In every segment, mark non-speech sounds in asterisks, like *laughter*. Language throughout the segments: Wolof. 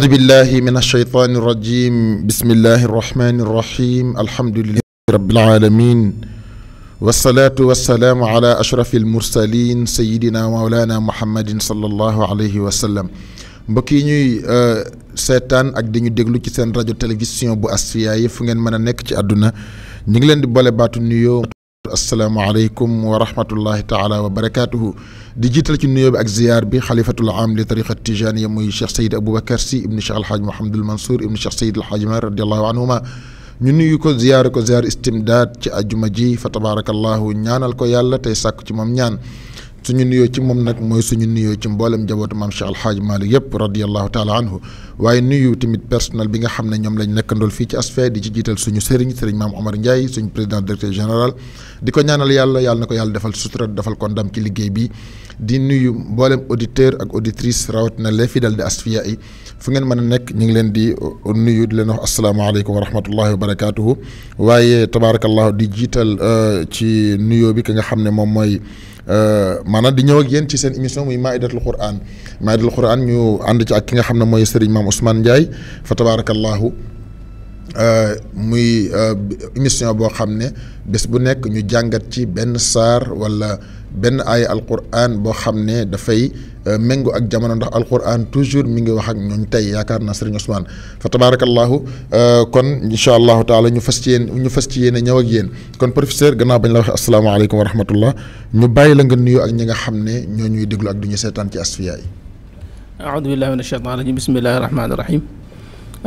أعوذ بالله من الشيطان الرجيم بسم الله الرحمن الرحيم الحمد لله رب العالمين والصلاة والسلام على أشرف المرسلين سيدنا مولانا محمد صلى الله عليه وسلم بكيني yi ñuy euh, seetaan ak di ñu déglu ci seen rajo télévision bu Asfiyahi fu ngeen mën a nekk ci àdduna ñu barakatu asalaamaaleykum wa rahmatullahi taala wa barakaatuhu di jiital ci nuyoo bi ak ziyaar bi xalifatul am li tariqa tijaniya muy cheikh sayid aboubacar si ibni cheikh alhaaj mohamadul mansour ibni cheikh sayid alhaaj mar radiallahu anhuma ñu nuyu ko ziyaar ko ziyaar istimdaad ci ajuma ji fa tabarakallahu ñaanal ko yàlla tey sàkku ci moom ñaan suñu nuyoo ci moom nag mooy suñu nuyoo ci mboolem njabootu maam Cheikh Alhaaj Malick yëpp radiyallahu taala anhu waaye nuyu tamit personnel bi nga xam ne ñoom lañ nekkandool fii ci asfay di ci jiital suñu sëriñ sëriñ maam Omar Ndiaye suñu président directeur général di ko ñaanal yàlla yàlla na ko yàlla defal sutura defal ko ndam ci liggéey bi di nuyu mboolem auditeur ak auditrice rawatina les dal de as yi fu ngeen mën a nekk ñu ngi leen di uh, nuyu di leen wax asalaamaaleykum wa rahmatullahi wa barakaatuhu waaye tabaarakallahu di jiital uh, ci nuyoo bi ki nga xam ne moom mooy Euh, maanaam di ñëw ak ci seen émission muy Maïdatul Quran Maïdatul Quran ñu ànd ci ak ki nga xam ne mooy Serigne Mame Ousmane Ndiaye fa tabarakallahu euh, muy euh, émission boo xam ne bés bu nekk ñu jàngat ci benn saar wala. benn aaya alquran boo xam ne dafay méngoo ak jamono ndax alquran toujours mi ngi wax ak ñooñ tey yaakaar naa sëriñ Ousmane fa tabarakallahu kon incha allahu taala ñu fas ci yéen ñu fas ci yéen a ñëw ak yéen kon professeur gannaaw bañ la waxee asalaamaaleykum wa rahmatullah ñu bàyyi la nga nuyu ak ñi nga xam ne ñoo ñuy déglu ak du ñu seetaan ci asfiya yi aoudu billahi min ashaitan rajim bismillahi rahmani rahim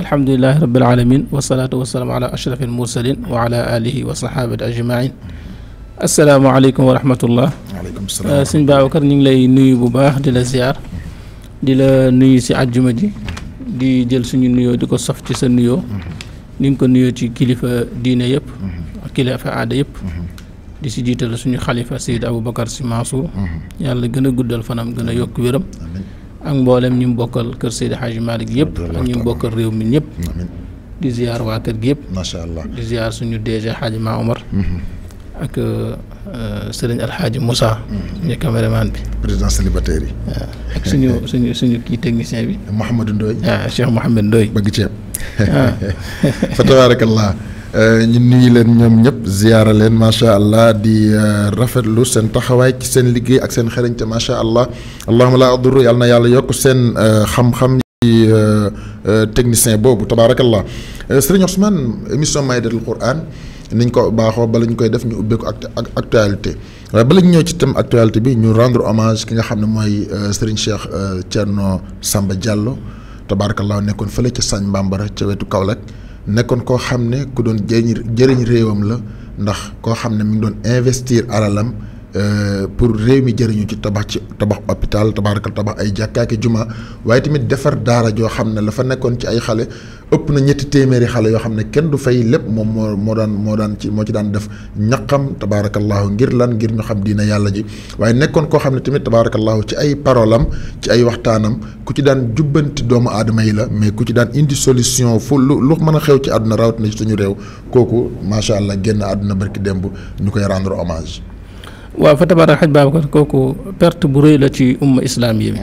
alhamdulilahi rabil alamin wasalaatu wasalaamu ala ashraf almursalin wa ala alihi wa sahabati ajmain asalaamaaleykum wa rahmatullah waaleykum salaam sëñ Babacar ñu ngi lay nuyu bu baax di la ziar di la nuyu si àjjuma ji di jël suñu nuyoo di ko sof ci sa nuyoo ni nga ko nuyoo ci kilifa diine yëpp ak kilifa aada yëpp di si jiital suñu xalifa Seyd Aboubacar Sy Mansour yàlla gën a guddal fanam gën a yokk wéram ak mboolem ñu bokkal kër Seydi Hadji Malick yëpp ak ñu bokkal réew mi ñëpp di ziar waa kër gi yëpp macha allah di ziar suñu DG Hadji Ma Omar ak euh, sëriñ Alxaaji Moussa. Mm. ñu caméraman bi. président célibataire yi. suñu *laughs* suñu suñu kii technicien bi. Mouhamadou Ndoye. waaw ah, Cheikh Mouhamed Ndoye. bëgg ceeb. Ah. *laughs* fa tabaarakallah euh, ñu nuyu leen ñoom ñëpp ziyaara leen macha allah di euh, rafetlu seen taxawaay ci seen liggéey ak seen xarañte macha allah allahuma laa aduru yàlla na yàlla yokk seen xam-xam ci technicien boobu tabaarakallah sëriñ Ousmane émission Maidatul Quran niñ ko baaxoo bala ñu koy def ñu ubbee ko ak actualité waaye bala ñu ñëw ci thème actualité bi ñu rendre hommage ki nga xam ne mooy euh, Serigne Cheikh euh, Thierno Samba Diallo tabaarkallaa nekkoon fële ca Sagne rek ca wetu Kaolack nekkoon koo xam ne ku doon jëriñ jëriñ réewam la ndax koo xam ne mi ngi doon investir alalam. Euh, pour réew mi jëriñu ci tabax ci tabax hôpital tabaxal tabax ay jàkkaaki juma waaye tamit defar daara joo xam ne la fa nekkoon ci ay xale ëpp na ñetti téeméeri xale yoo xam ne kenn du fay lépp moom moo moo daan moo daan ci moo ci daan def ñaqam tabaarakallaahu ngir lan ngir ñu xam diina yàlla ji waaye nekkoon koo xam ne tamit tabaarakallaahu ci ay parolam ci ay waxtaanam ku ci daan jubbanti doomu aadama yi la mais ku ci daan indi solution fu lu lu mën a xew ci àdduna rawatina ci suñu réew kooku macha allah génn àdduna barki démb ñu koy rendre hommage. waaw fa tabarak xaj Babacar kooku perte bu rëy la ci umma islaam bi mhm.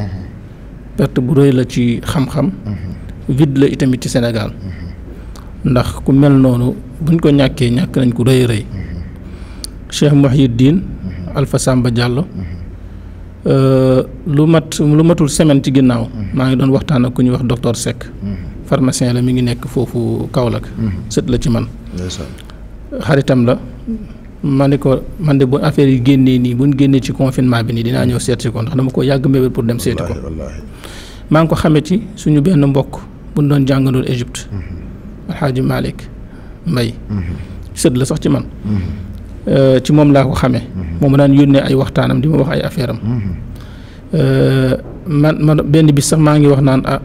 perte bu rëy la ci xam-xam mhm. vide la itamit ci Sénégal mhm. ndax ku mel noonu buñ ko ñàkkee ñàkk nañ ku rëy rëy Cheikh Mouhyiddine Alpha Samba Diallo euh, lu mat lu matul semaine ci ginnaaw maa ngi doon waxtaan ak ku ñuy wax docteur Seck pharmacien la mi ngi nekk foofu Kaolack sët la ci man xaritam la ma ne ko man de bu affaire yi génnee nii bu ñu génnee ci confinement bi nii dinaa ñëw seet si ko ndax dama ko yàgg mbébét pour dem seeti ko maa ngi ko xamee ci suñu benn mbokk bu ñu doon jàngandoon Égypte mhm. alxaaji Malick Mbay mhm. sët la sax ci man mhm. euh, ci moom laa ko xamee moom daan yónnee ay waxtaanam di ma wax ay affaire am euh, man man benn bis sax maa ngi wax naan ah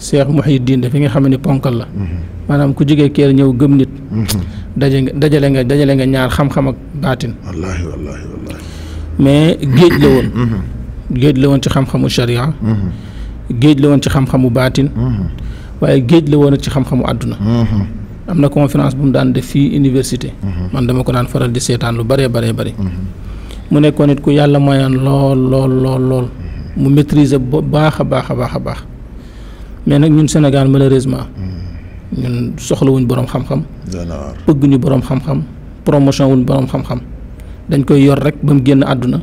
Cheikh Mouhidine dafi nga xam ne ponkal la maanaam ku jógee keer ñëw gëm nit daje nga dajale nga dajale nga ñaar xam-xam ak baatin. wallaahi wallaahi mais géej la woon. Mm-hmm. géej la woon ci xam-xamu sharia. Mm-hmm. géej la woon ci xam-xamu baatin. Mm-hmm. waaye géej la woon ci xam-xamu àdduna. am na conférence bu mu daan def fii université. man dama ko daan faral di seetaan lu bëree bëree bëri. mu nekkoon nit ku yàlla moyaan lool lool lool lool. mu maîtriser bu baax a baax a baax a baax mais nag ñun Sénégal malheureusement. ñun soxlawuñ boroom xam-xam. bëgguñu borom xam-xam promotion wuñ borom xam-xam dañ koy yor rek ba mu génn àdduna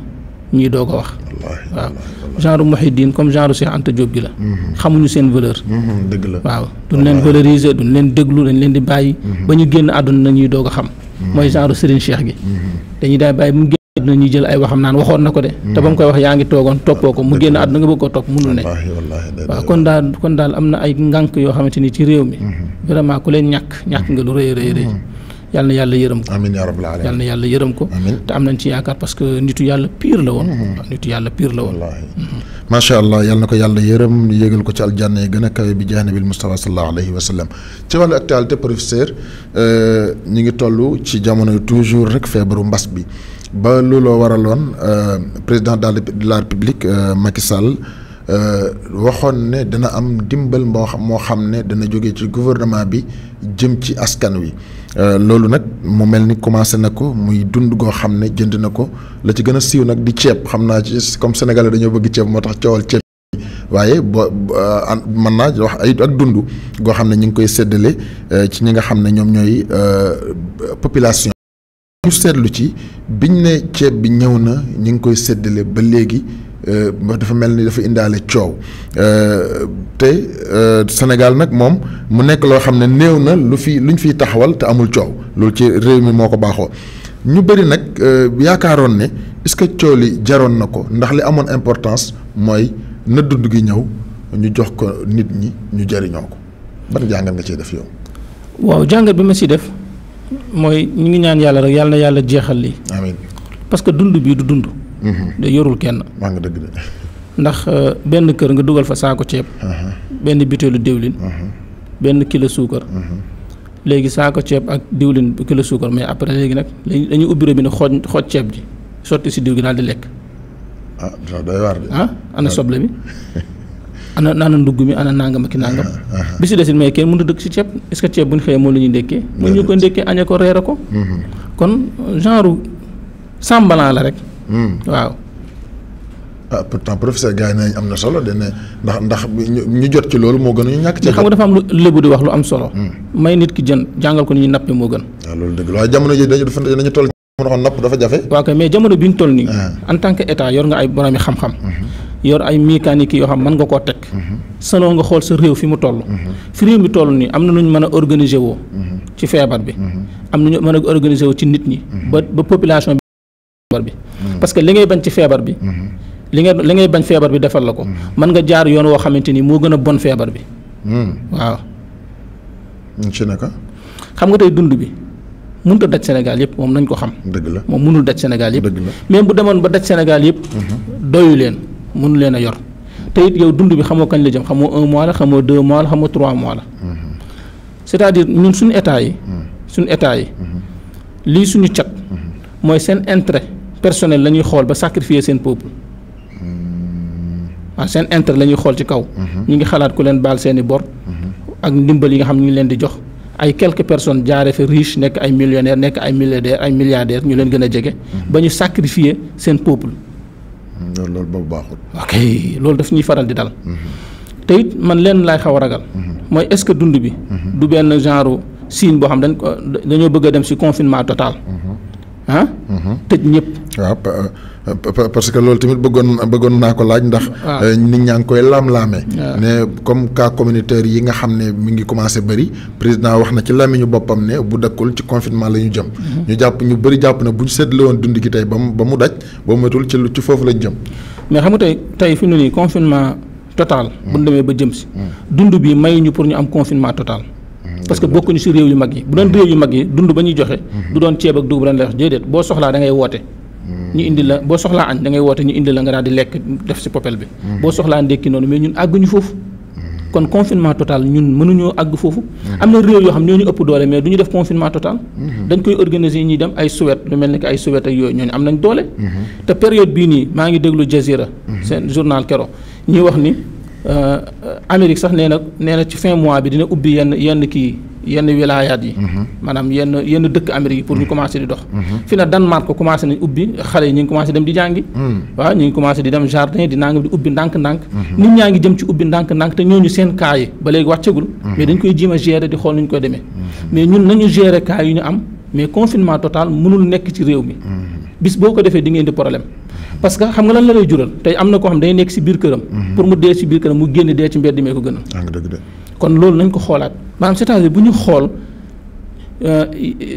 ñuy doo ko wax. waaw genre Mouhidine comme genre Cheikh Anta Diop gi la. Mhm. xamuñu seen valeur. Mhm, dëgg la waaw duñ leen valoriser duñ leen déglu dañ leen di bàyyi. Mhm. ba ñu génn àdduna ñuy doog a xam. mooy genre Serigne Cheikh gi. dañuy daal bàyyi na ñu jël ay waxam naan waxoon na ko de hmm. te ba mu koy wax yaa ngi toogoon toppoo ko mu génn àdduna nga bëgg koo topp mënul ne waaw kon daal kon daal am na ay ngànk yoo xamante ni ci réew mi hmm. vraiment ku leen ñàkk ñàkk nga lu rëy rëy rëy yal hmm. yàlla yërëm ko amiin yaa rabbal aalamiin yal na yàlla yërëm ko te nañ ci parce que nitu yàlla pire la woon nitu yàlla pire la macha allah yal na ko yàlla yërëm yégal ko ci aljanna yi gën a kawe bi jaanabil Mustafa sallallahu alayhi wa sallam ci wàllu actualité professeur euh, ñi ngi toll ci jamono toujours rek feebaru mbas bi ba looloo waraloon euh, président de la république euh, Macky Sall euh, waxoon ne dana am dimbal moo xam moo xam ne dana jóge ci gouvernement bi jëm ci askan wi loolu nag mu mel ni commencé na ko muy dund goo xam ne jënd na ko la ci gën a siiw nag di ceeb xam naa ci comme sénégalais dañoo bëgg ceeb moo tax coowal ceeb waaye boo mën naa wax ay ak dund goo xam ne ñu ngi koy séddale ci ñi nga xam ne ñoom ñooy population ñu seetlu ci biñ ne ceeb bi ñëw na ñu ngi koy séddale ba léegi euh, dafa mel ni dafa indaale coow euh, te euh, Sénégal nag moom mu nekk loo xam ne néew na lu fi luñ fiy taxawal te amul coow loolu ci réew mi moo ko baaxoo ñu bëri nag yaakaaroon ne est que coow li jaroon na ko ndax li amoon importance mooy na dund gi ñëw ñu jox ko nit ñi ñu jëriñoo ko ban jàngat nga ciy def yow. waaw jàngat bi ma si def mooy ñu ngi ñaan yàlla rek yàlla na yàlla jeexal li amiin parce que dund bii du dund. Mm-hmm. da yorul kenn. maa ngi dëgg de. ndax euh, benn kër nga dugal fa saako ceeb. Mm-hmm. benn butéelu diwlin. Mm-hmm. benn kilo suukar. léegi saako ceeb ak diwlin kilo suukar mais après léegi nag dañuy ubbi robinet xooj xooj ceeb ji sotti si diw gi daal di lekk. ah doy waar ah, soble bi. *laughs* ana ana ndugg mi ana nangam ak nangam. bi si des it mais kenn mënut a dëkk si ceeb est ce que ceeb bu ñu xëyee moom la ndékkee. mu ñu ko ndékkee añee ko reere ko. Mhm. kon genre sàmbalan la rek. Mhm. waaw. ah pourtant professeur gars yi nañ am na solo de ne ndax ndax ñu jot ci loolu moo gën ñu ñàkk. ci xam lu am solo. Mhm. may nit ki jën jàngal ko moo gën. waaw ah, loolu dëgg la waaye jamono ji dañu dafa dañu toll. mën napp dafa jafe. waaw kay mais jamono bi ñu toll nii. Ah. en tant que état yor nga ay boroomi xam-xam. yor ay mécanique yoo xam mën nga koo teg selon nga xool sa réew fi mu toll fi réew mi toll nii am na nu ñu mën a organiser woo ci feebar bi am na ñu mën a organiser ci nit ñi ba ba population bi feebar bi parce que li ngay bañ ci feebar bi li nga ngay bañ feebar bi defal la ko man nga jaar yoon woo xamante ni moo gën a bon feebar bi waaw ci naka xam nga tey dund bi mënut a daj Sénégal yëpp moom nañ ko xam dëgg la moom mënul daj senegal yëpp même bu demoon ba daj Sénégal yëpp mhm. doyu yor yow dund bi la jëm un mois mois trois mois c'est-à-dire ñun suñu état yi suñu état yi lii suñu cat mooy seen intérêt personnel la ñuy ba sacrifier seen peuple waaw intérêt la ñuy ci kaw ñu ngi xalaat ku leen baal seen bor ak ndimbal yi nga xam ñu di jox ay quelques personnes des fa riche nekk ay millionnaires nekk ay milliardaires ay milliardaires ñu leen gën a ba ñu sacrifier seen peuple loolu loolu boobu baaxul. ok loolu daf ñuy faral di dal. te it man lenn laay xaw ragal. mooy est-ce que dund bi. Mhm. du benn genre signe boo xam dañ ko dañoo bëgg a dem ci confinement total. Mhm. ah. tëj ñëpp. waaw parce que loolu tamit bëggoon bëggoon naa ko laaj ndax. Euh, nit ñaa ngi koy laam-laamee. ne comme cas communautaire yi nga xam ne mi ngi commencé bëri président wax na ci lamiñu boppam ne bu dëkkul ci confinement la ñu jëm. Mhm. ñu jàpp ñu bëri jàpp na bu ñu seetle woon dund gi tey ba mu ba mu daj ba mu ci lu ci foofu lañ jëm. mais xam nga tey tey fi mu ne nii confinement total. bu ñu mm. demee ba jëm si. Mm. dund bii mayuñu pour ñu am confinement total. parce que bokkuñu si réew yu mag yi bu doon réew yu mag yi dund ba ñuy joxe mhm. du doon ceeb ak dugub ren lay wax boo soxlaa da ngay woote ñu indi la boo soxlaa añ da ngay woote ñu indi la nga daal di lekk def si popel bi mhm. boo soxlaa ndékki noonu mais ñun àgguñu foofu mhm. kon confinement total ñun mënuñoo àgg foofu am na réew yoo xam ñoo ñu ëpp doole mais du ñu def confinement total dañ koy organiser ñuy dem ay Suède lu mel ni que ay Suède ak yooyu ñooñu am nañ doole te période bii nii maa ngi déglu Jazeera seen journal kero wax ni Euh, Amérique sax nee na nee na ci fin mois bi dina ubbi yenn yenn kii yenn wilaayaat yi. Mhm. maanaam yenn yenn dëkk Amérique yi pour ñu mhm. commencé di dox. Mhm. fi na Danemark ko commencé nañ ubbi xale yi ñu ngi commencé dem di jàngi. waaw ñu ngi commencé di dem jardin di nangam di ubbi ndànk-ndànk. nit ñaa ngi jëm ci ubbi ndànk-ndànk te ñooñu seen cas ba léegi wàccagul. mais dañ koy jéem a gérer di xool nu ñu koy demee. mais ñun nañu gérer cas yi ñu am mais confinement ko defee di ngeen di problème. parce que xam nga lan la lay jural tey am na ko xam day nekk si biir këram. Mhm. pour mu dee si biir këram mu génn dee ci mbedd mee ko gën kon loolu nañ ko xoolaat maanaam c'est-à-dire ñu xool euh,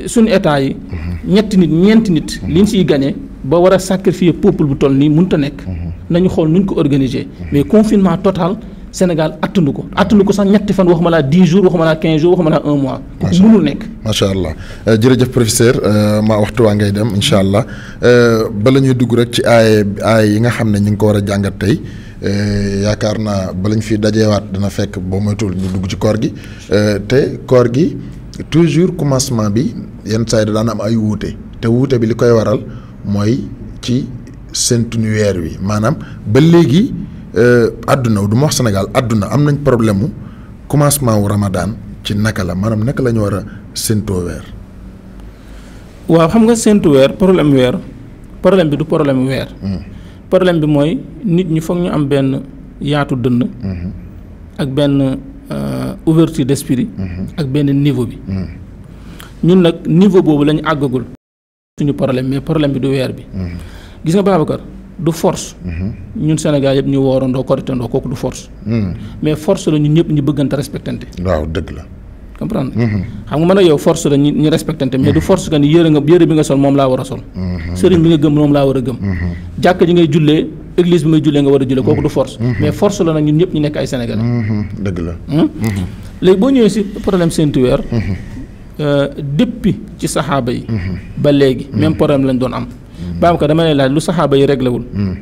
suñu état yi. Mhm. ñetti nit ñeenti nit. Mhm. liñ siy gagné ba war a sacrifier peuple bu toll nii mënut a nekk. nañu xool nuñ ko organiser mais confinement total. Sénégal attanu ko attanu ko sax ñetti fan waxuma laa 10 jours waxuma laa 15 jours waxuma laa 1 mois. macha allah mënul ma sha allah euh, jërëjëf professeur euh, ma waxtu wa ngay dem incha allah euh, ba ñuy dugg rek ci ay ay yi nga xamne ne ko wara ko tay euh yaakar na ba lañ fi dajé wat dana fekk bo moytuwul ñu dugg ci koor gi te koor gi toujours commencement bi yeen say da na am ay wouté te wouté bi likoy waral moy ci séntu wi manam ba légui aduna euh, du ma wax aduna aduna am nañ problème commencement Ramadan ci naka la maanaam naka la ñu war a séntoo xam nga sento wer problème wer problème bi du problème hmm. problème bi moy nit ñi foog ñu am ben yaatu hmm. ak euh, ouverture d'esprit hmm. ak ben niveau bi. Hmm. ñun nak niveau bobu lañu aggul suñu problème mais problème bi du wer bi. Hmm. gis nga babakar du force mhm. ñun sénégal yépp ñu do koritandoo kooku du force mhm. mais force la ñun ñëpp ñu bëggante respectante waaw dëgg la comprendre mhm. xam nga mën yow force la ñi respectanté respectante mais du force gan ni nga yére bi nga sol mom la wara a sol sëriñ bi nga gëm mom la wara a gëm jakk ji ngay église bi may nga wara koku du force mais force la nak ñun ñëpp ñu nekk ay sénégalais dëgg la lay bo ñëw si problème seentu euh depuis ci sahaba yi ba légui même problème lañ doon am Babacar dama lay laaj lu saxaaba yi réglé wul. Hmm.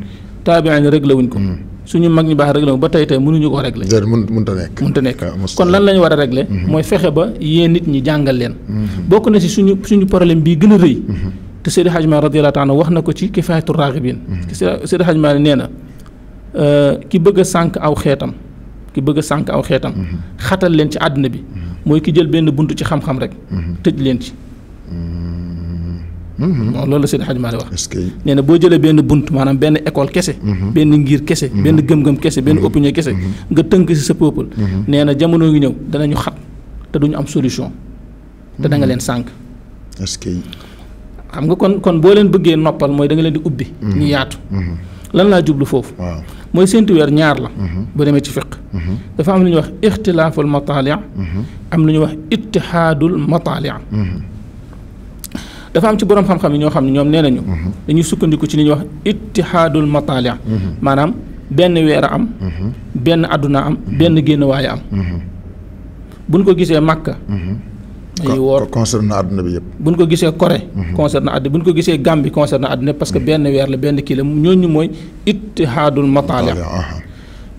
taabiin yi réglé wuñ ko. Hmm. suñu mag ñu baax réglé wu ba tey tey mënuñu ko réglé. déedéet mun mënta nekk. mënta nekk ah, kon lan la ñu war a réglé. Hmm. mooy fexe ba yee nit ñi jàngal leen. bokk na si suñu suñu problème bii gën a rëy. te Seydi Hadj Malick radiyallahu wax na ko ci ki Kifaayatu Raaxibiin. Seydi Hadj Malick nee na euh, ki bëgg a sànq aw xeetam ki bëgg a sànq aw xeetam. xatal leen ci àdduna bi. mooy ki jël benn buntu ci xam-xam rek. tëj leen ci. Mhm. loolu seen xaj maa wax nee na boo jëlee benn bunt maanaam benn école kese mhm. benn ngir kese mhm. benn gëm-gëm kese benn opinion kese nga tënk si sa peuple nee na jamono ngi ñëw danañu xat te duñu am solution te leen sànq xam nga kon kon boo leen bëggee noppal mooy da nga leen di ubbi ñu yaatu lan laa jublu foofu mooy seentu weer ñaar la bu demee ci fiq dafa am lu ñuy wax ixtilaaful am lu ñuy wax ittihaadul dafa am ci borom xam-xam yi ñoo xam ne ñoom nee nañu. Mhm. dañuy sukkandiku ci li ñu wax ittihaadul mataali mhm. maanaam benn weer a am. Mhm. benn àdduna am benn génn waaye am. buñ ko gisee Makka. dañuy woor concerne àdduna bi yëpp. buñ ko gisee Corée. concerne àdduna buñ ko gisee Gambie concerne àdduna parce que benn weer la benn kii la ñooñu mooy ittihaadul mataali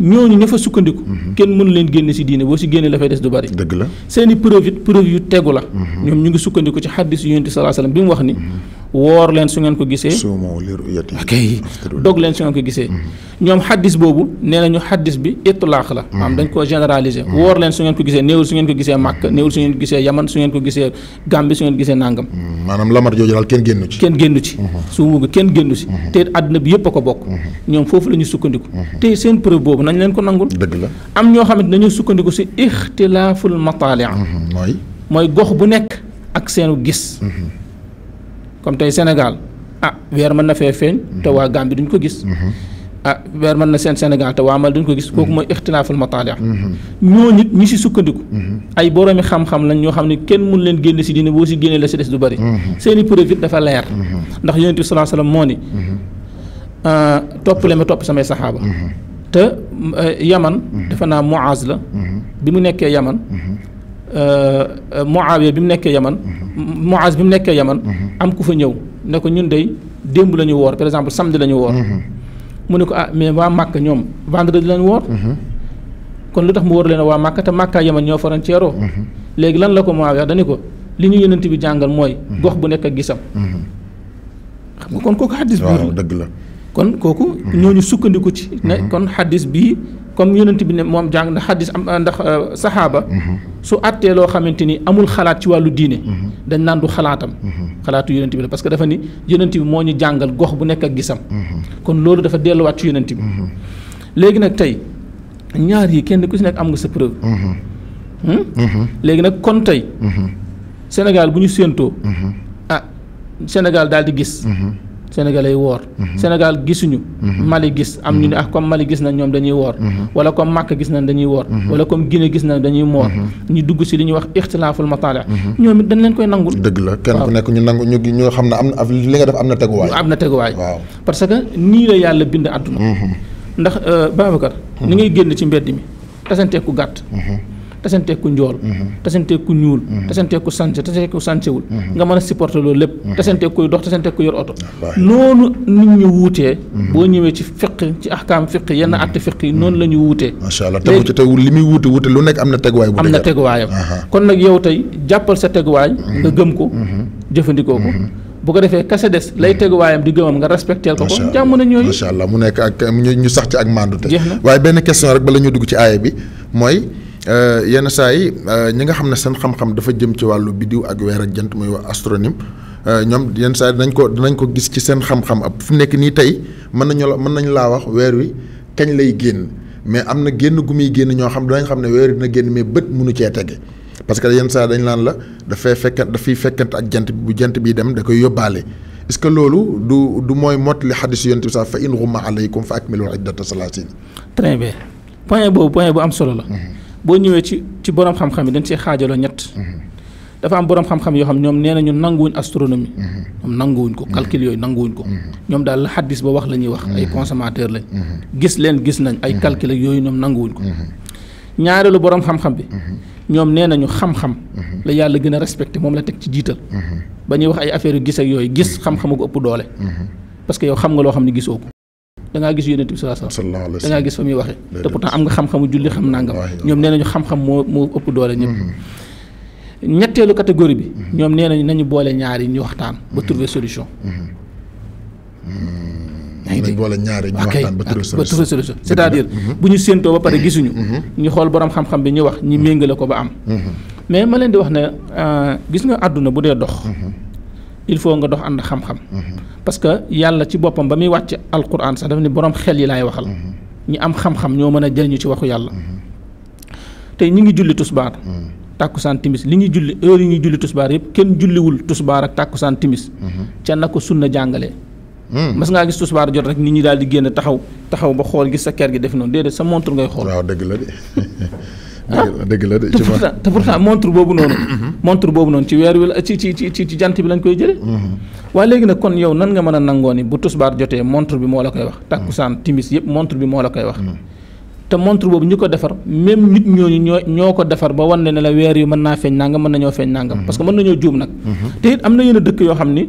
ñooñu ña fa sukkandiku. Mhm. kenn mënu leen génne si diine boo si génne la fay des du bari. dëgg la seeni i preuve it preuve yu tegu la. Mhm. ñoom ñu ngi sukkandiku ci xaddis yonent sallallahu alayhi wasallam bi mu wax ni. Mhm. woor leen su ngeen ko gisee. ok dog leen su ngeen ko gisee. Mm-hmm. ñoom xaddis boobu nee nañu xaddis bi itlaax la. maam mm-hmm. dañ koo généraliser. Mm-hmm. woor leen su ngeen ko gisee néewul su ngeen ko gisee màkk néewul su ngeen gisee yaman su ngeen ko gisee gàmbi su ngeen gisee nàngam. maanaam lamar jooju daal kenn génnu ci. kenn génnu ci. su wugg kenn génnu ci. te àdduna bi yëpp a ko bokk. ñoom foofu la ñu sukkandiku. te seen preuve boobu nañ leen ko nangul. dëgg la am ñoo xam ne dañoo sukkandiku ci ixtilaaful mataalia mooy gox bu nekk ak seenu gis comme tay Sénégal ah wer man na fe feñ te wa gambi duñ ko gis. ah wer man na sen Sénégal te wa mal duñ ko gis. kooku mooy ixtilaaful mataalia. nit ñi ci sukkandiku. ay boromi xam-xam lañ ñoo xamni kenn mu leen genn ci dina bo ci genn la ci dess du bari seeni i preuve dafa leer. ndax yonent sallallahu alayhi wasallam moo ni topp leen ma top samay sahaba te Yaman. dafa na Muaz la. bi mu nekké Yaman. euh Muawiya bi mu nekké Yaman. Muaz bi mu nekkee Yaman mhm. am ku fa ñëw ne ko ñun day démb la ñu woor par exemple samedi la ñu woor mhm. mu ne ko ah mais waa Màkka ñoom vendredi la ñu woor mhm. kon lu tax mu wóor leen waa màkk te Màkka Yaman ñoo frontière léegi lan la ko Muaz dañu ko li ñu yonent bi jàngal mooy gox bu nekk ak gisam xam nga kon kooku xaddis biir dëgg la kon kooku mhm. ñooñu sukkandiku ci ne mhm. kon xaddis bii comme yonent bi ne moom jàng ndax xaddis am ndax euh, saxaaba mhm. su àttee loo xamante ni amul xalaat ci wàllu diine dañ naan du xalaatam xalaatu yonent bi la parce que dafa ni yonent bi moo ñu jàngal gox bu nekk ak gisam kon loolu dafa delluwaat ci yonent bi léegi nag tey ñaar yi kenn ku si nekk am nga sa preuve hmm? léegi nag kon tey Sénégal bu ñu séentoo ah Sénégal daal di gis sénégalais woor mhm. sénégal gisuñu mhm. mali gis am ñu ne ah comme mali gis nañ ñoom dañuy woor mhm. wala comme màkk gis nañ dañuy woor wala comme guinée gis nañ dañuy moor ñu dugg si li ñuy wax ixtilaaful mataali ñoom it dañ leen koy nangul dëgg la kenn ku nekk ñu nangu ñu ñu xam ne am na li nga def am na teguwaay am na teguwaay waaw parce que nii la yàlla bind àdduna ndax euh, Babacar ni ngay génn ci mbedd mi tasanteeku gàtt tasantee ku njool mhm. tasantee ku ñuul mhm. tasantee ku sansé tasantee ku sansewul mhm. nga mën a supporter loolu lépp tasantee kuy dox tasantee ku yor oto ah, noonu nit ñu wuutee boo ñëwee ci fiq ci ahkaam fiq yenn àtte fiq yi noonu la ñu wuutee macha allah tegu ci tegu li muy wuute wuute lu nekk am na teguwaay bu am na teguwaayam kon nag yow tey jàppal sa teguwaay nga gëm ko jëfandikoo ko bu ko defee kase des lay teguwaayam di gëmam nga respecteel ko ko jàmm na ñooyu macha allah mu nekk ak ñu sax ci ak màndu te waaye benn question rek bala ñu dugg ci aaya bi mooy Eh, yenn saa yi eh, ñi nga xamne ne seen xam-xam dafa jëm ci walu bidiw ak wéra ak jant muy astronome eh, ñom yenn saa dinañ ko dinañ ko gis ci seen xam-xam fu nekk ni tay mën nañu mën nañu la wax wér wi kañ lay genn mais amna genn gu muy ñoo xam dañ xamne wér na genn mais bëtt mënu ci parce que yenn dañ lan la fekk da fi fekkant ak jant bi bu jant bi dem da koy est ce que du du moy mot li hadith yunus sax fa in xuma alaykum fa akmilu iddata salatin. très bien point bo point bo am solo la mm-hmm. boo ñëwee ci ci borom xam-xam yi dañ see xaajaloo ñett. Mm-hmm. dafa am borom xam-xam yoo xam ñoom nee nañu nanguwuñ astronomi mm-hmm. ñoom nanguwuñ ko calcul yooyu nanguwuñ ko. Mm-hmm. ñoom daal la xaddis ba wax la ñuy wax ay consommateur lañ. gis leen gis nañ ay calcul ak yooyu ñoom nanguwuñ ko. ñaareelu borom xam-xam bi. ñoom nee nañu xam-xam. la yàlla gën a respecté moom la teg ci jiital. ba ñuy wax ay affaire yu gis ak yooyu gis xam-xamu ko ëpp doole. parce que yow xam nga loo xam ne gisoo ko. da gis yonent bi sallallahu alayhi wasallam da ngaa gis fa muy waxee te pourtant am nga xam-xamu julli xam nangam ñoom nee nañu xam-xam moo moo ëpp doole ñëpp mm-hmm. ñetteelu catégorie bi mm-hmm. ñoom nee nañu nañu boole ñaar yi ñu waxtaan ba trouver solution nañ boole ñaari ñu waxtaan ba mm-hmm. trouver solution c'est-à-dire bu ñu séentoo ba pare gisuñu ñu xool borom xam-xam bi ñu wax ñi méngale ko ba am mais ma leen di wax ne euh, gis nga àdduna bu dee dox il faut nga dox ànd xam-xam parce que yàlla ci boppam ba muy wàcc alquran sax dafa ni borom xel yi laay waxal ñi am xam-xam ñoo mën a jëriñu ci waxu yàlla tey ñi ngi julli tusbaar tàkkusaan timis li ñuy julli heure yi ñuy julli tusbaar yëpp kenn julliwul tusbaar ak tàkkusaan timis ca na ko sunna jàngale mas ngaa gis tusbaar jot rek ni ñi daal di génn taxaw taxaw ba xool gis sa ker gi def noonu déedéet sa montre ngay xool dëgg la *laughs* Ah, dëgg la la montre boobu noonu. *coughs* Mhm. montre boobu noonu ci weer wi la ci ci ci jant bi lañ koy jëlee. Mhm. waaye léegi nag kon yow nan nga mën a nangoo ni bu tusbaar jotee montre bi moo la koy wax. takkusaan mhm. timis yëpp montre bi moo la koy wax. te montre boobu ñu ko defar même nit ñooñu ñoo ñoo ko defar ba wan ne la weer yu mën naa feeñ nangam mën nañoo feeñ nangam. parce que mën nañoo juum nag. te it am na yenn dëkk yoo xam ni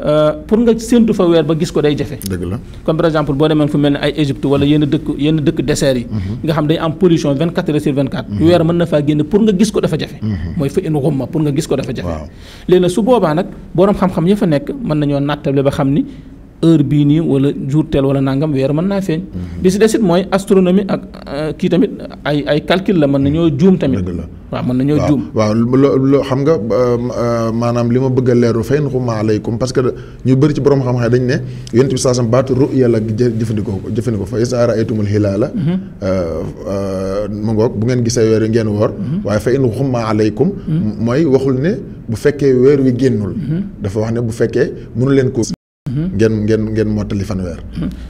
Euh, pour nga séntu fa weer ba gis ko day jafe. dëgg la comme par exemple boo demee fu mel ni ay Égypte wala yenn dëkk yenn dëkk désert yi. Mhm. nga xam day am pollution 24 heures sur 24. Mhm. weer mën na faa génn pour nga gis ko dafa jafe. Mhm. mooy fa in xumma pour nga gis ko dafa jafe. léegi su boobaa nag boroom xam-xam ya fa nekk mën nañoo nattable ba xam ni. heure bii nii wala jour tel wala nangam weer mën naa feeñ. Mhm. bi si des it mooy astronomie ak euh, kii tamit ay ay calcul la mën mhm. nañoo juum tamit. dëgg la waaw mën juum. waaw loo xam nga euh, maanaam li ma bëgg a leeru fay nxuma aleykum parce que ñu bëri ci borom xam-xam dañ ne yonent bi saasam baatu ru'ya la jëfandikoo jëfandikoo fa izaa ra'aytumul hilaala. Mhm. Euh, mu ngoog bu ngeen gisee weer yi ngeen woor. waaye fa in xuma aleykum. mooy waxul ne bu fekkee weer wi génnul. dafa ngeen ngeen ngeen mottali fanweer.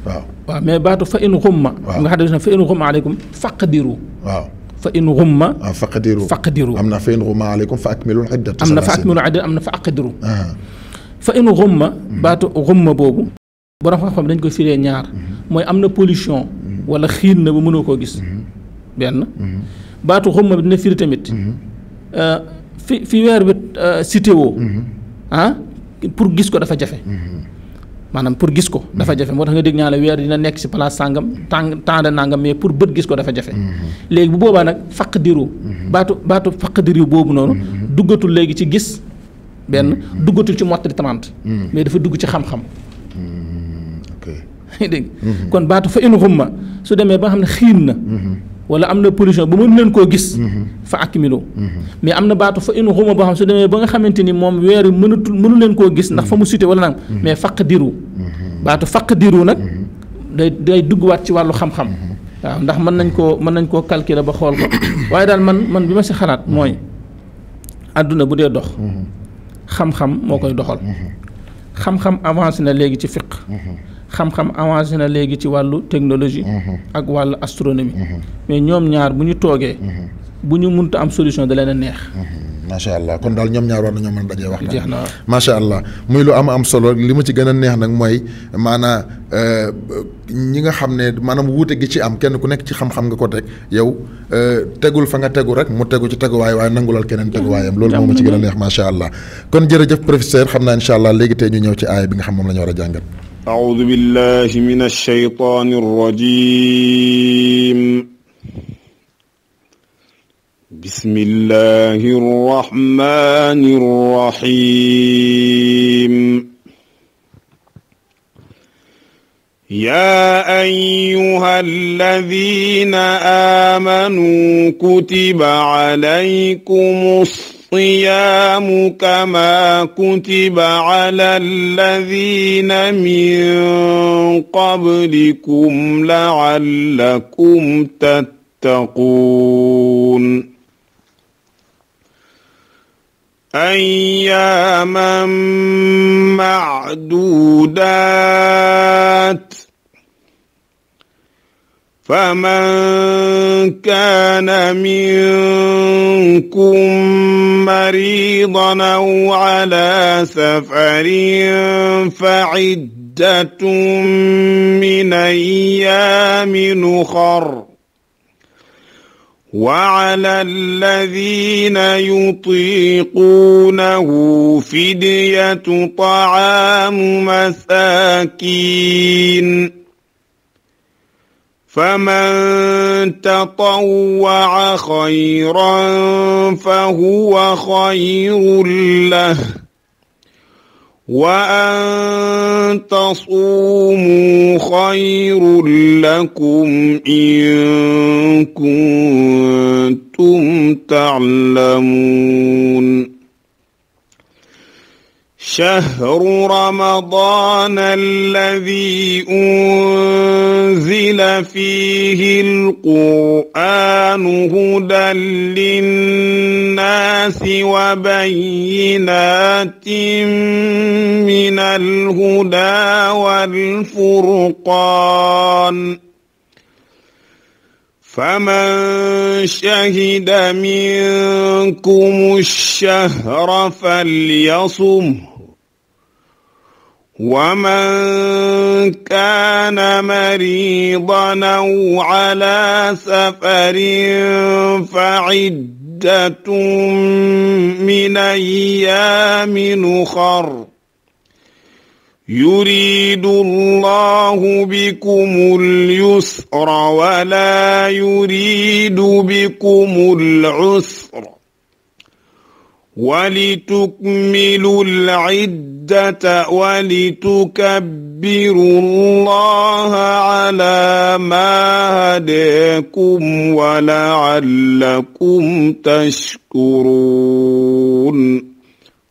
waaw waaw mais baatu fa in xumma. waaw nga xam ne fa in xumma aleykum faqdiru. waaw fa in xumma. waaw faqdiru faqdiru. am na fa in xumma aleykum fa akmilu iddat. am na fa akmilu iddat am na fa aqdiru. fa in xumma. baatu xumma boobu. borom xam-xam dañ koy firee ñaar. mooy am na pollution. wala xiin na ba mënoo koo gis. benn. baatu xumma bi dina firi tamit. fi fi weer bi cité woo. ah pour gis ko dafa jafe. maanaam pour gis ko mm-hmm. dafa jafe moo tax nga dégg ñaa la weer dina nekk si place sàngam temps temps de nangam mais pour bët gis ko dafa jafe mm-hmm. léegi bu boobaa nag faq diru mm-hmm. baatu baatu faq diru boobu noonu duggatul léegi ci gis benn duggatul ci mottali tamante mais dafa dugg ci xam-xam *laughs* dégg kon baatu fa in xumma su demee ba nga xam ne xiin na wala am na pollution ba mën leen koo gis. Mhm. fa ak mhm. mais am na baatu fa inu xuma boo xam su demee ba nga xamante ni moom weer mënatul mënu leen koo gis ndax fa mu mhm. sute wala nag mais faq diru. baatu faq diru nag day day duggwaat ci wàllu xam-xam. waaw ndax mën nañ koo mën nañ koo calculer ba xool ko *coughs* waaye daal man man bi ma si xalaat mooy àdduna bu dee dox. xam-xam moo koy doxal. xam-xam avancé na léegi ci fiq xam-xam avancé na léegi ci wàllu technologie mm-hmm. ak wàllu astronomie mm-hmm. mais ñoom ñaar bu ñu toogee mm-hmm. bu ñu munt am solution da leen neex macha allah kon daal ñoom ñaar war nañoo mën a dajee waxtaan. na macha allah muy lu am am solo li ma ci gën a neex nag mooy maanaa euh, ñi nga xam ne maanaam wuute gi ci am kenn ku nekk ci xam-xam nga ko teg yow euh, tegul fa nga tegu rek mu tegu ci teguwaay waaye nangulal keneen teguwaayam. loolu moom ma ci gën a neex macha allah. kon jërëjëf professeur xam naa incha allah léegi tey ñu ñëw ci aaya bi nga xam moom la ñu war a jàngat. أعوذ بالله من الشيطان الرجيم بسم الله الرحمن الرحيم يا ايها الذين امنوا كتب عليكم الصيام كما كتب على الذين من قبلكم لعلكم تتقون أياما معدودات فمن كان منكم مريضا أو على سفر فعدة من أيام أخر وعلى الذين يطيقونه فدية طعام مساكين فمن تطوع خيرا فهو خير له وان تصوموا خير لكم ان كنتم تعلمون شهر رمضان الذي انزل فيه القران هدى للناس وبينات من الهدى والفرقان فمن شهد منكم الشهر فليصمه ومن كان مريضا او على سفر فعده من ايام اخر يريد الله بكم اليسر ولا يريد بكم العسر ولتكملوا العده العدة ولتكبروا الله على ما هديكم ولعلكم تشكرون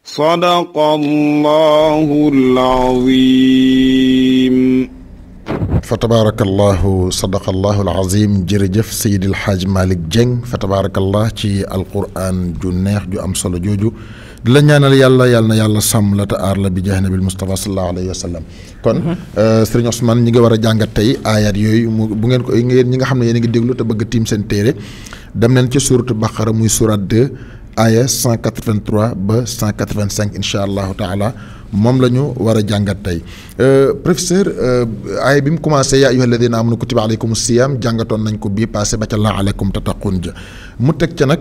صدق الله العظيم فتبارك الله صدق الله العظيم جرجف سيد الحاج مالك جن فتبارك الله في القرآن جنيخ جو أم صلو جوجو di la ñaanal yàlla yàlla na yàlla sàmm la te aar la bi jeex na bil Mustafa sallallahu alayhi wa sallam kon mhm. euh, sëriñ Ousmane ñi nga war a jàngat tey aayat yooyu mu bu ngeen ko ngeen ñi nga xam ne yéen ngi déglu te bëgg tiim seen téere dem nañ ci suuratu Baqara muy surat 2 aaya 183 ba 185 incha allahu taala moom la ñu war a jàngat tey euh, professeur euh, aaya bi mu commencé yaa ayyuha alladina amanu kutiba aleykum siyaam jàngatoon nañ ko bii passé ba ca laalakum tataqun ja mu teg ca nag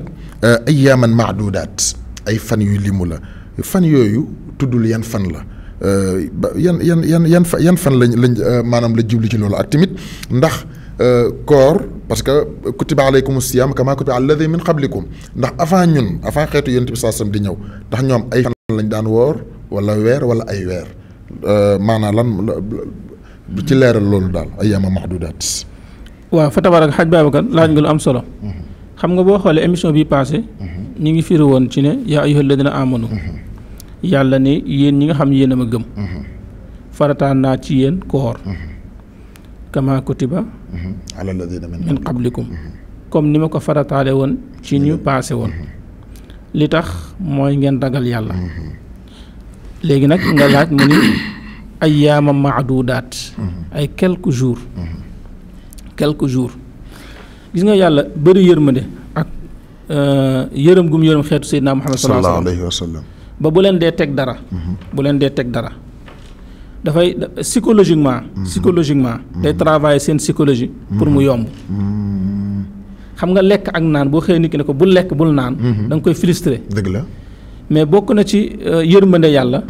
ayaaman maadudaat ay fan yu limu la fan yooyu tuddul yan fan la euh, yan yan yan yan yan fan lañ lañ euh, maanaam la jublu ci loolu ak tamit ndax euh, koor parce que kutiba alaykum siyam kama kutiba alladhi min qablikum ndax avant ñun avant xeetu yonent bi sam di ñëw ndax ñoom ay fan lañ daan woor wala weer wala ay weer maanaam lan ci leeral loolu daal ayyaama mahdudaat waaw fa tabarak xaj Babacar laaj nga lu am solo mm-hmm. xam nga boo xoolee émission bi passé mm-hmm. ñi ngi firi woon ci ne yaa la ladina amanu mm-hmm. yàlla ne yéen ñi nga xam yéen a ma gëm mm-hmm. farataan naa ci yéen koor mm-hmm. kama ba ala ladina min qablikum comme ni ma ko farataale woon ci ñu paase woon li tax mooy ngeen ragal yàlla léegi nag nga laaj mu ni ayyaama maadudaat ay quelques jours quelque jours gis nga yàlla bëri de Euh, yërëm gum yërëm xeetu Seydina Muhammad sallallahu alayhi wa sallam ba bu leen dee teg dara. Mhm. bu leen dee teg dara. dafay psychologiquement. Mhm. psychologiquement mhm. day travailler seen psychologie. pour mu yomb. xam nga lekk ak naan boo xëyee nit ki ne ko bu lekk bul naan. da nga koy frustré. dëgg la mais bokk na ci euh, yërmande yàlla.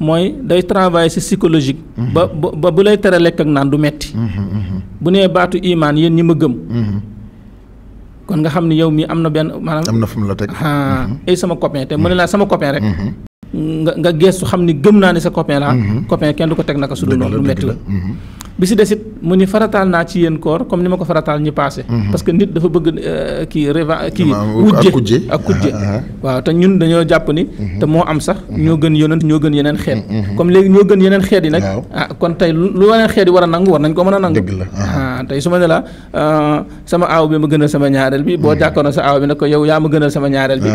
mooy day travailler si psychologique. ba ba bu lay tere lekk ak naan du metti bu nee baatu imaan yéen ñi ma gëm. kon nga xam ni yow mii am na benn maanaam. am na fu mu la teg ah ay sama copain te mën laa sama copain rek. Mm-hmm. nga nga gestu xam ni gëm naa ne sa copain laa. Mm-hmm. copain kenn du ko teg na naka su dul noonu lu metti la. Mm-hmm. bi si desit mu ni farataal naa ci yeen koor comme ni ma ko farataal ñu passé mhm. parce que nit dafa bëgg euh, ki reva euh, ki wujje ak kujje waaw te ñun dañoo japp ni mhm. te mo am sax mhm. ñoo gën yonent ñoo gën yenen xéet comme légui ñoo gën yenen xéet yi nak ah kon tay lu wala xéet yi wara nang war nañ ko mëna nang ah tey la euh, sama aaw bi ma gënal sama ñaareel bi boo jàkkoon sa aaw bi nak yow ya ma gënal sama ñaareel bi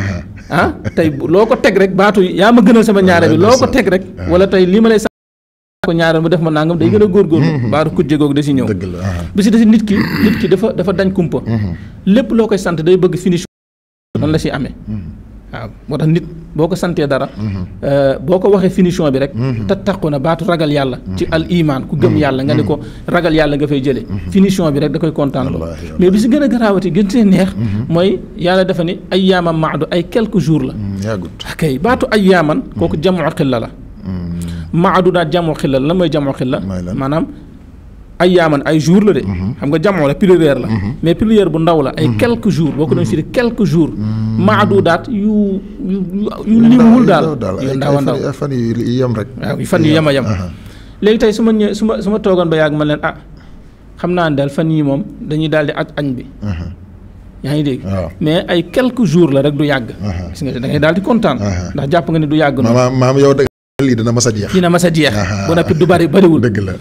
ah tay loko tek rek batu ya ma gënal sama ñaareel bi loko tek rek wala tay li ma lay ko ñaareel mu def ma nangam day gën a góorgóorlu mm-hmm. baaru kujje googu da si ñëw uh-huh. bi si desi nit ki nit ki dafa dafa dañ kumpa mm-hmm. lépp loo koy sant day bëgg finition mm-hmm. moo tax nit boo ko santee dara euh, boo ko waxee finition bi rek te taqu na baatu ragal yàlla ci al ku gëm yàlla nga ne ko ragal yàlla nga fay jëlee finition bi rek da koy kontaan loo mais bi si gën a garaawati gën see neex mooy yàlla dafa ni ay yaamam maadu ay quelques jours la mm, yàggut kay baatu ay yaaman kooku jamu xilla la maadudaat jamul xilla la lan mooy jamul la maanaam ay yaaman ay jour la de mhm. xam nga jamoo la pluriel la mhm. mais pluriel bu ndaw la ay mhm. quelques jours boo ko doon firi quelques jours maadudaat yu yu yu limuwul daal yu ndaw a ndaw fan yu rek fan yi yem a léegi tey su ma ñëw su ma su ma toogoon ba yàgg ma leen ah xam naa ne daal fan yii moom dañuy daal di aj añ bi yaa ngi dégg mais ay quelques jour la rek du yàgg gis nga da ngay daal di kontaan ndax jàpp nga ni du yàgg noonu maam yow lii dina mas a jeex dina mas a jeex du bari bariwul dëgg la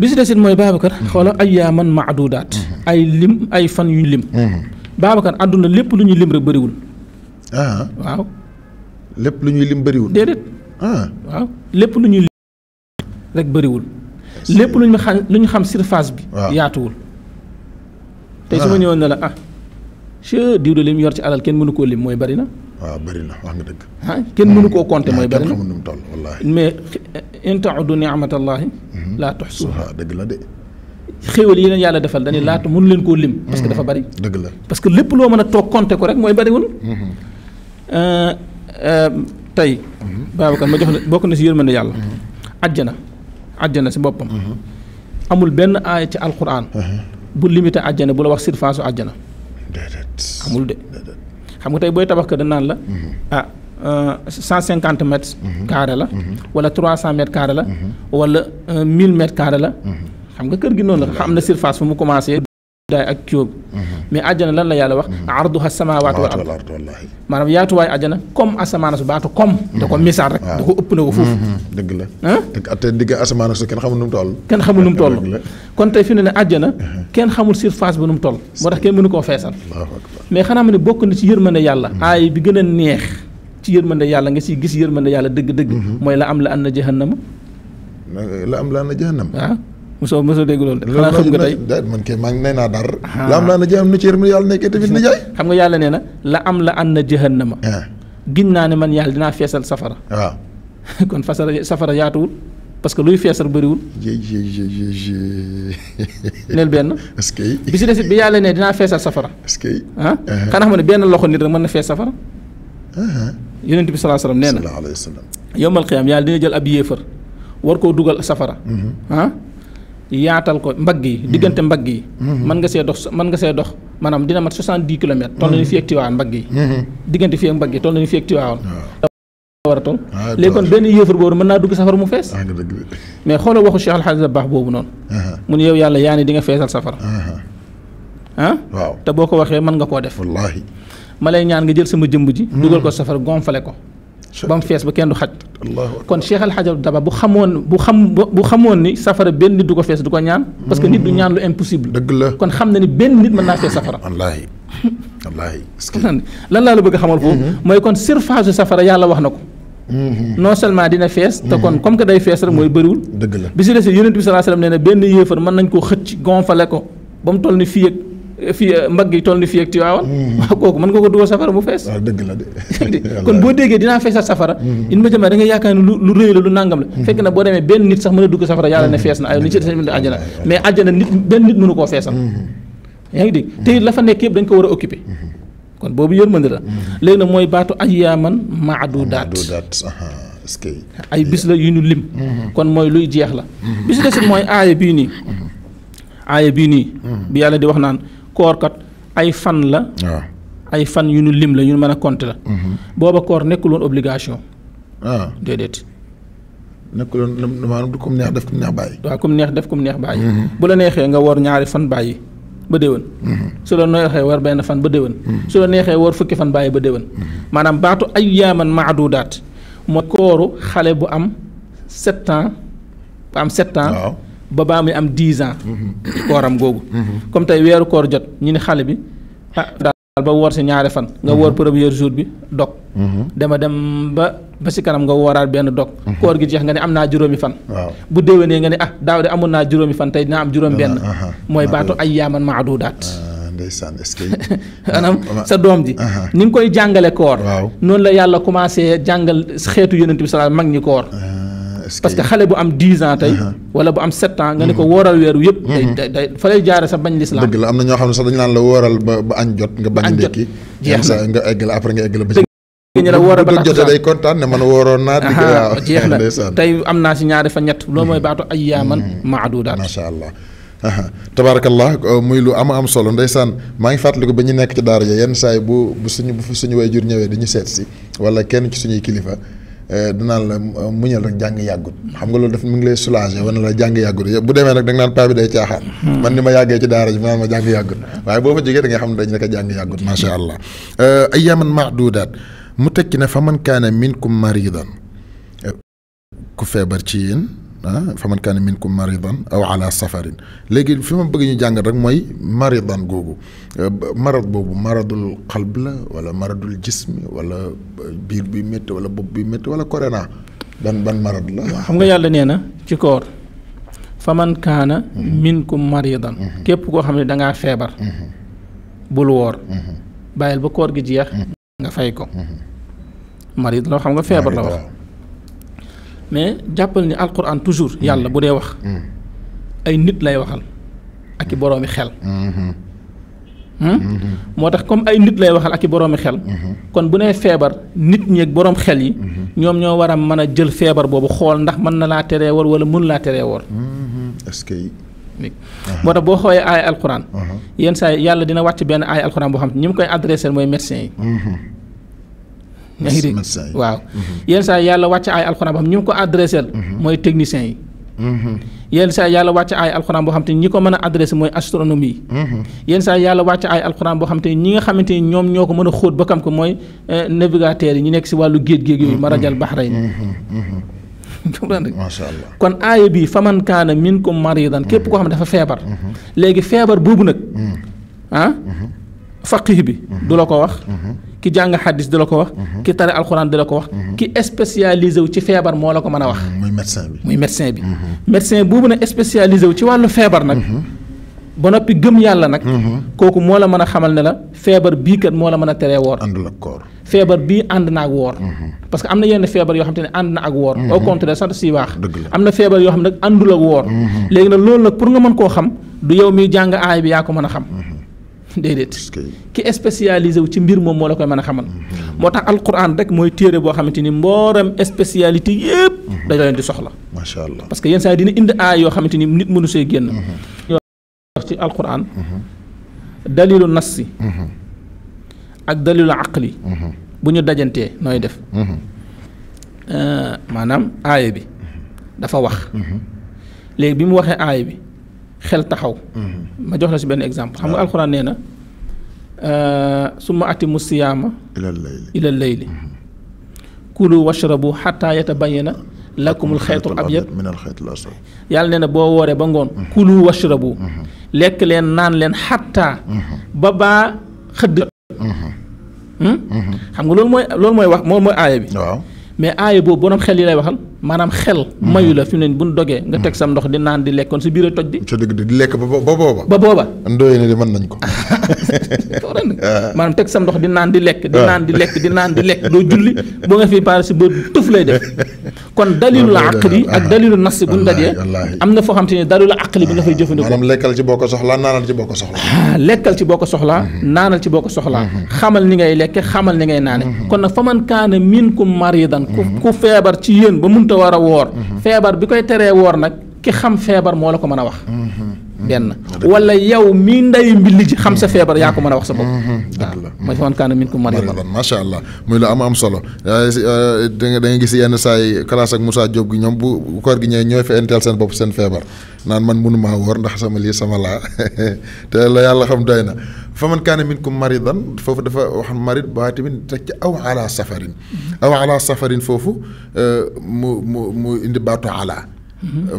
bi si desit mooy Babacar xoola ay yaaman maadudaat mhm. ay lim ay fan yu lim mhm. Babacar àdduna lépp lu ñuy lim rek bariwul lépp lu ñuy lim bariwul ah. lépp lu ñuy bariwul lépp lu ñu xam lu ñu xam surface bi yaatuwul tey su ma ñëwoon ne la ah che yor ci alal kenn mënu koo lim mooy bari na waaw bëri na wax nga dëgg. ah kenn mënu koo compter mooy bëri na xamul nu mu toll wallaahi. mais in taudu ni'matallahi laa tuxsuha dëgg la de. xéewal yi leen yàlla defal dañuy laata mënu leen koo lim. parce que dafa bëri. dëgg la parce que lépp loo mën a toog compter ko rek mooy bëriwul. tey. Babacar ma jox la bokk na si yërmande yàlla. àjjana àjjana si boppam. amul benn aaya ci alquran. bu limité àjjana bu la wax surface su àjjana. déedéet amul de. xam nga tey booy tabax kër naan la mhm. ah euh, cent cinquante mètres mhm. carré la mhm. wala trois cent mètres carré la wala euh, mille mètres carré la xam nga kër gi noonu la xam na surface fu mu commencé day ak cóob mais àjjana lan la yàlla wax arduha samaawaatu wal ard maanaam yaatuwaay àjjana comme asamaan su baatu comme da ko misaal rek da ko ëpp na ko foofu dëgg la ah te digg asamaan su kenn xamul nu mu toll kenn xamul nu mu toll kon tey fi ne ne àjjana kenn xamul surface ba nu mu toll moo tax kenn mënu koo feesal mais xanaa ma ne bokk na ci yërmande yàlla aay bi gën a neex ci yërmande yàlla nga siy gis yërmande yàlla dëgg-dëgg mooy la am la an na jahannama la am la an na jahannama waaw mosoo mosoo dégg loolu de xanaa xam nga tey man kay maa ngi nee naa dar ah. la am laa na jahannama ci xam nga yàlla na la am la an na ma ah. gin naa ne man yàlla dinaa feesal safara waaw ah. *laughs* kon fasara safara yaatuwul parce que luy feesal bëriwul *laughs* neel benn est que bi si desit bi yàlla ne dinaa feesal safara est que ah xanaa xam ne benn loxo nit rek mën na fees safara yonent bi salaa nee na yowmal qiyaam yàlla dina jël ab yéefar war koo dugal safara mm-hmm. yaatal ko mbagg yi diggante mm-hmm. mbagg yi mm-hmm. mën nga see dox mën nga see dox maanaam dina mat soixante-dix kilomètres toll nañu mm-hmm. fii ak Tiwaawan mbagg yi diggante fi ak mbagg yi toll nañu fii ak Tiwaawan war a toll ah, léegi kon benn yéefar boobu mën naa dugg safara mu fees ah, mais xoolal waxu Cheikh a baax boobu noonu uh-huh. mu yow yàlla yaa ni dinga nga feesal safara uh-huh. ah te boo ko waxee mën nga koo def wallaahi ma lay ñaan nga jël sama jëmb ji dugal mm. ko safara gomfale ko ba mu fees ba kenn du xaj kon Cheikh Al Hadj Abdou Daba bu xamoon bu xam bu xamoon ni safara benn nit du ko fees du ko ñaan parce que nit du ñaan lu impossible dëgg la kon xam na ni benn nit mën naa fees safara wallaahi wallaahi lan laa la bëgg a xamal foofu mooy kon surface safara yàlla wax na ko non seulement dina fees te kon comme que day fees rek mooy bëriwul dëgg la bi si des yonent bi salaa salaam nee na benn yéefar mën nañ koo xëcc gonfale ko ba mu toll ni fii ak fii eh, mbagg yi toll ni fii ak Tiwaawan waaw mm-hmm. *laughs* kooku mën nga ko dugal safara mu fees la de *laughs* *laughs* kon boo déggee dinaa feesal safara mm-hmm. in ma jëmee da nga yaakaar ne lu lu rëy la lu nàngam la mm-hmm. fekk na boo demee benn nit sax mën a dugg safara yàlla ne fees na ay la a la léegi nag mooy baatu ayyaaman maadudaat ay bis la yu ñu lim kon mooy luy jeex la bis des mooy aaya bii nii aaya bii nii bi yàlla di wax naan koor kat ay fan la. ay fan yu ñu lim la yu ñu mën a compter la. Mhm. booba koor nekkul woon obligation. waaw ah. déedéet. nekkul woon maanaam du comme neex def comme neex bàyyi. waaw comme neex def comme neex bàyyi. Mhm. bu la neexee nga woor ñaari fan bàyyi ba déwén. Mhm. su la neexee woor benn fan ba déwén. su la neexee woor fukki fan bàyyi ba déwén. maanaam baatu ay yaaman maadudaat mooy kooru xale bu am sept ans bu am sept ba baa muy am 10 ans. kooram googu. comme tey weeru koor jot ñu ne xale bi ah daal ba woor si ñaari fan. nga woor premier jour bi dog. dama dem ba ba si kanam nga wooraat benn dog. koor gi jeex nga ne am naa juróomi fan. bu déwénee nga ne ah daaw de amoon naa juróomi fan tey dinaa am juróom benn. Ah, ah, ah. mooy baatu ay yaaman maadudaat. ndeysaan est *laughs* sa doom ji ni nga koy jàngale koor. noonu la yàlla commencé jàngal xeetu yonent bi salaam mag ñi koor. parce que xalé bu am 10 ans tay uh-huh. wala bu am 7 ans nga ne ko uh-huh. woral weer wi yëpp uh-huh. day fa lay jaare sa bañ l'islam deug la amna ño xamne sax dañ naan la woral ba ba añ jot nga bañ ndékki jeex na nga eggal après nga eggal ba ñu la wooral ba jotté day contane man wooroon naa dëgg waaw jeex na tey am naa ñaari fa ñett lo moy mm-hmm. baatu ayyaman ma'dudat mm-hmm. ma sha allah tabarakallah uh, muy lu am am solo ndaysan ma ngi fàttaliku ba ñu nekk ci daara ja yenn say bu bu suñu bu suñu wayjur ñewé dañu di ñu wala kenn ci suñu kilifa Eh, danaan la eh, muñal rek jàng yàggut xam nga loolu daf mu ngi lay soulager wane la jàng yàggut bu demee rek da naan paa bi day caaxaan hmm. man ni ma yàggee ci daara ji mu naan ma jàng yàggut waaye boo fa jógee da nga xam ne dañ naka jàng yàggut macha allah eh, ayyaman mahdudaat mu tekki ne fa man kaana minkum maridan ku feebar ci yéen فمن كان منكم مريضا او على سفر لكن فيما بغي ني جانغ رك موي مريضا غوغو مرض بوبو مرض القلب لا ولا مرض الجسم ولا بير بي مت ولا بوب بي مت ولا كورونا بان بان مرض لا خم نغا يالا نينا تي كور فمن كان منكم مريضا كيب كو خامي داغا فيبر بول وور بايل بو كور جي جيخ نغا فايكو مريض لو خم نغا فيبر لا واخ mais jàppal ni alquran toujours yàlla bu wax ay nit lay waxal ak i xel moo tax comme ay nit lay waxal ak i xel kon bu nee feebar nit ñi ak boroom xel yi ñoom ñoo war a jël feebar boobu xool ndax mën na laa teree war wala mën laa teree war est-ce que moo tax boo xoolee alquran yenn saa yàlla dina wàcc benn aaya alquran boo xam ne koy adressé mooy médecin yi yaa ngi dégg waaw yenn saa yàlla wàcc ay alxuraan boo xam ñu ngi ko adressé mhm. mooy technicien yi mhm. yenn saa yàlla wàcc ay alxuraan boo xam te ñi ko mën a adressé mooy astronomie mhm. yi yenn yàlla wàcc ay alxuraan boo xam te ñi nga xamante ñoom ñoo ko mën a xóot ba kam ko mooy eh, navigateurs yi ñu nekk si wàllu géej-géej yooyu marajal baxray *laughs* macha allah kon aaya bi faman kaana minkum maridan képp koo xam ne dafa feebar léegi feebar boobu nag ah faqih bi du la ko wax ki jàng xaddis di la ko wax. ki tari alxuraan di la ko wax. ki spécialisé wu ci feebar moo la ko mën wax. muy médecin bi muy médecin bi. médecin boobu nag spécialisé wu ci wàllu feebar nag. ba noppi gëm yàlla nag. kooku moo la mën a xamal ne la feebar bii kat moo la mën a teree woor. àndul ak koor feebar bii ànd na ak woor. parce que am na yenn feebar yoo xam te ne ànd na ak woor. au contraire sax si waax. am na feebar yoo xam ne nag àndul ak woor. léegi nag loolu nag pour nga mën koo xam du yow miy jàng aay bi yaa ko mën a xam. déedéet ki spécialisé wu ci mbir moom moo la koy mën a xamal mm-hmm. moo tax alquran rek mooy téere boo xamante ni mbooram spécialité yépp mm-hmm. dañoo leen di soxla macha allah parce que yenn saa yi dina indi aay yoo te ni nit mënu see génn ñoo mm-hmm. wax ci alquran dalilu nassi ak dalilu aqli bu ñu dajantee nooy def euh, maanaam aaya bi dafa wax léegi bi mu waxee aaya bi xel taxaw. ma jox la si benn exemple. xam nga alxuraan nee na summa atimu siyama ila layli ilal layli. kulu washrabu xataa yatabayyana lakumul xaytul abyad minal xaytil aswad yàlla nee na boo wooree ba ngoon. kulu washrabu. lekk leen naan leen xataa. ba baa xëdd. xam nga loolu mooy loolu mooy wax moom mooy aaya bi. waaw mais aaya boobu borom xel yi lay waxal. maanaam xel mayu la fi mu bu ñu dogee nga teg sam ndox di naan di lekkoon si biir a toj bi ca dëgg di lekk ba booba ba booba ndooyee ne di mën nañ ko *laughs* ah. maanaam teg sam ndox di naan di lekk di ah. naan di lekk di naan di lekk doo julli boo nga fii si ba tëf lay def kon dalilu la aqli ak dalilu nas bu ñu dajee am na foo xam te ne dalilu aqli bi nga fay jëfandikoo lekkal ci boo ko soxlaa naanal ci boo ko soxlaa ah, lekkal ci boo ko soxlaa mm-hmm. naanal ci boo ko soxlaa mm-hmm. ni ngay lekke xamal ni ngay naane mm-hmm. kon nag fa man kaana ku feebar ci yéen ba mun munta war a woor mhm. feebar bi koy teree woor nag ki xam feebar moo la ko mën a wax mhm. Mhm. benn wala yow mii nday mbilli ji xam sa feebar yaa ko mën a wax sa bopp waaw mooy fa man kaana min ko maridan macha allah muy la am am solo eh, da nga gis yenn saa yi classe ak Moussa Diop gi ñoom bu koor gi ñëwee ñooy fi enteel seen bopp seen feebar naan man mënu maa woor ndax sama lii sama laa te la yàlla xam doy na fa man kaana minkum maridan foofu dafa wax marid ba tamit teg ci aw ala safarin aw ala safarin foofu mu mu mu indi baatu ala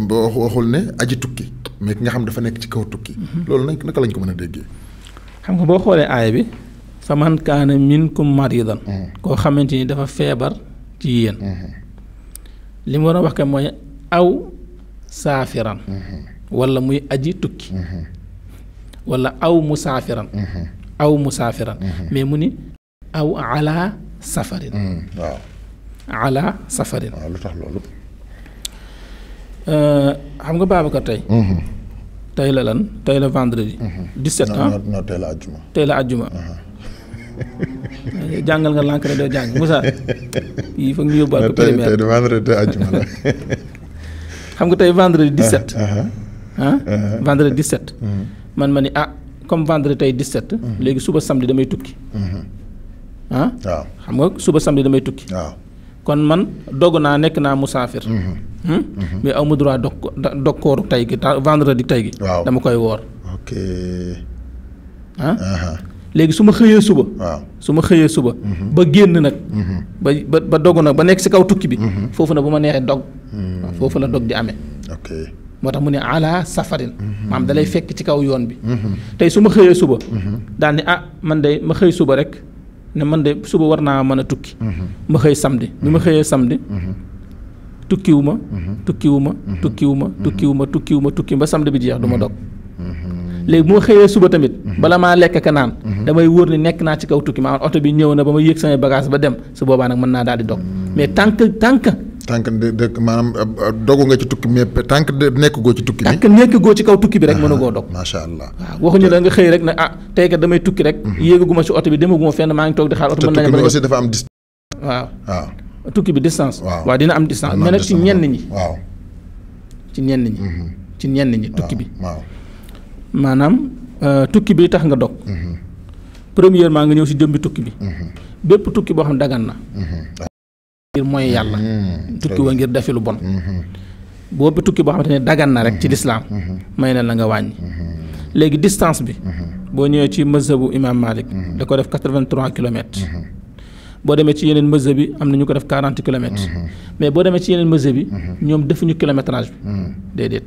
boo waxul ne aji tukki mais ki nga xam dafa nekk ci kaw tukki loolu nag naka lañ ko mën a déggee xam nga boo xoolee aaya bi fa man kaana minkum maridan koo xamante ni dafa feebar ci yéen li mu war a wax ka mooy aw saafiran mm-hmm. wala muy aji tukki mm-hmm. wala aw musaafiran mm-hmm. aw musaafiran mais mu ni aw ala safarin mm, waaw ala safarin waaw lu tax loolu euh, xam nga Babacar tey tey la lan tey la vendredi 17 ans non la ajjuma tey la ajjuma uh-huh. *laughs* jàngal nga lànk rek doo jàng yii foog ñu yóbbaal ko première *laughs* tey vendredi ajjuma la *laughs* xam nga tey vendredi 17. Uh-huh, uh-huh. ah uh-huh. vendredi 17. Mm-hmm. man ma ni ah comme vendredi tey 17. Mm-hmm. léegi suba samedi damay tukki. Mm-hmm. Ah? xam nga suba samedi damay tukki. waaw kon man dogg naa nekk naa musaafir. Hmm? mais aw droit dog dog kooru tey gi vendredi tey gi. waaw dama koy woor. Ah? léegi su ma xëyee suba. waaw su ma xëyee suba. ba génn nag. ba ba dogg nag ba nekk si kaw tukki bi. foofu nag bu ma neexee dog. Hmm. waaw foofu la dog di amee. moo tax mu ne ala safarin. Hmm. maam dalay fekk ci kaw yoon bi. Hmm. tey su ma xëyee suba. daal ni ah man de ma xëy suba rek ne man de suba war naa mën a tukki. ma xëy samedi bi ma xëyee samedi. tukkiwu ma. tukkiwu ma tukkiwu ma tukkiwu ma tukkiwu ma tukki ba samedi bi jeex du ma dog. léegi bu ma xëyee suba tamit bala maa lekk ka naan damay wóor ni nekk naa ci kaw tukki maanaam oto bi ñëw na ba ma yéeg samay bagage ba dem su boobaa nag mën naa daal di dog mais tant que tant tànk dëkk maanaam euh, euh, dogu nga ci tukki mais tànk nekk goo ci tukki bi. tànk nekk goo ci kaw tukki bi rek ah, mën a goo dog. macha allah waxuñu la nga xëy rek ne ah tey kat damay tukki rek. Mhm. yéegaguma ci oto bi demaguma fenn maa ngi toog tukki bi aussi dafa am distance. waaw dina am distance. mais nag ci ñenn ñi. ci ñenn ñi. Mhm. ci ñenn ñi tukki bi. waaw maanaam euh, tukki bi tax nga dog. Mhm. premièrement nga ñëw si jëmbi tukki bi. bépp tukki boo xam dagan na ngir mooy yàlla mm-hmm. tukki wa ngir defi lu bon mm-hmm. boobu tukki boo xamante ne dagan na rek ci mm-hmm. lislaam may la nga wàññi léegi distance bi boo ñëwee ci mazhabu imam malik da ko def quatre vingt boo demee ci yeneen mazhab bi am na ñu ko def quarante kilomètres mais boo demee ci yeneen bi ñoom defuñu kilométrage bi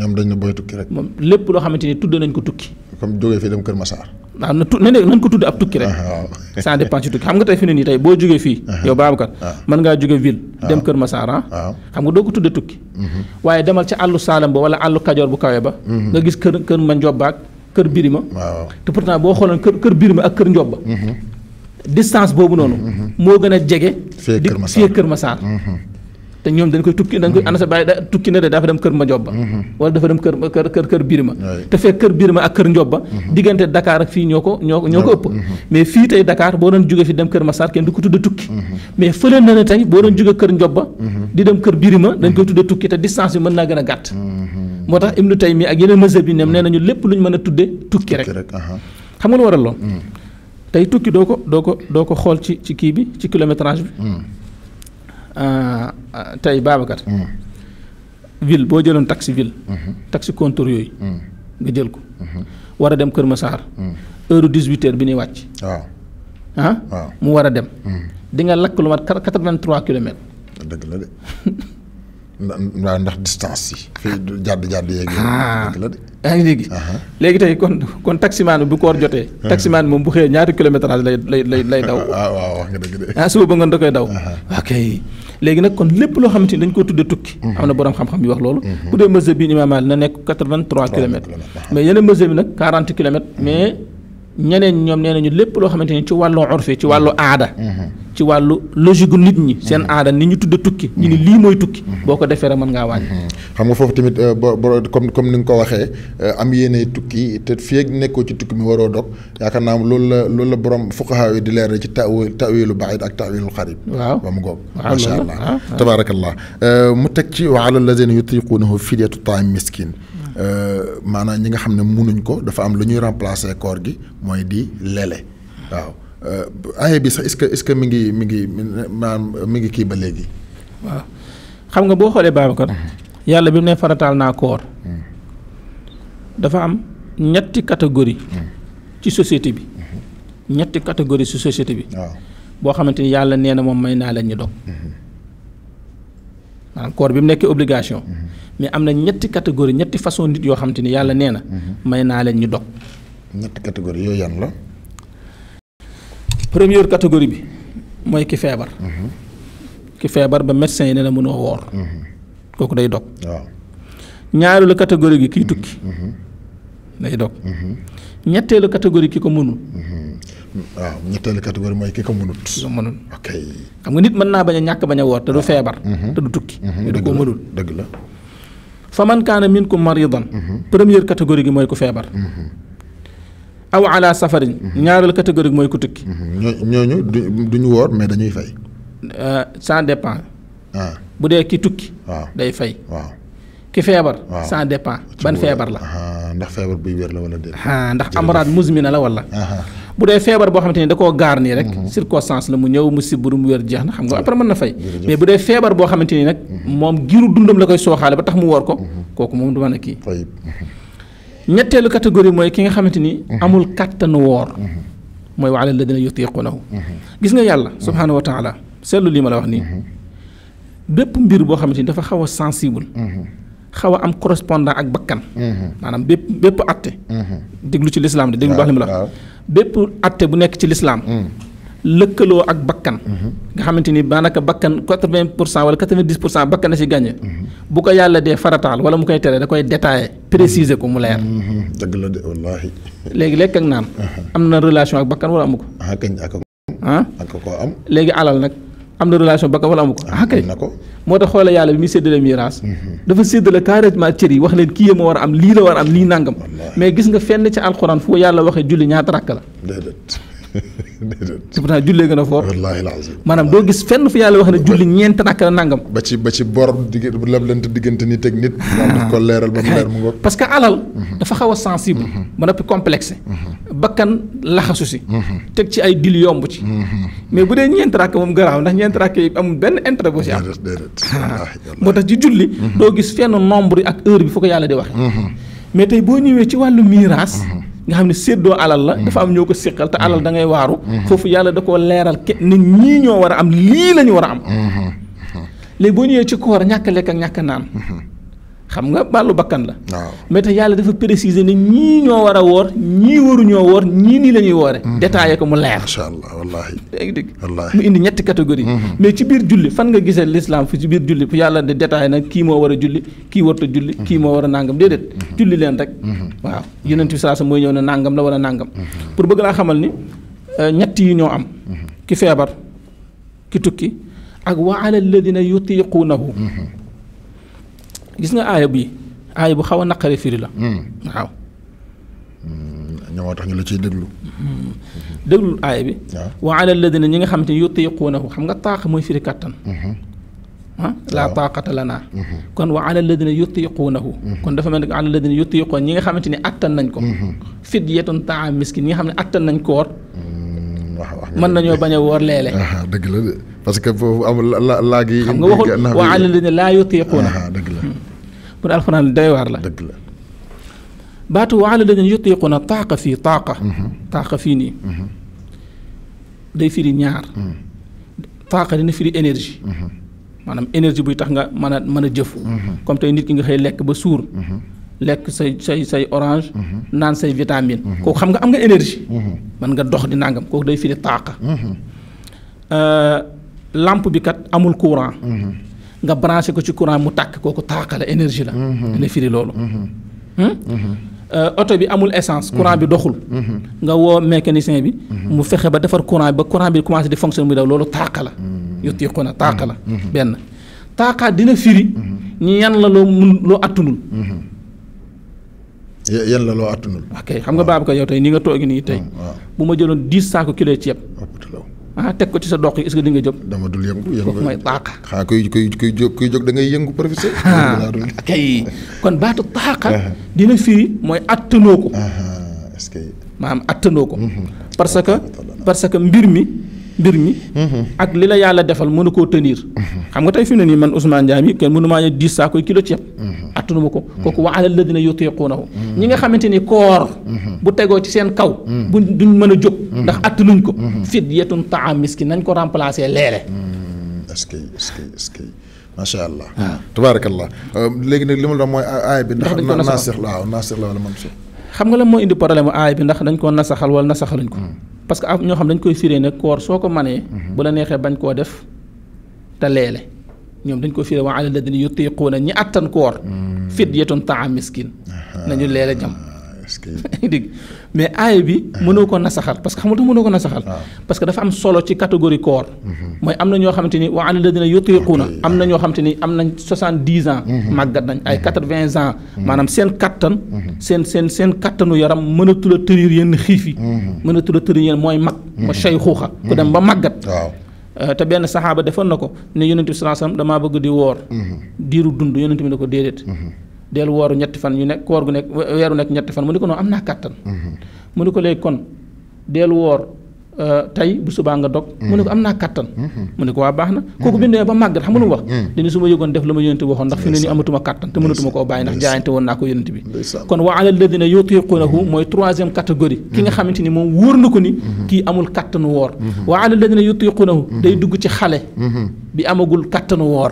ñoom dañ ne booy tukki rek. moom lépp loo xamante ni tudd nañ ko tukki. comme jógee fii dem Kër Massar. waaw na tu ko tudd ab tukki rek. Ah, waaw ça dépend ci tukki xam nga tey fi ne nii tey boo jógee fii. Ah, ah. yow Babacar. man mën ngaa jóge ville. dem Kër Massar ah. waaw xam nga doo ko tuddee tukki. Mhm. waaye demal ca àllu Saalum ba wala àllu Kajoor bu kawe ba. Mhm. nga gis kër kër ma Njoba ak kër Birima. waaw te pourtant boo xoolee kër kër ma ak kër Njoba. Mhm. distance boobu noonu. moo gën a jege. fii Kër Massar te ñoom dañ koy tukki dañ koy mm-hmm. ana sa bàyyi da tukki na de dafa dem kër ma jobba mm-hmm. wala dafa dem kër kër kër kër Birima te fekk kër Birima ak kër njobba mm-hmm. diggante Dakar ak fii ñoo ko ñoo ñoo ko ëpp mais fii tey dakaar boo doon jóge fi dem kër Massar kenn du ko tudde tukki mais fële na ne tey boo doon jóge kër njobba di dem kër ma dañ koy tuddee tukki te distance bi mën naa gën a gàtt moo tax tey Taymi ak yeneen mazhab yi nem nee nañu lépp lu ñu mën a tudde tukki rek xam nga lu waral lool mm. tey tukki doo ko doo ko doo ko xool ci ci kii bi ci kilométrage bi mm. Euh, euh, tey Babacar. Mm. ville boo jëloon taxi ville. Mm-hmm. taxi contour yooyu. Mm. nga jël ko. Mm-hmm. war a dem Kër Massar. Mm. heure dix huit bi nuy wàcc. waaw ah. mu war a dem. di nga lakk lu mat quatre vingt trois kilomètres. dëgg la de. *laughs* waaw ndax distance yi. fii jàdd jàdd yeeg yooyu. Ah. yaa ngi dégg. Uh-huh. léegi tey kon kon taximaan bu koor jotee. Uh-huh. taximaan moom bu xëyee ñaari kilométrage lay lay lay daw. *laughs* Ah, waaw wax nga dëgg de. ah suba ba ngoon da koy daw. Uh-huh. ok léegi nag kon lépp loo xam ni dañ ko tuddee tukki. am na borom xam-xam yu wax loolu. bu dee mesure bi ñu maanaam na nekk quatre-vingt-trois kilomètres. mais yeneen mesure bi nag quarante kilomètres mais. ñeneen ñoom nee nañu lépp loo xamante ni ci wàllu orfe ci wàllu mm-hmm. aada. Mm-hmm. ci wàllu logique gu nit ñi. seen mm-hmm. aada ni ñu tudde tukki. ñu ni lii mooy tukki. boo ko defee rek mën ngaa wàññi. xam nga foofu tamit euh, bo bo comme comme ni nga ko waxee euh, am yéene tukki te fii nekkoo ci tukki mi waroo dog yaakaar naa loolu la loolu la borom fuqaha yi di leer ci tawil tawilu baid ak tawilu xarib. waaw ba mu góob. waaw macha allah ah, ah. tabaarakallah euh, mu teg ci wa ala lazina yutiqunahu fidyatu taam miskin Euh, maanaam ñi nga xam ne munuñ ko dafa am lu ñuy remplacer koor gi mooy di lele waaw euh, aaya bi sax est-ce que est-ce que mi ngi mi ngi mu mi ngi kii ba léegi. waaw xam nga boo xoolee Babacar. Mm-hmm. yàlla bi mu ne farataal naa koor. Mm-hmm. dafa am ñetti catégorie mm-hmm. ci société bi. ñetti catégorie ci société bi. waaw boo xamante ni yàlla nee na moom may naa la ñu dog encore ah, bi mu nekkee obligation. Mm-hmm. mais am na ñetti catégorie ñetti façon nit yoo xam te ni yàlla nee na. Mm-hmm. may naa leen ñu dog. ñetti catégorie yooyu yan la. première catégorie bi mooy ki feebar. Mm-hmm. ki feebar ba médecin yi ne la mënoo woor. kooku day dog. waaw ñaareelu catégorie gi kiy tukki. day dog. ñetteelu catégorie ki ko mënul. waaw ñetteelu catégorie mooy ki ko mënut. ki ko mënut ok. xam nga nit mën naa bañ a ñàkk bañ a woor te du tukki. Mhm. te du mhm. ko mënut dëgg la fa man kaana minkum maridan mhm. première catégorie gi mooy ko feebar. aw ala safarin. ñaareel catégorie gi mooy ko tukki. ñoo ñu du ñu woor mais dañuy fay. sans euh, dépend. Ah. bu dee ki tukki. waaw day fay. waaw ki feebar. waaw sans dépend ban feebar la. ndax feebar buy wér la wala déet. Ah, ndax amraad muzmina la wala. bu dee feebar boo xamante ni da koo gaar nii rek mhm. circonstance la mu ñëw mu sibbiru mu wér jeex na xam nga après mën na fay mais bu dee feebar boo xamante ni nag mhm. moom giiru dundam la koy sooxaale ba tax mu woor ko mhm. kooku moom du mën a kii ñetteelu catégorie mooy ki nga xamante ni amul kàttanu woor mooy wa ala alladina yutiqunahu gis nga yàlla subhaanahu wa taala seetlu lii ma la wax nii bépp mbir boo xamante ni dafa xaw a sensible xaw a am correspondant ak bakkan maanaam bépp bépp atte déglu ci lislaam de déglu baax li mu la bépp atté bu nekk ci l'islam hmm. lëkkaloo ak bakkan hmm. nga xamante ni daanaka bakkan 80% wala 90% bakkan na si gàññe bu ko yàlla dee farataal wala mu koy tere da koy détaillé préciser ko mu leer hmm. dëgg la de wallahi *laughs* léegi lekk ak naan am na relation ak bakkan wala amu ko ah, ah? léegi alal nag am na relation bakkan wala amu ah, ko ah kay moo tax xoolal yàlla bi muy séddale miraas mhm. dafa séddale carrément cër yi wax leen kii yee ma war a am lii la war am lii nàngam mais gis nga fenn ci alxuraan foo yàlla waxee julli ñaata rakk la déedéet pourtant jullee gën a fort wallaahi doo gis fenn fu yàlla wax ne julli ñeent rakk la nangam ba ci ba ci bor digg leblante diggante nit ak nit moom ah. daf ko leeral ba mu leer mu ngoog parce que alal mhm. dafa xaw sensible mhm. ba noppi complexe mhm. bakkan laxasu si teg ci ay dil yomb ci mais bu dee ñeent rakk moom garaaw ndax ñeent rakk yi amul benn intérêt boo si am ah. moo tax ci julli doo gis fenn nombre yi ak heure bi fu ko yàlla di waxe mais tey boo ñëwee ci wàllu miraas nga xam ne séddoo alal la dafa am ñoo ko séqal te alal da ngay waaru foofu yàlla da koo leeral ke nit ñii ñoo war a am lii la ñu war a am mm-hmm. léegi boo ñëwee ci koor ñàkk lekk ak ñàkk naan mm-hmm. xam nga bàllu bakkan la. mais tax yàlla dafa préciser ne ñii ñoo war a woor ñii waruñoo woor ñii nii la ñuy woore. Mm-hmm. détaillé ko mu leer. macha allah wallaahi. léegi dégg mu indi ñetti catégorie mm-hmm. mais ci biir julli fan nga gisee l'islam fu ci biir julli fu yàlla de détaillé nag kii moo war a julli kii warut a julli. kii mm-hmm. moo war a nangam déedéet. julli leen rek. waaw yonent bi saa sa mooy ñëw ne nangam la a nàngam pour bëgg laa xamal ni euh, ñett yi ñoo am. ki feebar ki tukki ak wa ala alladina yutiqunahu gis nga aaya bi aaya bu xaw a naqare firi la waaw ñoo tax ñu la ciy déglu déglu aaya bi wa ala alladina ñi nga xam te yutiquunahu xam nga taax mooy firi kàttan ah la taqata lana kon wa ala alladina yutiquunahu kon dafa mel ne ala alladina yutiquun ñi nga xamante ni attan nañ ko fidyatun taam miskin ñi nga xam ne attan nañ koor mën nañoo bañ a woor léeg-léeg dëgg la de parce que foofu amul la laag yi. xam nga laa yutiquuna. dëgg la. bu dee alxuraan doy waar la. dëgg la. baatu waa alladina yutiquuna fii taaqa. Mhm. taaqa fii nii. Mhm. day firi ñaar. Mhm. taaqa dina firi énergie. maanaam énergie buy tax nga mën a mën a jëf. comme tey nit ki nga xëy lekk ba suur. lekk say say say orange. naan say vitamine. kooku xam nga am nga énergie. mën nga dox di nangam kooku day firi taaqa. Euh, lampe bi kat amul courant mhm. nga branché ko ci courant mu tak koku takala énergie la mhm. ne firi lolu auto mhm. hmm? euh, bi amul essence courant bi doxul nga wo mécanicien bi mu fexé ba défar courant ba courant bi commencé di fonctionner mu daw lolu taakala yutiquna taakala ben taaka dina firi ñi yan la lo lo atunul yan la lo atunul ok xam nga bab ko yow tay ni nga togi ni tay buma jëlone 10 saako kilo ciép ah teg ko ci sa dox yi est di nga jóg. dama dul yëngu yëngu mooy taaqa. xaa kuy kuy kuy jóg kuy jóg da yëngu professeur. Ah, kay kon baatu taaqa. Ah. dina fii mooy attanoo ko. Ah, est-ce que. ko. Mhm. parce que parce que mbir mi. mbir mi. Mhm. ak li la yàlla defal mënu koo tenir. Mhm. xam nga tey fi mu ne nii man Ousmane Ndiaye mi kenn mënumaa maa ne dix saa koy kilo ceeb. Mhm. attanu ma ko kooku wa alal ladina yutiqunahu ñi nga xamante ni koor. bu tegoo ci seen kaw. bu duñ mën a jóg. ndax attanuñ ko. fidyatun taam miskin nañ ko remplacer leele. est-ce que est-ce que macha allah. waaw ah. tabaarakallah euh, léegi nag li ma la mooy aay bi. ndax naasix la waaw naasix la man xam nga la moo indi problème aay ndax dañ ko nasaxal wala nasaxaluñ ko. parce que am ñoo xam dañ koy firee ne koor soo ko manee mhm. bu la neexee bañ koo def te leele ñoom dañ ko firee wa ala ladina yutiquuna ñi attan koor mhm. fidyatun taam miskin nañu leele jam *laughs* dégg mais aaya bi mënoo ko nasaxal parce que xam nga mënoo ko nasaxal ah. parce que dafa am solo ci catégorie koor mhm. mooy am na ñoo xamante ni wa ala ladina yutiquuna am na ñoo xamante ni am nañ soixante dix ans maggat mhm. nañ ay mhm. quatre vingt ans maanaam seen kattan seen seen kattanu yaram mënatul a tërir yenn xiif yi mënatul a tërir yenn mooy mag ma shay xuuxa ku dem ba maggat euh, te benn saxaaba defoon na ko ne yonent bi sallallahu alayhi wasallam damaa bëgg di woor diiru dund yonent bi ne ko déedéet del wooru ñetti fan yu nekk koor gu nekk weeru nekk ñetti fan mu ni ko noonu am naa kàttan mhm. mu ni ko léegi kon del woor euh, tey bu subaa nga dog mu ne ko mhm. am naa kattan mhm. mu ne ko waa baax na kooku bindee ba màggat xam nga lu mu su ma yëgoon def la ma yónente waxoon ndax fi ne ni amatuma koo bàyyi ndax jaayante woon naa ko yónente bi kon wa ala alladina yutiqunahu mooy troisième catégorie ki nga xamante ni moom wóor na ko ni kii amul kattanu woor wa ala alladina yutiqunahu day dugg ci xale bi amagul kàttanu woor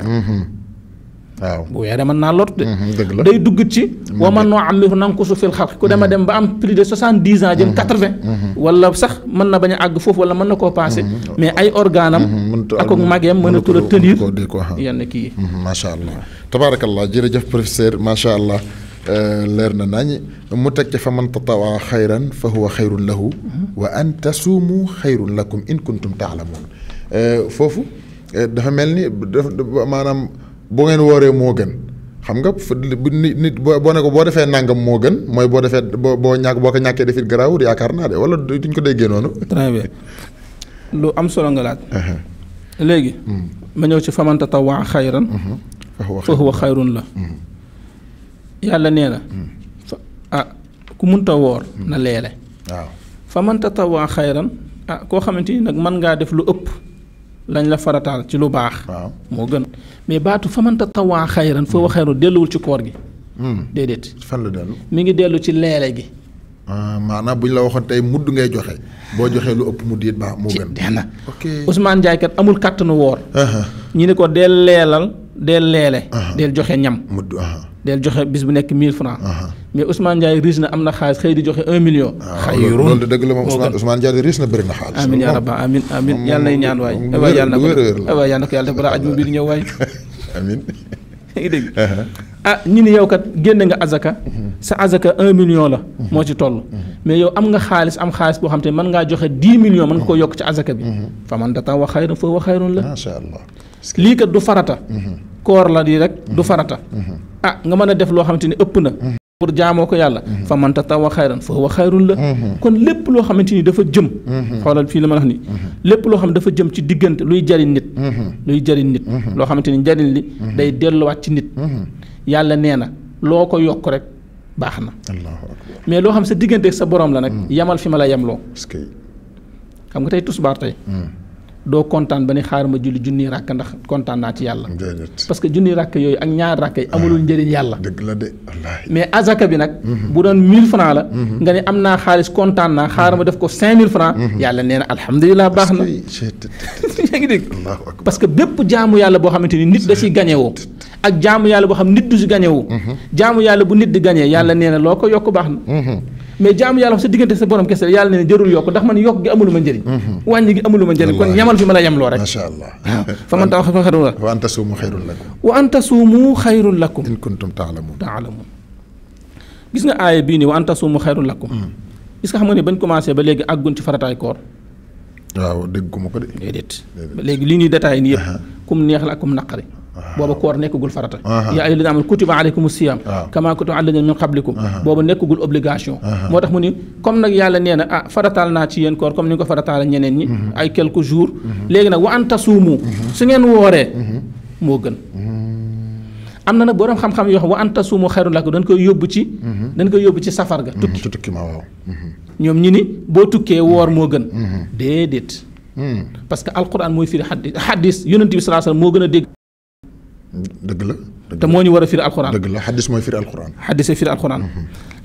waaw bu weeree mën naa lot de. Mm-hmm, la day dugg ci. wa man noo ammihu nankusu fil xalq ku dema mm-hmm. dem ba am plus de soixante dix ans jëm mm-hmm. quatre vingt. wala sax mën na bañ a àgg foofu wala mën na koo passé. mais ay organam ak ak mageem mënatul a tenir yenn kii yi. macha allah tabaarakallah jërëjëf professeur macha allah. Euh, leer na nañ mu teg ca fa man tatawaa xayran fa huwa xayrun lahu wa an tasuumu xayrun lakum in kuntum taalamuun euh, foofu euh, dafa mel ni maanaam. boo ngeen wooree moo gën xam nga bu nit nit boo ne ko boo defee nàngam moo gën mooy boo defee boo boo ñàkk boo ko ñàkkee defit garaawul yaakaar naa de wala duñ ko déggee noonu. très lu am solo nga laaj. léegi. Hmm. ma ñëw ci famanta tatawaa xayran. fa huwa xayrun la. Hmm. yàlla nee na. Hmm. ah ku munta na leele. waaw famanta tatawaa xayran ah koo xamante ni nag mën ngaa def lu ëpp lañ la farataal ci lu baax. moo gën. mais baatu famanta tawaa xayran foo waxeeru delluwul ci koor gi. Hmm. déedéet. fan la dellu. mi ngi dellu ci leele gi. Ah, maanaam bu ñu la waxoon tey mudd ngay joxe boo joxee lu ëpp mudd it baax moo gën. ok Ousmane Ndiaye kat amul kàttanu woor. ñu ne ko delloo del leele. del joxe ñam. mudd del joxe bis bu nekk 1000 francs mais Ousmane Ndiaye riis na am na xaalis xëy di joxe 1 million. xayru loolu de dëgg la moom Ousmane Ousmane Ndiaye riis na bëri na xaalis. amiin yaa rabba amiin amiin yàlla nay ñaan waay. moom wér wér yàlla na yàlla def balaa ajuma bi di ñëw waay. amiin. ngi dégg ah ñu ni yow kat génne nga azaka sa azaka un million la moo ci toll mais yow am nga xaalis am xaalis boo xam te mën joxe dix millions mën ko yokk ci azaka bi fa man data wa xayran fa wa xayrun la lii kat du farata koor la di rek du mhm. farata mhm. a ah, nga mën a def loo xamante ni ëpp na mhm. pour jaamoo ko yàlla fa man tatawa xayran fa huwa xayrun la kon lépp loo xamante ni dafa jëm xoolal fii la ma a ni lépp loo xam dafa jëm ci diggante luy jariñ nit luy jariñ nit loo xamante ni njariñ li day delluwaat ci nit yàlla nee na loo ko yokk rek baax na mais loo xam sa diggante sa borom la nag yamal fi ma la yemloo xam nga tey tusbaar tey doo kontaan ba ni xaar ma julli junni ràkk ndax kontaan naa ci yàlla. parce que junni ràkk yooyu ak ñaar ràkk yi amulul njëriñ yàlla. dëgg mais azaka bi nag. bu doon 1000 francs la. Mhm. nga ne am naa xaalis kontaan naa xaar ma def ko mille francs mhm. yàlla nee na alhamdulilah baax na. *laughs* yaa ngi dégg parce que bépp jaamu yàlla boo xamante ni nit da ciy gañewoo ak jaamu yàlla boo xam nit du si gañewoo mhm. jaamu yàlla bu nit di gañee yàlla nee na loo ko yokk baax na. mais jaamu yàlla sa diggante sa borom kese yàlla ne jërul yokk ndax man yokk gi amuluma njëriñ mhm. wàññi gi amuluma njëriñ kon ñamal fi ma la yemloo rek macha allah waaw *laughs* fa man taw fa xayrul lakum wa an tasuumu xayrul lakum wa an tasuumu xayrul lakum in kuntum taalamun gis nga aaya bii nii wa an tasuumu xayrul lakum mm. gis nga xam nga ne bañ commencé ba léegi àggun ci farataay koor waaw dégg ko ma ko léegi li ñuy détaillé nii yëpp neex la ak kum naqari booba koor nekkagul farata yaa ayyuhal ladina amanu kutiba alaykum siyam kama kutiba alal ladina min qablikum booba nekkagul obligation moo tax mu ni comme nag yàlla nee na ah farataal naa ci yéen koor comme ni nga ko farataal ñeneen ñi mhm. ay quelques jours mhm. léegi nag wa an tasuumu mhm. su ngeen wooree moo gën am na nag borom xam-xam yoo xam wa an tasuumu xayrun ko dañ koy yóbbu ci dañ koy yóbbu ci safar ga tukki ñoom ñi ni boo tukkee woor moo gën déedéet parce que alquran mooy firi xaddis xaddis yonent moo gën a dégg dëgg la te moo ñu war a firi alxuraan dëgg la xaddis mooy firi alxuraan xaddis ay firi alxuraan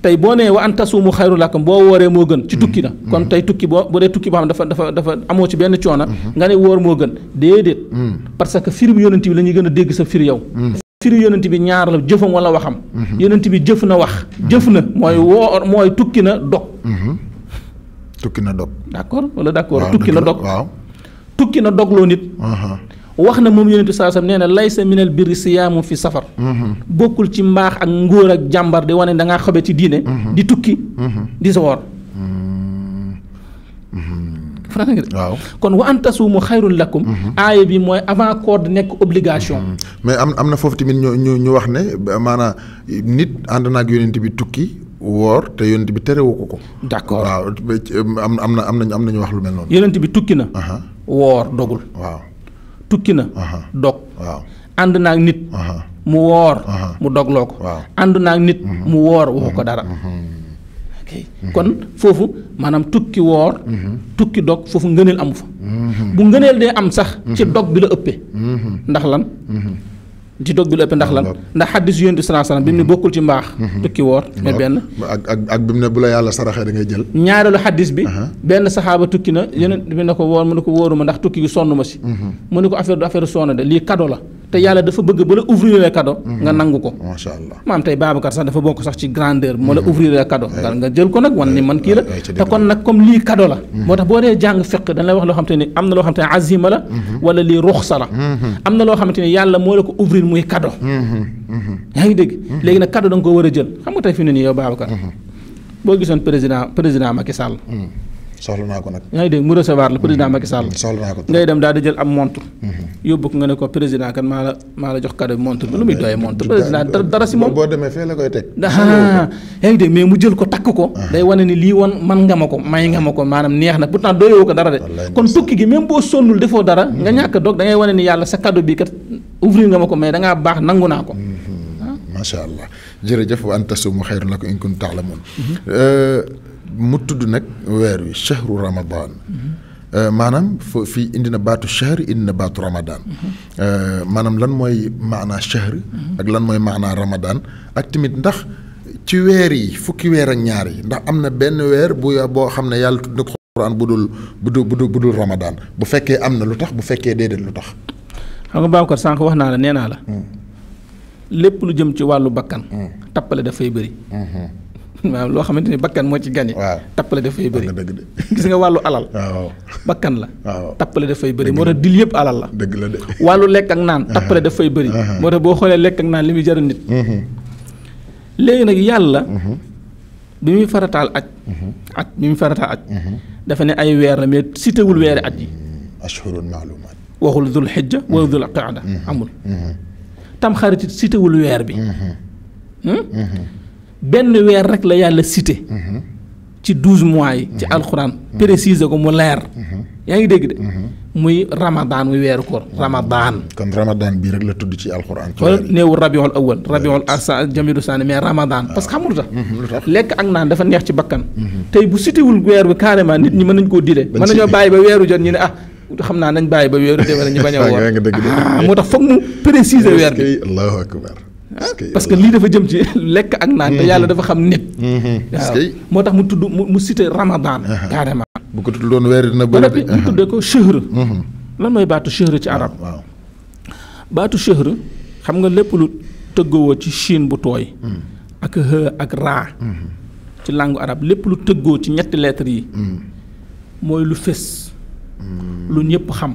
tey boo nee wa an tasuumu xayru lakum boo wooree moo gën ci tukki na kon tey tukki boo bu dee tukki boo xam dafa dafa dafa amoo ci benn coono nga ne woor moo gën déedéet parce que firi bu yonent bi la ñuy gën a dégg sa firi yow firi yonent bi ñaar la jëfam wala waxam yonent bi jëf na wax jëf na mooy woor mooy tukki na dog tukki na dog d'accord wala d'accord tukki na dog tukki na dogloo nit wax na moom yonent bi saa sam nee na laysa minal birri siyaamu fi safar mm-hmm. bokkul ci mbaax ak ngóor ak jàmbar di wane da ngaa xobe ci diine mm-hmm. di tukki mm-hmm. di kon wa an tasuumu xayrun lakum bi mooy avant koor nekk obligation mais am am na foofu tamit ñu ñu ñu wax ne nit ànd ak yonent bi tukki woor te yonent bi terewu ko ko d'accord waaw am na am nañ am nañu wax lu mel noonu yonent bi tukki na woor dogul waaw tukki na dog ànd naa ak nit mu woor mu dogloo ko ànd naa ak nit mhm. mu woor waxu ko mhm. dara mhm. kon foofu maanaam tukki woor tukki dog foofu ngëneel amu fa bu ngëneel dee am sax ci dog bi la ëppee ndax lan ci dog bi lu ëpp ndax lan ndax xaddis yonent bi sallallahu alayhi wasallam bi mu ne bokkul ci mbaax tukki mhm. woor mais benn ak ak bi mu ne bu la yàlla saraxee da jël ñaareelu xaddis bi uh-huh. benn saxaaba tukki na yonent bi ne ko woor mu ne ko wóoruma ndax tukki gi sonn ma si mhm. mu ne ko affaire du affaire sonn de lii cadeau la te yàlla dafa bëgg ba la ouvrir le mhm. nga nangu ko macha allah maam tey Babacar sax dafa bokk sax ci grandeur moo la mhm. ouvrir le nga jël ko nag wan ni man kii la te kon nag comme lii kado la mhm. moo tax boo dee jàng fiq dañ wax loo xamante ne am na loo xamante ne azima la wala lii ruxsa la am na loo xamante ne yàlla moo la ko ouvrir muy cadeau yaa ngi dégg léegi nag cadeau da war a jël xam nga tey fi mu ne nii yow Babacar boo gisoon président président Macky Sall soxla naa ko nag ngay dégg mu recevoir le président Macky Sall mm-hmm. soxla naa ko ngay dem daal di jël am montre mm-hmm. yóbbu ko nga ko président kan maa la jox cadeau montre bi lu muy doyee montre président dara si moom boo demee fee la koy teg ah, ah, ah, yaa ngi mais mu jël ko takk ko day wane ni lii woon man nga ma ko may nga neex na pourtant ko dara de kon tukki gi même boo sonnul defoo dara mm-hmm. nga ñàkk dog da ngay wane ni yàlla sa cadeau bi kat ouvrir nga ma mais da allah jërëjëf wa antasu mu xayru la ko mu tudd nag weer wi chahru ramadan mm-hmm. euh, maanaam foo fii indi na baatu chahr indi na baatu ramadan mm-hmm. euh, maanaam lan mooy maanaa chahr mm-hmm. ak lan mooy maanaa ramadan ak tamit ndax ci weer yi fukki weer ak ñaar yi ndax am na benn weer bu boo xam ne yàlla tudd na ko bu dul bu dul bu dul ramadan bu fekkee am na lu tax bu fekkee déedéet lu tax xam nga Babacar sànq wax naa la nee naa la mm. lépp lu jëm ci wàllu bakkan mm. tappale dafay bëri waaw *laughs* loo xamante ni bakkan moo ci gane waaw tappale dafay bëri *laughs* gis nga wàllu alal bakkan la waaw tappale dafay bëri moo tax dil yëpp alal la dëgg wàllu lekk ak naan *laughs* tappale dafay bëri moo tax boo xoolee lekk ak naan li muy jaral nit mhm. léegi nag yàlla mhm. bi muy farataal aj mhm. at bi muy farataal aj dafa ne ay weer la mais sitewul weer aj yi mm. ashhurun maalumaat waxul dul xijja wala dul qaada amul tam xarit weer bi hmm? benn weer rek la yàlla cité. Mhm. ci douze mois yi. ci mhm. alxuraan mhm. préciser ko mu leer. yaa ngi dégg de. muy ramadaan muy weeru koor ramadaan. kon ramadaan bii rek la tudd ci alxuraan. wala néewul rabiul awal rabiul asa jamidu saani mais ramadaan ah. parce que xamul tax lekk ak naan dafa neex ci bakkan. tey bu sitiwul weer bi carrément nit ñi mën nañ koo dire. mën nañoo bàyyi ba weeru jot ñu ne ah. naa nañ bàyyi ba weeru *laughs* de ah, moo tax foog mu préciser weer bi. allahu akbar Ah, parce que lii dafa jëm ci lekk ak naan te mhm. yàlla dafa xam nit. Mhm. moo tax mu tudd mu mu cité Ramadan. bu ko tudd doon weer na bëri de. mu tuddee ko chëhër. Mhm. lan mooy baatu chëhër ci arab. waaw baatu chëhër xam nga lépp lu tëggoo ci Chine bu tooy. ak hë ak raa. ci langue arab lépp lu tëggoo ci ñetti lettres yi. mooy lu fés. lu ñëpp xam.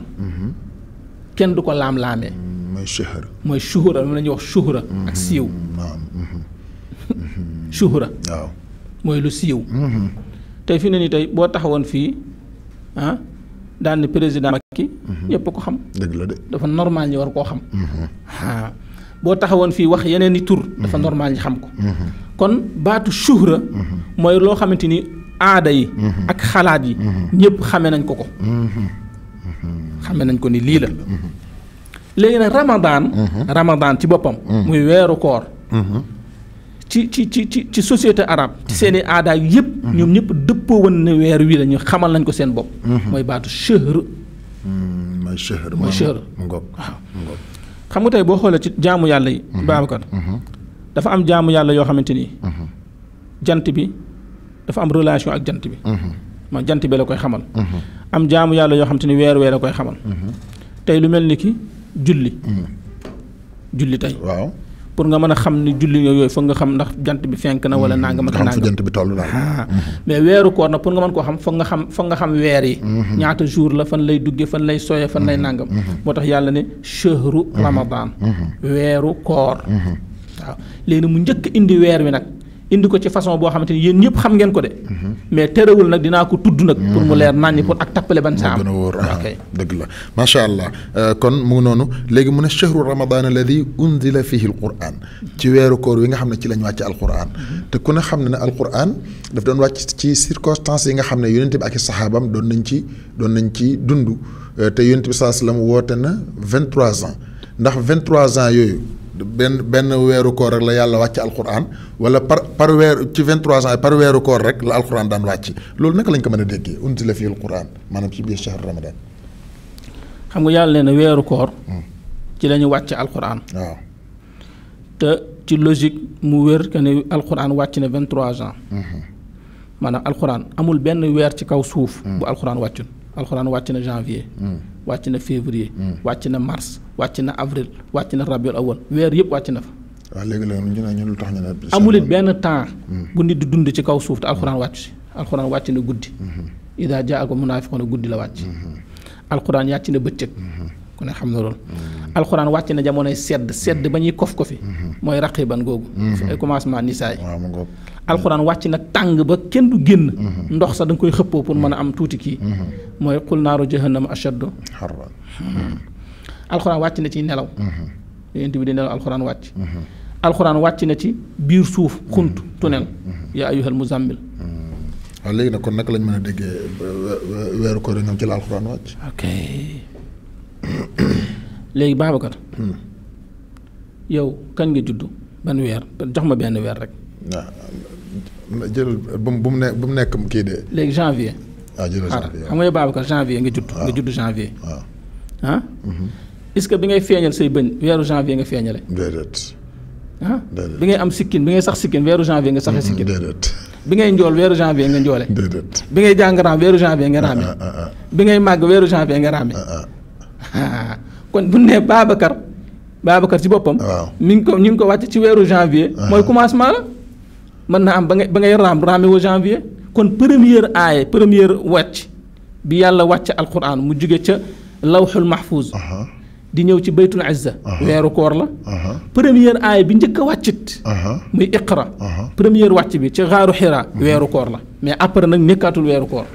kenn du ko laam-laamee. Mm, mooy suhura. mooy suhura la ñuy wax suhura. Mm-hmm. Mm-hmm. Mm-hmm. lu siiw. tey fi ne nii tey boo taxawoon fii ah daan ne président Macky. ñëpp ko xam. dëgg dafa normal ñi war koo xam. Ah. boo taxawoon fii wax yeneen i tur. dafa normal ñi xam ko. kon baatu suhura. mooy loo xamante ni aada yi. ak xalaat yi. ñëpp xame nañ ko ko. xame nañ ko ni lii la mm-hmm. léegi nag ramadan mm-hmm. ramadan ci boppam mm-hmm. muy weeru koor ci ci ci ci ci société arabe ci seeni i aada yëpp ñoom ñëpp dëppoo woon ne weer wii la ñu xamal nañ ko seen bopp mooy baatu chëhr mooy chëhr mooy chëhr ngoog nga tey boo xoolee ci jaamu yàlla yi Babacar dafa am jaamu yàlla yoo xamante ni jant bi dafa am relation ak jant bi ma jant bi la koy xamal. Mm-hmm. am jaamu yàlla yoo xam te ni weer weer la koy xamal. Mm-hmm. tey lu mel ni ki julli. Mm-hmm. julli tey. waaw pour nga mën a xam ni julli yooyu foog nga xam ndax jant bi fenk na wala nàngama ak nangam jant bi toll daal. Ah. mais weeru koor nag pour nga mën koo xam foog nga xam foog nga xam weer yi. ñaata jour la fan lay dugge fan lay soye fan lay nangam. moo tax yàlla ne shahru ramadan. weeru koor. waaw léegi mu njëkk indi weer wi nag. indi ko ci façon boo xamante ni yéen ñëpp xam ngeen ko de. Mhm. mais terewul nag dinaa ko tudd nag. pour mu mhm. leer naan ñi pour ak tappale ban saa ah, la macha allah euh, kon mu noonu léegi mu ne chahru ramadan alladi unzila fihi alquran ci weeru koor wi nga xam ne ci lañ wàcc alquran mhm. te ku ne xam ne ne alquran daf doon wàcc ci circonstances yi nga xam ne yonent bi ak i saxaabam doon nañ ci doon nañ ci dund euh, te yonent bi la mu woote na 23 ans ndax 23 ans yooyu. ben ben wéru koor rek la yàlla wàcc alquran wala par par weer ci 23 ans par weeru koor rek la alquran daan wàcc loolu naka lañ ko mën a déggee la fi alquran maanaam ci biir shahr ramadan. xam nga yàlla nee na weeru koor. ci lañu wàcc alquran. waaw te ci logique mu wér que ne alquran wàcc na 23 ans. maanaam alquran amul benn weer ci kaw suuf. bu alquran wàccul alquran wàcc na janvier. wàcc na février. wàcc na mars. wàcc na avril wàcc na rabiul awal weer yëpp wàcc na fa. waaw léegi la ñu amul it benn temps. Hmm. bu nit di dund ci kaw suuf te alxuraan wàcc si wàcc na guddi. Hmm. Ida jaa ako munaafiqoona guddi la wàcc. Hmm. alxuraan yàcc na bëccëg. ku ne xam na loolu. alxuraan wàcc na jamonoy sedd sedd ba ñuy kof ko fi. mooy raqiban googu. ay commencement nisaay. alxuraan wàcc na tàng ba kenn du génn. ndox sax da koy xëppoo pour mën a am tuuti kii. mooy qul naaru jahannama ashaddu. alquran wàcc na ci nelaw yent bi di nelaw alquran wàcc alquran wàcc na ci biir suuf xunt tunnel ya ayuhal muzammil wa legi nak kon nak lañ mën déggé wéru ko ñom ci alquran wàcc ok legi babakar yow kañ nga judd ban weer jox ma benn weer rek waaw jëlal bu mu ne bu mu nekk ki de legi janvier ah jël janvier xam nga babakar janvier nga judd nga judd janvier ah puisque bi ngay feeñal say bëñ weeru janvier nga feeñale. déedéet. ah bi ngay am sikkin bi ngay sax sikkin weeru janvier nga saxee sikkin. déedéet. bi ngay njool weeru janvier nga njoole. déedéet. bi ngay jàng raam weeru janvier nga raame. Ah, ah, ah, bi ngay màgg weeru janvier nga raame. kon bu ñu nee Babacar. Babacar ci mi ngi ko ñu ngi ko wàcc ci weeru janvier. mooy commencement mën naa am ba ba ngay raam raame woo kon première aaye wàcc bi yàlla wàcc alquran mu juge ca lawxul mahfuz. di ñëw ci baytul azza weeru koor la premier ay bi ñëk wàccit muy iqra premier wàcc bi ci gharu hira weeru koor la mais après nak nekatul weeru koor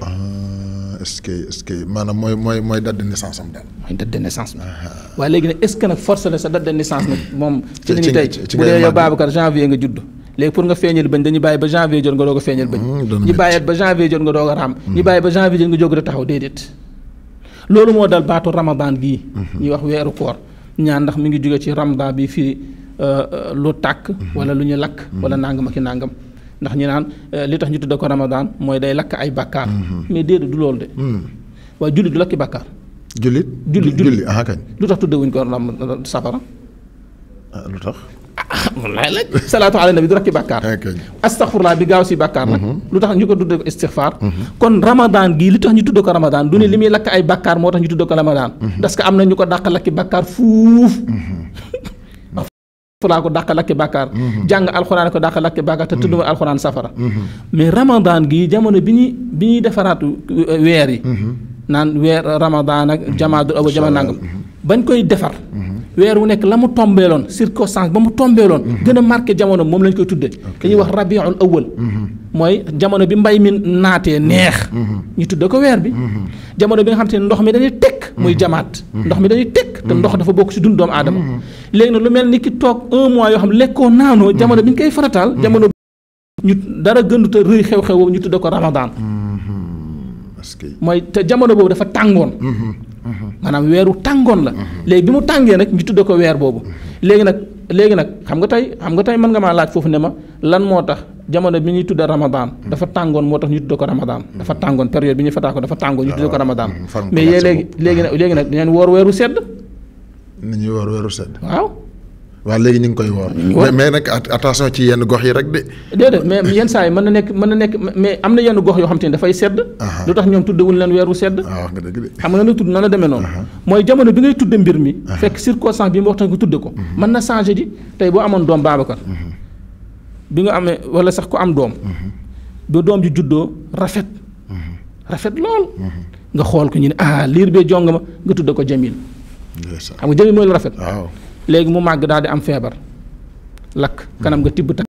est-ce est-ce manam moy moy moy mooy date de naissance am dal moy date de naissance wa légui nak est-ce nak force la sa date de naissance nak mom ci ni tay tey bu dee yow kar janvier nga judd légui pour nga feeñal bañ dañuy baye ba janvier jot nga doog a feeñal bañ ñi baye ba janvier jot nga doog a raam ñu bàyyi ba janvier jot nga jóg a taxaw dedet loolu moo dal baatu ramadan gi ñuy wax weeru koor ñaan ndax mi ngi jóge ci ramadan bi fii euh, lu tàkk wala lu ñu lakk wala nangam ki nàngam ndax ñi naan euh, li tax ñu tudde ko ramadan mooy day lakk ay bàkkaar mm-hmm. mais déedéet du lool de mm. waaye jullit du lakki bàkkaar jullit jullit jullit lu tax tuddewuñ ko safara ah, lu tax *laughs* salatu ala nabi du rakki bakkar eh, kan. astaghfirullah bi gaaw si bàkkaar nag ñu ko tuddé istighfar mhm. kon ramadan gi lutax ñu tuddé ko ramadan du ne mhm. limi lak ay bakkar motax ñu tuddé ko ramadan parce mhm. que amna ñu ko dakk lakki bakkar fuuf *laughs* fulaa ko dakk lakki bakkar jang alquran ko dakk lakki bakkar te alquran safara mais ramadan gi jamono biñi biñi defaratu ñuy defaraatu eh, weer yi ramadan ak jamaadul awa jama nangam bañ koy defar weer wu nekk la mu tombeeloon circonstance ba mu tombeeloon gën a marqué jamono moom lañ koy tudde dañuy wax rabiul awal mooy jamono bi mbay mi naatee neex ñu tudde ko weer bi jamono bi nga xam te ndox mi dañuy tekk muy jamaat ndox mi dañuy tekk te ndox dafa bokk si dund doomu aadama léegi nag lu mel ni ki toog un mois yoo xam lekkoo naanoo jamono bi ñu koy farataal jamono ñu dara gënduta rëy xew-xew boobu ñu tudde ko ramadan mooy te jamono boobu dafa tàngoon maanaam weeru tàngoon la léegi bi mu tàngee nag ñu tudde ko weer boobu léegi nag léegi nag xam nga tey xam nga tey mën nga maa laaj foofu ne ma lan moo tax jamono bi ñuy tudda ramadan dafa tàngoon moo tax ñu tudda ko ramadan dafa tàngoon période bi ñu fataa ko dafa tàngoon ñu tudda ko ramadan mm-hmm. mais yéen léegi léegi nag léegi nag dañu woor weeru sedd nañuy woor weeru sedd waaw waaw léegi ñu ngi koy woor. mais mais nag attention ci yenn gox yi rek de. déedéet mais yenn saa yi mën na nekk mën na nekk mais am na yenn gox yoo xam te ne dafay sedd. lu tax ñoom wu leen weeru sedd. Ah, waaw nga dëgg de. xam nga na tudd na la demee noonu. mooy jamono bi ngay tudde mbir mi. fekk circonstance bi mu wax ko tudde ko. Mhm. mën na changé tey boo amoon doom Babacar. Mhm. bi nga amee wala sax ku am doom. Mhm. ba doom juddoo rafet. rafet lool. nga xool ñu ne ah liir bee jong ma nga tudde ko Jamil. xam nga Jamil mooy lu rafet. waaw léegi mu màgg daal di am feebar lakk kanam nga tibb takk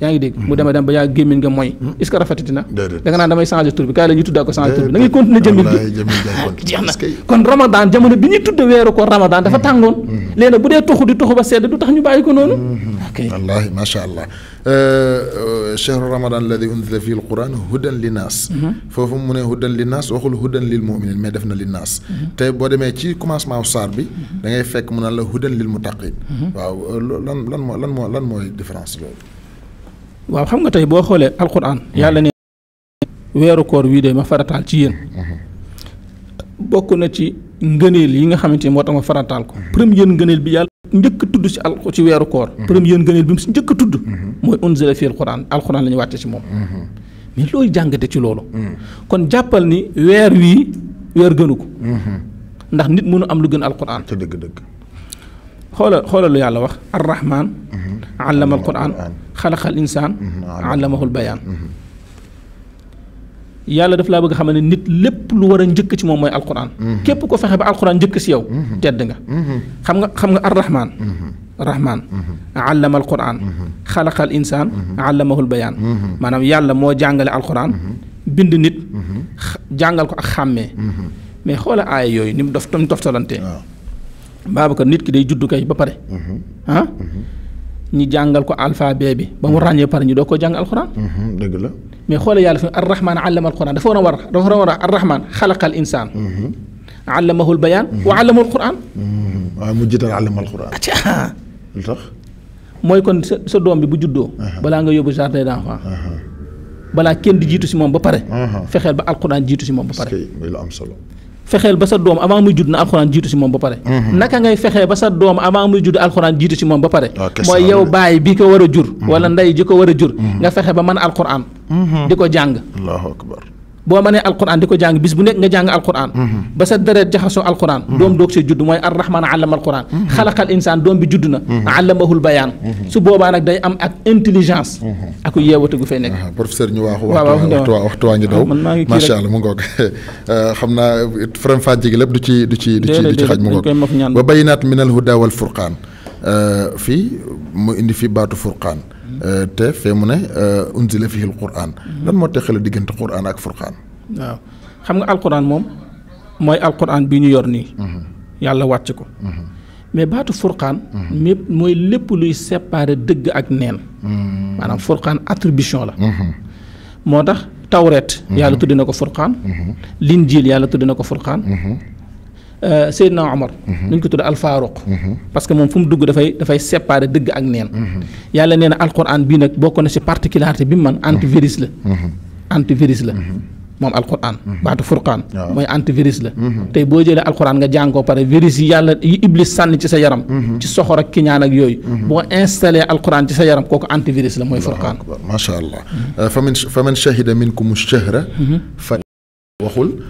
yaa ngi dégg mu demee dem ba yaa gémmiñ nga mooy mm-hmm. est-ce que rafetati na da nga naan damay changer tur bi kaay la ñu tuddaa ko changer tur bi da ngay continuer bi kon ramadan jamono bi ñuy tudd weeru ko ramadan dafa mm-hmm. tàngoon mm-hmm. leen bu dee toxu di toxu ba sedd du tax ñu bàyyi ko noonu ok wallaahi macha allah آه، شهر رمضان الذي انزل فيه القران هدى للناس فوفو من هدى للناس وخل هدى للمؤمنين ما دفنا للناس تي بو ديمي تي كوماس ما وصار بي دا ngay فك من الله هدى للمتقين واو لان لان مو لان مو لان مو ديفرنس لول واو خمغا تي بو خوله القران يالا ني ويرو كور وي دي ما فراتال تي يين bokk na ci ngëneel yi nga xamante ni moo tax ma farataal ko mhm. premier ngëneel bi yàlla njëkk tudd ci al ci weeru koor mhm. premier ngëneel bi mu si njëkk tudd mhm. mooy a fi alquran alquran la ñu wàcce ci moom mais looy jàngate ci loolu kon jàppal ni weer wii weer gënu ko ndax nit mënu am lu gën alquran te dëgg dëgg xoola xoola yàlla wax arrahman allama alquran xalaqal insaan allamahul bayaan yàlla daf la bëgg xamane nit lépp lu wara a ci mom moy alquran. képp ko fexe ba alquran njëkk ci yow. tedd nga. xam nga xam nga arrahman. rahman allama alquran. khalaqa alinsan allamahu albayan manam yàlla mo jàngale alquran. bind nit. jàngal ko ak xamé mais xol ay yoy nim mu dof ni mu doftalantee. ko nit ki day juddu kay ba pare. han ñi jàngal ko alphabet bi ba mu ragne par ni do ko jàng alquran deug la mais xoolee yàlla fi arrahman allama alquran dafa war war dafa war a arrahman xalaqa al insaan allamahu albayan wa allama alquran waaw mu jiital allama alquran lutax moy kon sa dom bi bu juddo bala nga yobu jardin d'enfant bala kenn di jitu ci mom ba pare fexel ba alquran jitu ci mom ba pare lu am solo fexeel ba sa doom avant muy judd na alxuraan jiitu si moom ba pare mhm. naka ngay fexee ba sa doom avant muy judd alxuraan jiitu si moom ba pare oh, mooy yow baay bi ko war a jur mhm. wala ndey ji ko war a jur mhm. nga fexe ba mën alxuraan di ko jàng boo mënee alquran di ko jàng bis bu nekk nga jàng alquran mm-hmm. ba sa deret jaxasoo alquran mm-hmm. doom doog see judd mooy arrahman allama alquran mm-hmm. xalaqal insaan doom bi judd na allamahul bayaan su boobaa nag day am ak intelligence ak yeewate gu fay nekk ah, professeur ñu waaxu waxtu waxtu waa ngi daw ah, macha allah mu ngoog *laughs* eh, xam naa faram fàcce gi lépp du ci du ci du ci du ci xaj mu ngoog wa bayinaat min al huda wal furqaan eh, fii mu indi fi baatu furqaan Euh, te fee mu ne euh, unzila fihi alquran lan moo teqale diggante quran ak furqaan waaw xam nga alquran moom mooy alquran bi ñu yor nii mhm. yàlla wàcc ko mhm. mais baatu furqaan mhm. mépp mooy lépp luy séparer dëgg ak neen maanaam furqaan attribution la moo tax tawret yàlla tuddi na ko furqaan linjiil yàlla tuddi na ko furqaan Euh, Seydina Omar mhm. nuñ ko tudd alfaaruq mhm. parce que moom fu mu dugg dafay dafay séparer dëgg ak neen mhm. yàlla nee na alquran bii nag bokk na ci particularité bi mu man antivirus la antivirus la moom alquran baatu furqaan mooy antivirus la tey boo jëlee alquran nga jàng ko pare virus yi yàlla yi iblis sànni ci sa yaram ci soxor ak kiñaan ak yooyu boo installé alquran ci sa yaram kooku antivirus la mooy furqaan macha allah euh, fa man fa man shahida minkum shahra fa waxul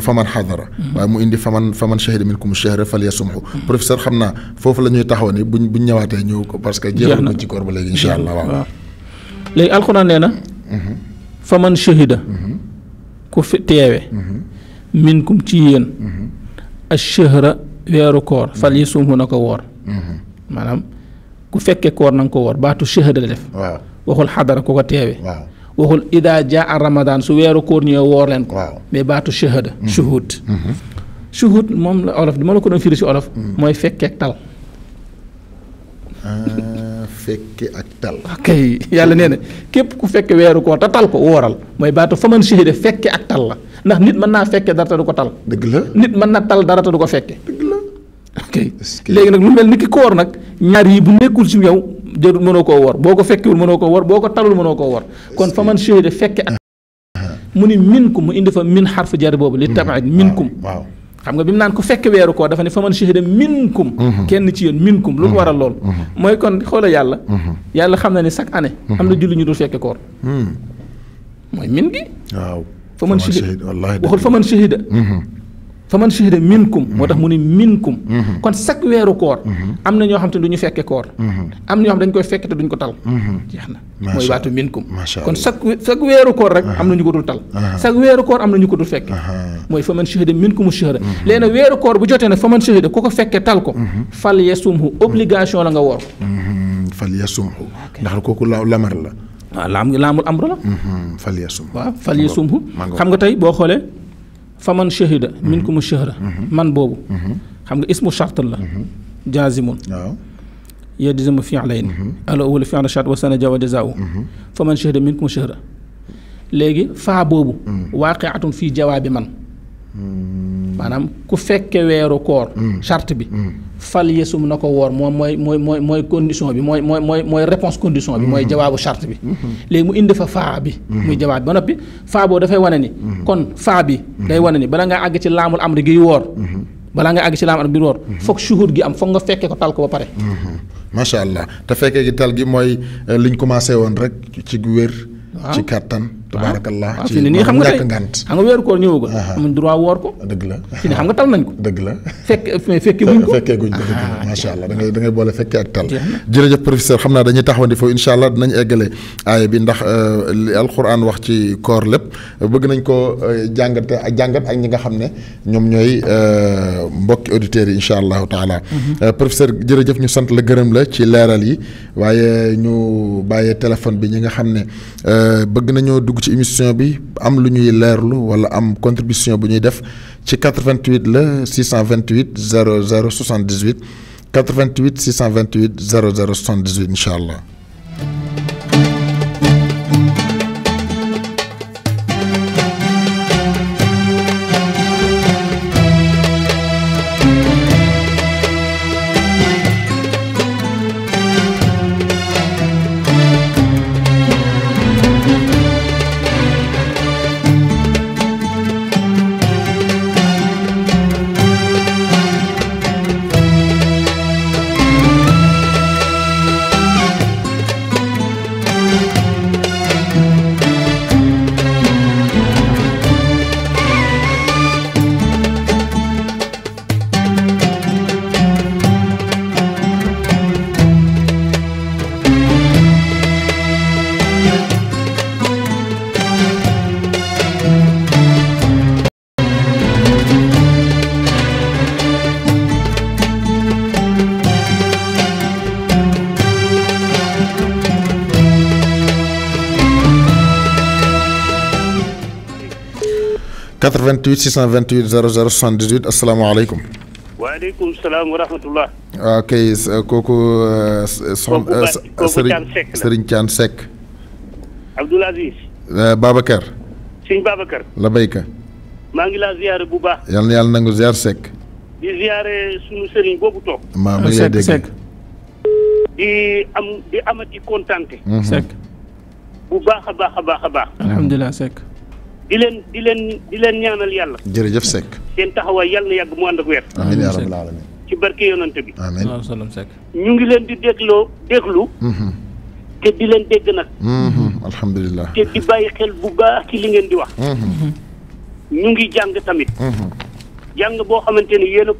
فمن حضر واي مو اندي فمن فمن شهد منكم الشهر فليصمه بروفيسور خمنا فوف لا نيو تاخو ني بو نيواتي نيو باسكو جيرو نتي كور بلا ان شاء الله واه لي القران نينا فمن شهد كو في تيوي منكم تيين الشهر ويرو كور فليصمه نكو وور مانام كو فكي كور نكو وور باتو شهد لا ديف واخول حضر كو تيوي واه waxul ida jaa ramadan su weeru koor ñëwee woor leen ko mais baatu shahada mm-hmm. shuhud mm-hmm. shuhud moom la olof di ma la ko doon firi si olof mm-hmm. mooy fekkee ak tal ah, yàlla nee na képp ku fekke weeru koor te ko wooral mooy baatu fa man shahida fekke ak tal la ndax nit mën naa fekke dara te du ko tal dëgg la nit mën na tal dara te du ko fekke léegi nag lu mel ni ki koor nag ñaar yi bu nekkul si yow jërul mënoo koo wor boo ko fekkiwul mënoo koo wor boo ko talul mënoo koo wor kon fa man shahida fekke ak mu ni minkum mu indi fa min xarfu jar boobu li tabaat mm-hmm. minkum waaw xam nga bi mu naan ko fekk weeru koo dafa ne fa man shahida minkum mm-hmm. kenn ci yoon minkum lu ko mm-hmm. waral lool mooy kon xoola yàlla yàlla xam na ne chaque année am na julli ñu dul fekke koor mooy min gi waaw fa man shahida waxul fa man shahida fa man shahida minkum moo tax mu ne minkum mm-hmm. kon chaque weeru koor mm-hmm. am na ñoo xam te ñu fekkee koor mm-hmm. am na ñoo xam dañ koy fekke te duñ ko tal na mooy baatu minkum kon chaque chaque weeru koor rek uh-huh. am na ñu ko dul tal uh-huh. chaque weeru koor am na ñu ko dul fekke uh-huh. mooy fa man shahida minkum shahra léegi nag weeru koor bu jotee nag fa man shahida ku ko fekke tal ko fal yasumhu obligation la nga woor ko fal ndax kooku la lamar la waaw ah, laam laamul amru la fal yasumhu waaw fal yasumhu xam nga tey boo xoolee فمن شهد منكم الشهر من بوبو خمغا اسمو شرط لا جازمون نعم. يجزم في علينا الاول في على شرط وسنه جاو جزاو فمن شهد منكم الشهر لغي فا بوبو واقعه في جواب من مانام كو فك ويرو كور شرط بي fal yesum na ko woor moom mooy mooy mooy mooy bi mooy mooy mooy mooy réponse condition bi mooy mhm. jawaabu charte bi mhm. léegi mu indi fa faa bi mhm. muy jawaab bi ba noppi faa boobu dafay wane ni kon faa bi day wane ni bala ngaa àgg ci laamul amri giy woor balaa nga àgg ci laam at bi woor foog suhur gi am foog nga fekkee ko tal ko ba pare macha allah te fekkee gi tal gi mooy eh, liñ commencé woon rek ci wér ci kàttan tabaarakallah nii xam nga tey xam nga la fi ne xam nga tal nañ ko dëgg la fekke fekke guñ ko fekkee guñ ko dëgg la macha allah da ngay da ngay boole fekkee ak tal jërëjëf professeur xam naa dañuy taxawandi foofu bi ndax euh, li alquran wax ci koor lépp bëgg nañ ko euh, jàngat ak jàngat ak ñi nga xam ne ñoom ñooy euh, mbokki auditeurs yi incha allahu taala mhm. professeur jërëjëf ñu sant la gërëm la ci leeral yi waaye ñu bàyyee téléphone bi ñi nga xam ne bëgg nañoo dugg dugg ci émission bi am lu ñuy wala am contribution bu ñuy def ci 88 628 0078, 88 628 0078, inshallah 88 628 00 78 asalaamaaleykum. waaleykum salaam wa rahmatullah. waaw kay euh, kooku. Euh, soxna euh, Serigne Thian Seck. Abdoul Aziz. Babacar. Serigne Babacar. la béykat. maa ngi laa ziare bu baax. yal na yàlla nangu ziar Seck. di ziare sunu Serigne boobu toog. maa ngi lay dégg di am di amati kontante. Mhm. Seck. bu baax a baax a baax a baax. alhamdulilah Seck. di leen di leen di leen ñaanal yàlla jërëjëf Seck seen taxawaay yàlla na yàgg mu ànd ak wér amiin yaa rabbal alamin ci barke yonante bi amiin salaam Seck ñu ngi leen di dégloo déglu mhm. te di leen dégg nag mhm, alhamdulilah te di bàyyi xel bu baax ci li ngeen di wax mhm. ñu ngi jàng tamit jàng boo xamante ni yéen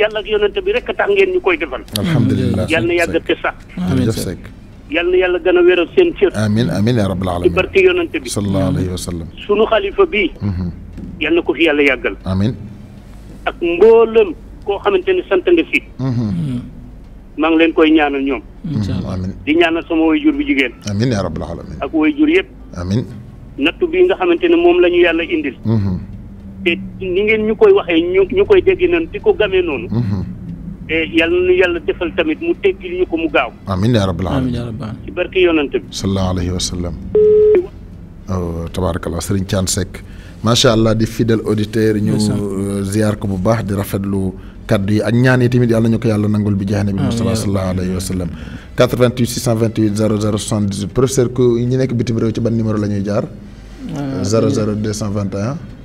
yàlla ak yonante bi rek tax ngeen ñu koy defal alhamdulilah yàlla yàgg te sax jërëjëf Seck yàlla na yàlla gën a wéral seen cër. amiin amiin yaa rabbal alamin ci barke yonent bi. sallallahu alayhi wa sallam. Mhm. ko fi yàlla yàggal. amiin. ak mboolem koo xamante ni sant nga fi. Mhm. Mhm. maa ngi leen koy ñaanal ñoom. amiin di ñaanal sama waajur bu jigéen. amiin ya rabbal alamin. ak waajur yëpp. amiin. nattu bii nga xamante ne moom la yàlla indil. te ni ngeen ñu koy waxee ñu ñu koy dégg nañ di ko gamee noonu. Eh, yàlla na yàlla defal tamit mu teggil ñu ko mu gaaw. amiin yaa rabbal aalamiin yaa rabbal aalamiin ci barke yonent bi. sallallahu alayhi wa sallam. Oh, tabaarakallah Serigne Thian allah di fidèle auditeur ñu euh, ziar ko bu baax di rafet lu kaddu yi ak ñaan yi tamit yàlla ñu ko yàlla nangul bi jeex na bi Mustafa sallallahu alayhi wa sallam. 88 628 00 78 professeur ku ñi nekk bitim réew ci ban numéro la ñuy jaar. 00 ah, 221.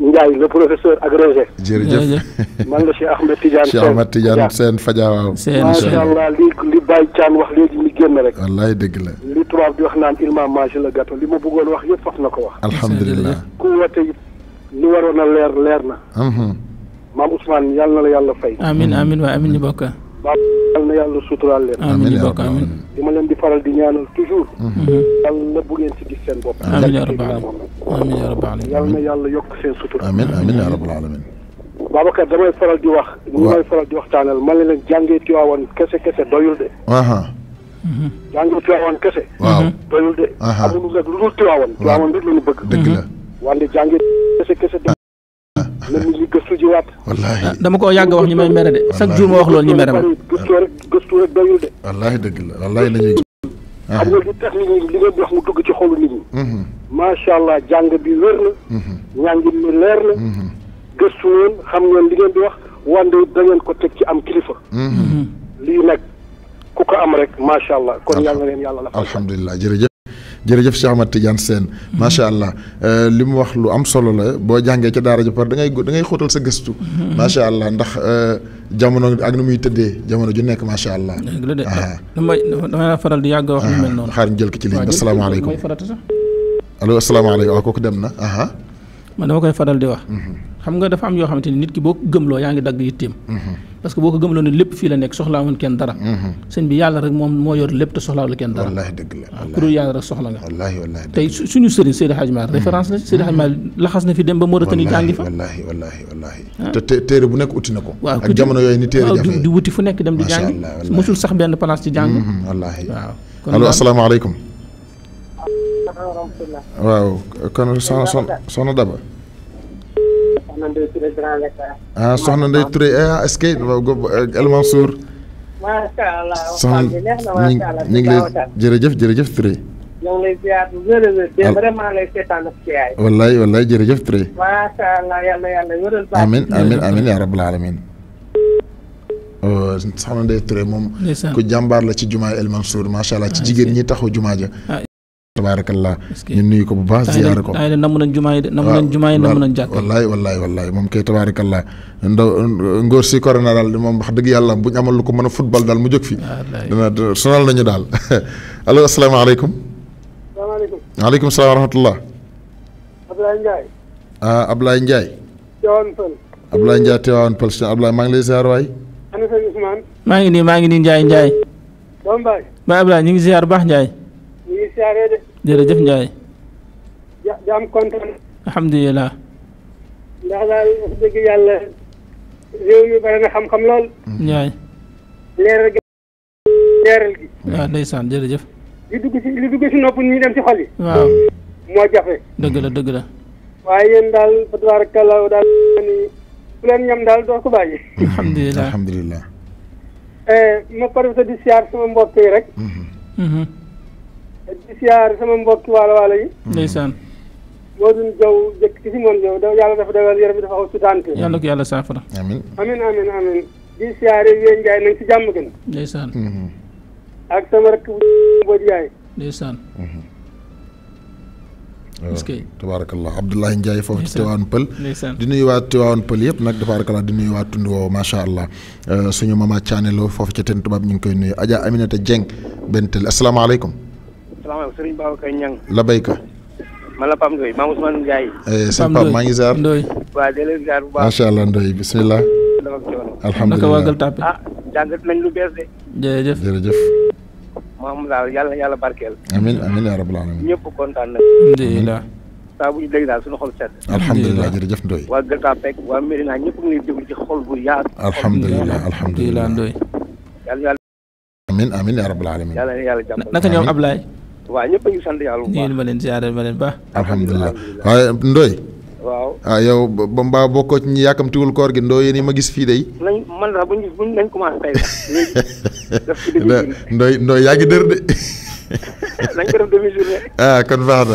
Ndiaye le professeur agrégé. jërëjëf man la Cheikh Ahmed Tidiane Sène Cheikh Ahmed Tidiane Sène Fadia waaw. macha allah li li Baye Thiam wax léegi ñu génn rek. wallaay dëgg la. li tubaab di wax naan il m'a mangé le gâteau li ma bëggoon wax yëpp faf na ko wax. alhamdulilah ku woote it li waroon a leer leer na. Mhm. maam Ousmane yàlla na la yàlla fay. amiin amiin waaye amiin ñu bokk ba yal na yàlla suturaal leen. li ma leen di faral di ñaanal toujours. Mhm. Mhm. yàlla bu ngeen ci gis seen bopp. amiin yaa rabbal aalamiin amiin yaa yal na yàlla yokk seen sutura. amiin amiin yaa rabbal aalamiin. Babacar damay faral di wax. waaw ñu may faral di waxtaanal ma leen jàngee Tiwaawan kese kese doyul de. Mhm. jàngee Tiwaawan kese. waaw doyul de. amuñu rek lu dul Tiwaawan. Tiwaawan rek la ñu bëgg. dëgg la na musique gëstu ji waat. Ah, dama ko yàgg wax ñi may mere de chaque jour ma wax loolu ñu mere ma. gëstu rek gëstu rek doyul de. wallaahi dëgg la wallaahi lañuy. Ah. xam nga li tax nit ñi li ngeen wax mu dugg ci xolu nit ñi. Mhm. macha allah jàng bi wér na. Mhm. ñaangi mi leer na. Mhm. gëstu ngeen xam ngeen li ngeen di wax wande da ngeen ko teg ci am kilifa. lii nag ku ko am rek macha allah kon yàlla na leen yàlla la. alhamdulilah jërëjëf. jërëjëf Cheikh Ahmad Tidiane Sène mm-hmm. macha allah euh, li mu wax lu am solo la boo jàngee ca daara ja par da ngay da ngay xóotal sa gëstu mm-hmm. macha allah ndax euh, jamono ak na muy tëddee jamono ju nekk macha allah dama dama faral di yàgg wax lu mel noonu xaar ñu jël ko ci ligne bi asalaamaaleykum allo asalaamaaleykum waaw kooku dem na man dama koy faral di wax mm-hmm. xam nga dafa am yoo xamante ni nit ki boo ko gëmloo yaa ngi dagg yitteem mhm. parce que boo ko gëmloo ne lépp fii la nekk soxlaa woon kenn dara mhm. sëñ bi yàlla rek moom moo yor lépp te soxlaawul kenn dara wallaahi dëgg la waaw ku dul yàlla rek soxla nga suñu sëriñ Seydi Hadji Malick mhm. la Seydi laxas na fi dem ba Mauritanie jàngi fa wallaahi wallaahi wallaahi ah. te na ko waaw ak jamono yooyu ni téere jafe nekk dem di jàngi mosul sax benn place ci jàng wallaahi waaw allo asalaamaaleykum waaw soxna Daba Soxna Ndeye Touré ah, eh, eh, El Mansour. macha allah waxtaan bi neex na macha allah ñu ngi jërëjëf jërëjëf Touré. ñoo ngi lay ziar bu ah. jërëjëf Touré. macha allah yàlla yàlla wéral alamin oh, Soxna Ndeye Touré moom. ku jàmbaar la ci jumaa El Mansour macha allah ci ah, jigéen ñi taxu jumaa ja tabaarakallah ñu nuyu ko bu baax ziyaara ko ay namm nañ jumaa yi de wax dëgg yàlla bu ñu amal lu ko mën a football daal mu jóg fi dana sonal nañu daal *laughs* allo asalaamaaleykum salaamaaleykum waaleykum salaam wa rahmatullah ah, Ablaye maa ngi lay ziyaar waay maa ngi nii maa ngi nii Ndiaye Ndiaye doom baay ñu ngi ziyaar baax Ndiaye jërëjëf Ndiaye. ja jaam kontaan. alhamdulilah. ndax daal wax dëgg yàlla réew mi xam-xam lool. Ndiaye. leeral gi leeral gi. waaw ndeysaan jërëjëf. li dugg si li dugg si nopp ñu dem ci xol yi. waaw moo jafe. dëgg dëgg la. waaye yéen daal fa tabaarakallaa daal ni ku ñam daal doo ko bàyyi. alhamdulilah alhamdulilah. Eh, ma pare di siyaar sama mbokk yi rek. Mm-hmm. di siyaar sama mbokk waalo waalo yi. Mm-hmm. ndeysaan. moo dun jaw jëkk ki si moom jaw yàlla dafa dogal yaram bi dafa xaw sudante yàlla ko yàlla saafara amin amin amin amin di siyaare yéen njaay nañ si jàmm gën ndeysaan mm-hmm. ak sama rakk bu mbooj yaay ndeysaan mm-hmm. est-ce que euh, tabaarakallah foofu ci Tiwaan Pël di nuyu waa di nuyu waa tund woowu macha allah euh, suñu mama Thianelo foofu ca ten tubaab ñu ngi koy nuyu Adja Aminata Dieng benn tël asalaamaaleykum salaamaaleykum sëriñ Babacar Niang la béykat man la Pam Ndoye maam Ousmane Ndiaye sëñ Pam maa eh, ngi ziar Ndoye waaw dee leen ziar bu baax macha allah Ndoye bisimilah alhamdulilah naka waagal tàppe ah jàngat nañ lu bees de ya, ya, jërëjëf jërëjëf maam daal yalla ya yàlla barkeel amin amin ya rabbal alamin ñëpp kontaan nag alhamdulilah saa bu ñu dégg daal suñu xol sedd alhamdulilah jërëjëf Ndoye waa Gueule Tapée waa Médina ñëpp ngi lay ci xol bu yaatu alhamdulilah alhamdulilah Ndoye yàlla yàlla amin amin ya rabbal alamin yàlla yàlla jàppal naka ñoom Ablaye waaw ñëpp a ngi sant yàlla bu ma leen ziare alhamdulilah waaye Ndoye. waaw ah, yow ba mbaa bokkoo ci ñi yàkkamtiwul koor gi Ndoye yéen yi ma gis fii de. ndooy man daal buñ buñ *laughs* yaa ngi dër de. *laughs* *laughs* ah kon baax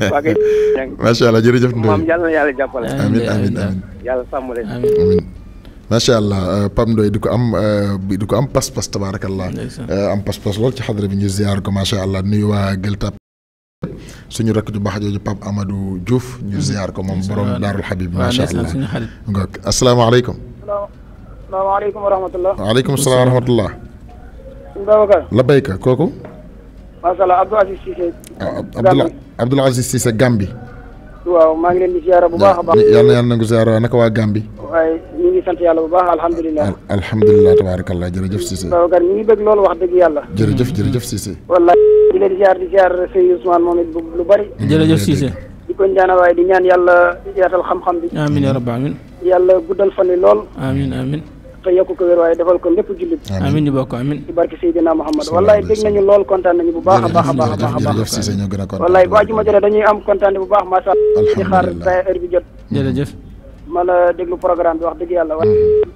na. waa allah jërëjëf Ndoye maam yàlla na yàlla jàppale. amiin amiin amiin macha allah euh, Pam Ndoye di ko am euh, di ko am pas-pas tabaarakallah euh, am pas-pas lool ci xadra bi ñu ziar ko macha allah nuyu waa Gëltap suñu rakk ju baax jooju Pape Amadou Diouf ñu ziar ko moom borom Daarul Habib macha allah ngoog asalaamaaleykum salaamaaleykum wa rahmatulah waaleykum salaam wa rahmatulah Babacar la béyka kooku macha allah Abdou Aziz Cissé ah, Abdoul Aziz Cissé Gambi waaw maa ngi leen di ziara bu baax a baax. yal na yàlla nangu ziara naka waa Gàmbi. waaye ñu ngi sant yàlla bu baax alhamdulilah. alhamdulilah tabaarakallah jërëjëf Cissé. Babacar ñu ngi bëgg loolu wax dëgg yàlla. jërëjëf jërëjëf Cissé. wallaay di leen ziar di ziar Seydou Ousmane moom it lu bari. jërëjëf Cissé. di ko ñaan waaye di ñaan yàlla yaatal xam-xam bi. amiin yaa rabbal aalamiin. yàlla guddal lool. amiin amiin. te yokk ko wér waaye defal ko lépp jullit amiin ñu bokk amiin ci barke Muhammad wallaay dégg nañu lool kontaan nañu bu baax a baax a baax a baax ajuma jotee dañuy am kontaan bu baax macha Allah ñu xaar heure bi jot ma la déglu programme bi wax dëgg yàlla waaye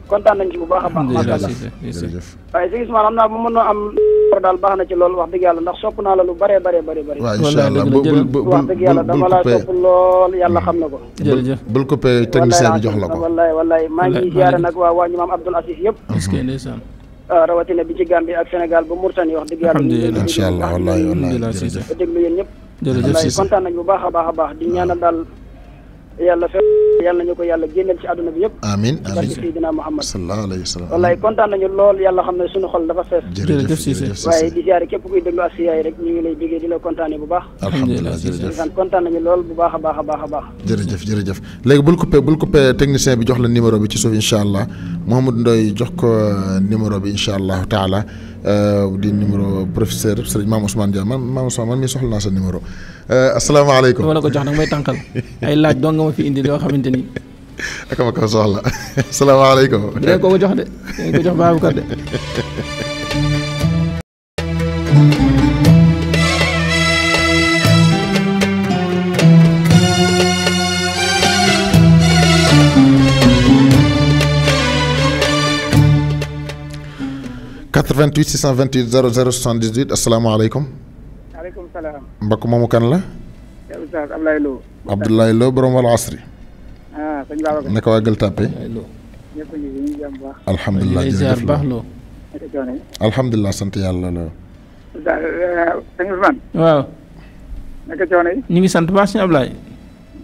kontaan nañ ci bu baax a baax macha allah waaye si Ousmane am naa baax na ci loolu wax dëgg yàlla ndax sopp naa la lu bëree bëree bëri bëri waaw incha allah wax dëgg yàlla na ko jërëjëf bul coupé technicien bi jox la ko wallaay wallaay maa ngi nag waa waa ñu maam Abdoul Aziz yëpp ah, bi ci Gambie ak Sénégal ba Mauritanie wax dëgg yàlla incha allah wallaay wallaay baax a baax a baax yàlla fekk yàlla nañu ko yàlla génneel ci àdduna bi yëpp amiin amiin barke Seydina Muhammad sallallahu alayhi wa sallam wallaay kontaan nañu lool yàlla xam ne suñu xol dafa fees jërëjëf Cissé waaye di siyaare lay déggee di bu baax alhamdulilah jërëjëf kontaan nañu lool bu baax a baax a baax a baax jërëjëf jërëjëf léegi bul coupé bul coupé technicien bi jox la numéro bi ci suuf incha allah Mouhamadou Ndoye jox ko euh, numéro bi incha allahu taala Euh, di numéro professeur sëriñ Maam Ousmane Dia man Maam Ousmane man mii soxla naa sa numéro euh, asalaamaaleykum. dama la ko jox nag may tànkal ay laaj dong nga ma fi indi yoo xamante ni. ak ma ko soxla *laughs* asalaamaaleykum. dinañ ko ko jox de dinañ ko jox Babacar de. *laughs* 88 628 00 78 asalaamaaleykum. maaleykum salaam. mbokk moomu kan la. yow Oustaz Abdoulaye Lo. Abdoulaye Lo borom wal asri. ah sëñ Babacar. naka waa Gueule Tapée. ñëpp ñu ngi baax. alhamdulilah jërëjëf baax loo. alhamdulilah sant yàlla la. sëñ Ousmane. waaw. naka coono yi. ñu ngi sant baax sëñ Abdoulaye.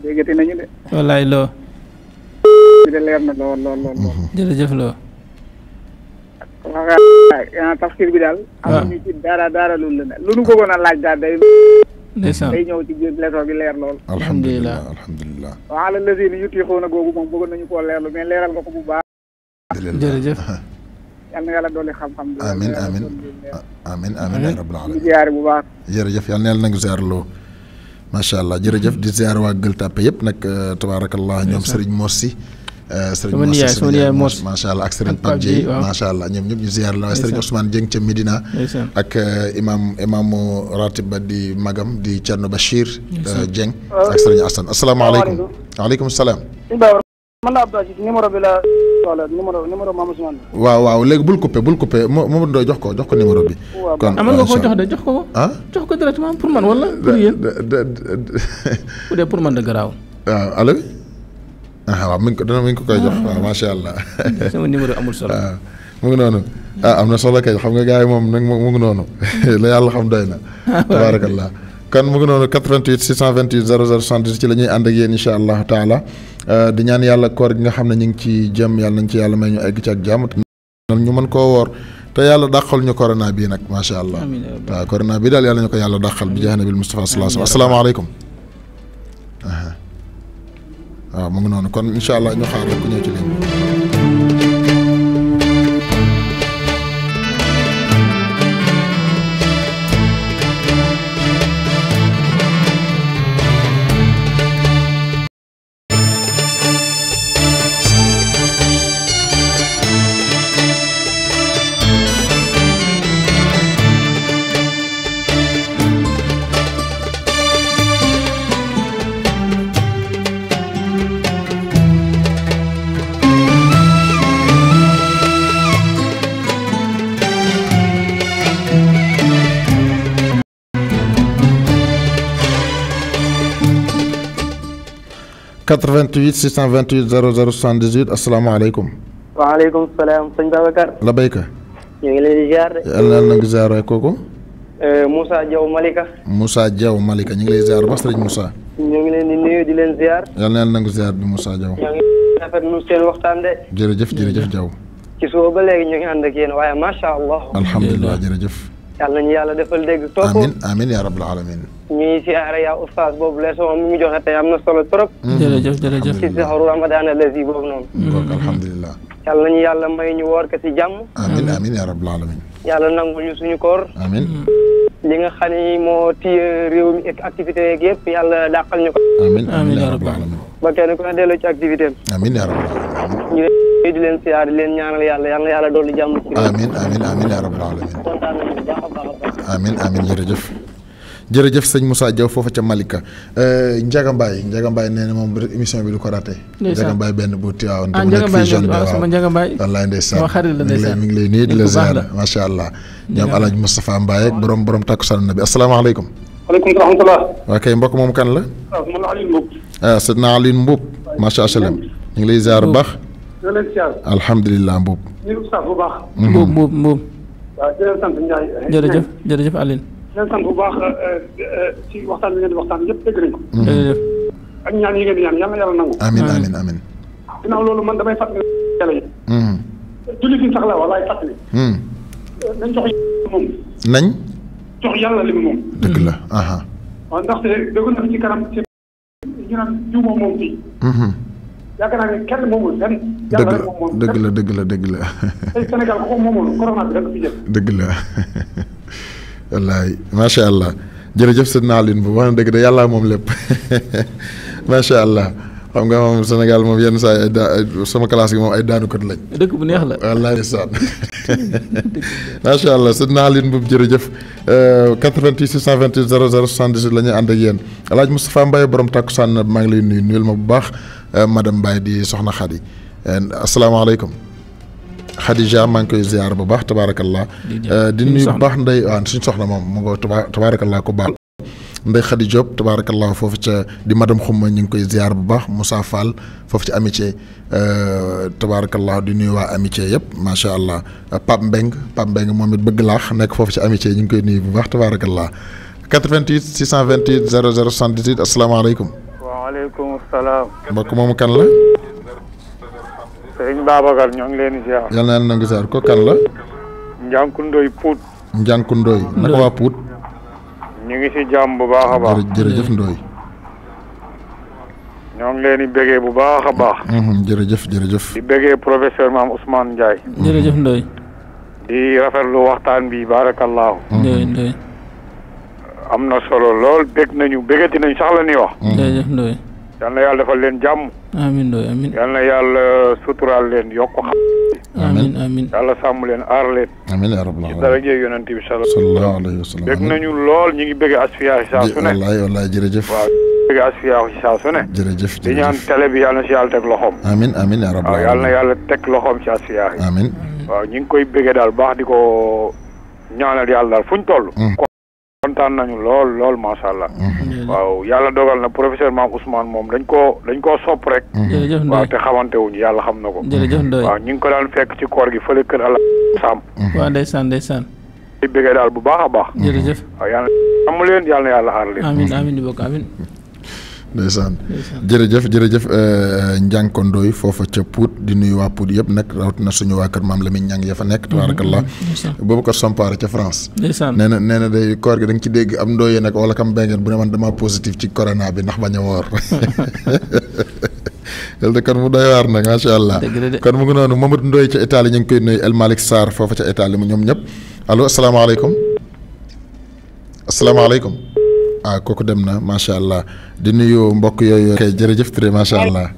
déggati nañu de. wallaay loo. de leer na lool lool lool. jërëjëf loo. waaw ah, tafsir bi daal. waaw ah. amuñu ci dara dara lu la lu nu bëggoon a laaj daal day. ñëw ci biir leçon leer lool. alhamdulilah alhamdulilah. waaw ala lazina yutiquuna googu moom bëggoon nañu ko leerlu mais leeral nga ko bu baax. jërëjëf. Ah. yal na yàlla dolli xam-xam. amiin amiin amiin amiin rabbil alamin di bu baax. jërëjëf yal na yàlla nangu ziarloo. macha allah jërëjëf di ziare waa Gueule Tapée yëpp nag eh, tabaarakallah ñoom Serigne Mor si Euh, sëriñ Moussa ma allah ak sëriñ Pape Dieye macha ñoom ñëpp ñu ziar la waaye sëriñ Ousmane Dieng ca Medina ak euh, imam imaamu ratib ba di magam di Thierno Bachir euh, Dieng ak sëriñ Assane asalaamaaleykum waaleykum waaw waaw léegi bul coupé bul coupé Mamadou Ndoye jox ko jox ko numéro bi amal nga ko jox de jox ko ah jox ko directement pour man wala pour yéen bu dee pour man de garaaw waaw ah, allo Ah, waaw mi ngi ko dana mi ngi ko koy jox ah. waaw macha allah. *laughs* sama ah, mu ngi noonu. ah am na solo kay xam nga gars yi moom nag mu ngi noonu *laughs* la yàlla xam doy na. tabaarakallah kon mu ngi noonu 88 628 00 70 ci la ñuy ànd ak yéen incha allahu taala di ñaan yàlla koor gi nga xam ne ñu ngi ci jëm yàlla nañ ci yàlla may ñu egg ci ak jàmm. ñu mën ko woor te yàlla dàqal ñu corona bii nag macha allah. waaw corona bi daal yàlla ñu ko yàlla dàqal bi jeex na bil Mustafa sallallahu alayhi wa sallam waaw mu ngi noonu kon incha allah ñu xaar rek ku ñëw ci ligne 88 628 00 78 asalaamaaleykum. waaleykum salaam sëñ Babacar. la béykat. ñu ngi leen di ziar de. yàlla na ngi ziar waay kooku. Euh, Moussa Diaw Malika. Moussa Diaw Malika ñu ngi lay ziar ba sëriñ Moussa. ñu ngi leen di nuyu di leen ziar. yàlla na ngi ziar bi Moussa Diaw. ñoo ngi rafetlu seen waxtaan de. jërëjëf jërëjëf Diaw. ci suba ba léegi ñu ngi ànd ak yéen waaye macha allah. alhamdulilah jërëjëf. yàlla ñu yàlla defal dégg topp amin amin yaa rabbal alamin ñuy siyaare yaa oustaz boobu leçon mi mu joxe tey am na solo trop mm-hmm. jërëjëf jërëjëf si saxaru ramadan alazi boobu noonu mm-hmm. kon alhamdulilah yàlla nañu yàlla may ñu woor ko si jàmm amin amin yaa rabbal yàlla nangul ñu suñu koor amin mm-hmm. li nga xam ni moo téye réew mi ak activité yeeg yëpp yàlla dàqal ñu ko amin amin yaa rabbal ba kenn ku ne delloo ci amin yaa rabbal alamin di leen siyaar di leen ñaanal yàlla yal na yàlla dolli jàmm. amiin amiin amiin yaa rabbal aalamiin. kontaan nañu bu baax a baax a baax. amiin amiin jërëjëf. jërëjëf sëñ Moussa Diaw foofa ca Malika euh, Ndiaga Mbaye Ndiaga Mbaye nee na moom émission bi du ko raté. Ndiaga Mbaye benn bu Tivaouane. ah Ndiaga Mbaye moom waaw sama Ndiaga Mbaye. wallaay ndeysaan sama xarit la ndeysaan mi ngi lay mi ngi lay nuyu di la ziar macha allah. ñoom El Hadj Moustapha Mbaye ak borom borom takkusaan na bi asalaamaaleykum. waaleykum salaam wa rahmatulah. waa kay mbokk moom kan la. ah, ah Seydina Alioune Mboup. macha allah ñu ngi lay ziar bu baax. ñoo leen siyaar. alhamdulilah Mboub. ñu ngi sant bu baax. Mboub Mboub Mboub. waaw jërëjëf sant Ndiaye. jërëjëf jërëjëf Aline. jërëjëf sant bu baax euh, euh, ci waxtaan bi ngeen di waxtaan yëpp dégg nañ ko. Mm-hmm. jërëjëf. ak ñaan yi ngeen di ñaan yal na yàlla nangu. amiin amiin amiin. ginnaaw loolu man damay fàttali yàlla yi. Mm-hmm. julli gi sax la walaay fàttali. Mm-hmm. nañ jox moom. nañ. jox yàlla li mu moom. dëgg la. waaw ndaxte dëgg na ci kanam ci ñu naan jiw moom moom fii. yaakaar dëgg la dëgg la *laughs* dëgg la dëgg la. tey Sénégal dëgg la wallaay macha allah jërëjëf sëñ Naaline bu wax na dëgg de yàlla moom lépp *laughs* macha allah. xam nga moom senegal moom yenn saa ay daa sama classe gi moom ay daanukat lañ. dëkk bu neex la wallaahi ndeysaan. *laughs* macha allah sëñ Naaline Mboup jërëjëf 88 628 00 78 la ñuy ànd ak yéen El Hadj Moustapha Mbaye borom takkusaan maa ngi lay nuyul ma bu baax. Euh, madam Baye di soxna Khady asalaamaaleykum Khadija maa ngi koy ziar bu baax tabaarakallah di euh, nuy bu baax ndey waaw suñ soxna moom mu ko tabaarakallah ko baax Ndeye Khady Diop tabaarakallah foofu ca di madame Xuma ñu ngi koy ziar bu baax Moussa Fall foofu ci amitié euh, tabaarakallah di nuyu waa amitié yëpp macha allah Pape Mbeng Pape Mbeng moom it bëgg laax nekk foofu ci amitié ñu ngi koy nuyu bu baax tabaarakallah 88 628 00 78 asalaamaaleykum. waaleykum salaam. mbokk moomu kan la. sëriñ Babacar ñoo ngi leen di ziar. yal na yàlla nangu ziar ko kan la. Ndiankou Ndoye Pout. Ndiankou Ndoye naka waa Pout. ñu ngi si jàmm bu baax a baax. jërëjëf Ndoye. ñoo ngi leen di bégee bu baax a baax. jërëjëf jërëjëf. di bégee professeur maam Ousmane Ndiaye. jërëjëf Ndoye. di rafetlu waxtaan bi baarakallaahu. Ndoye Ndoye. am na solo lool bég nañu bégati nañ sax la ñuy wax. Mm. yal na yàlla defal leen jàmm. yal na yàlla suturaal leen yokk xam. amiin amiin sàmm leen aar leen. amiin yaa rabbal aalamiin ci daraja nañu lool ñu ngi bégg Asfiyahi saa su ne. wallaay jëf jërëjëf. waaw bégg Asfiyahi saa su di ñaan télé bi yal na si yàlla teg loxoom. amiin yal na yàlla teg loxoom ci Asfiyahi. amiin waaw ñu ngi koy bégg daal baax di ko ñaanal yàlla daal fu ñu kontaan nañu lool lool macha allah. waaw yàlla dogal na professeur maam Ousmane moom dañ koo dañ koo sopp rek. waaw te xamante wuñu yàlla xam na ko. jërëjëf Ndoye waaw ñu ngi ko daan fekk ci koor gi fële kër àll saam. waaw ndeysaan ndeysaan. di bëggee daal bu baax a baax. jërëjëf waaw yàlla amu leen yàlla yàlla aar leen. amiin amiin bokk amiin. ndeysaan jërëjëf jërëjëf euh, njànkondooy foofa ca Pout di nuyu waa Pout yëpp nag na suñu waa kër maam Lamine Ñang ya fa nekk mhm, tabarakallah boobu ko sompaare ca France nee na nee na day koor gi da ci dégg am ndooyee nag wala kam bengeen bu ne man dama positif ci corona bi ndax bañ a woor *laughs* yàlla de kon mu doy waar nag macha allah kon mu ngi noonu Mamadou Ndoye ca Italie ñu ngi koy nuyu El Malick Sarr foofa ca Italie mu ñoom ñëpp allo asalaamaaleykum asalaamaaleykum ah kooku dem na macha allah di nuyu mbokk yooyu. kay jërëjëf très macha allah.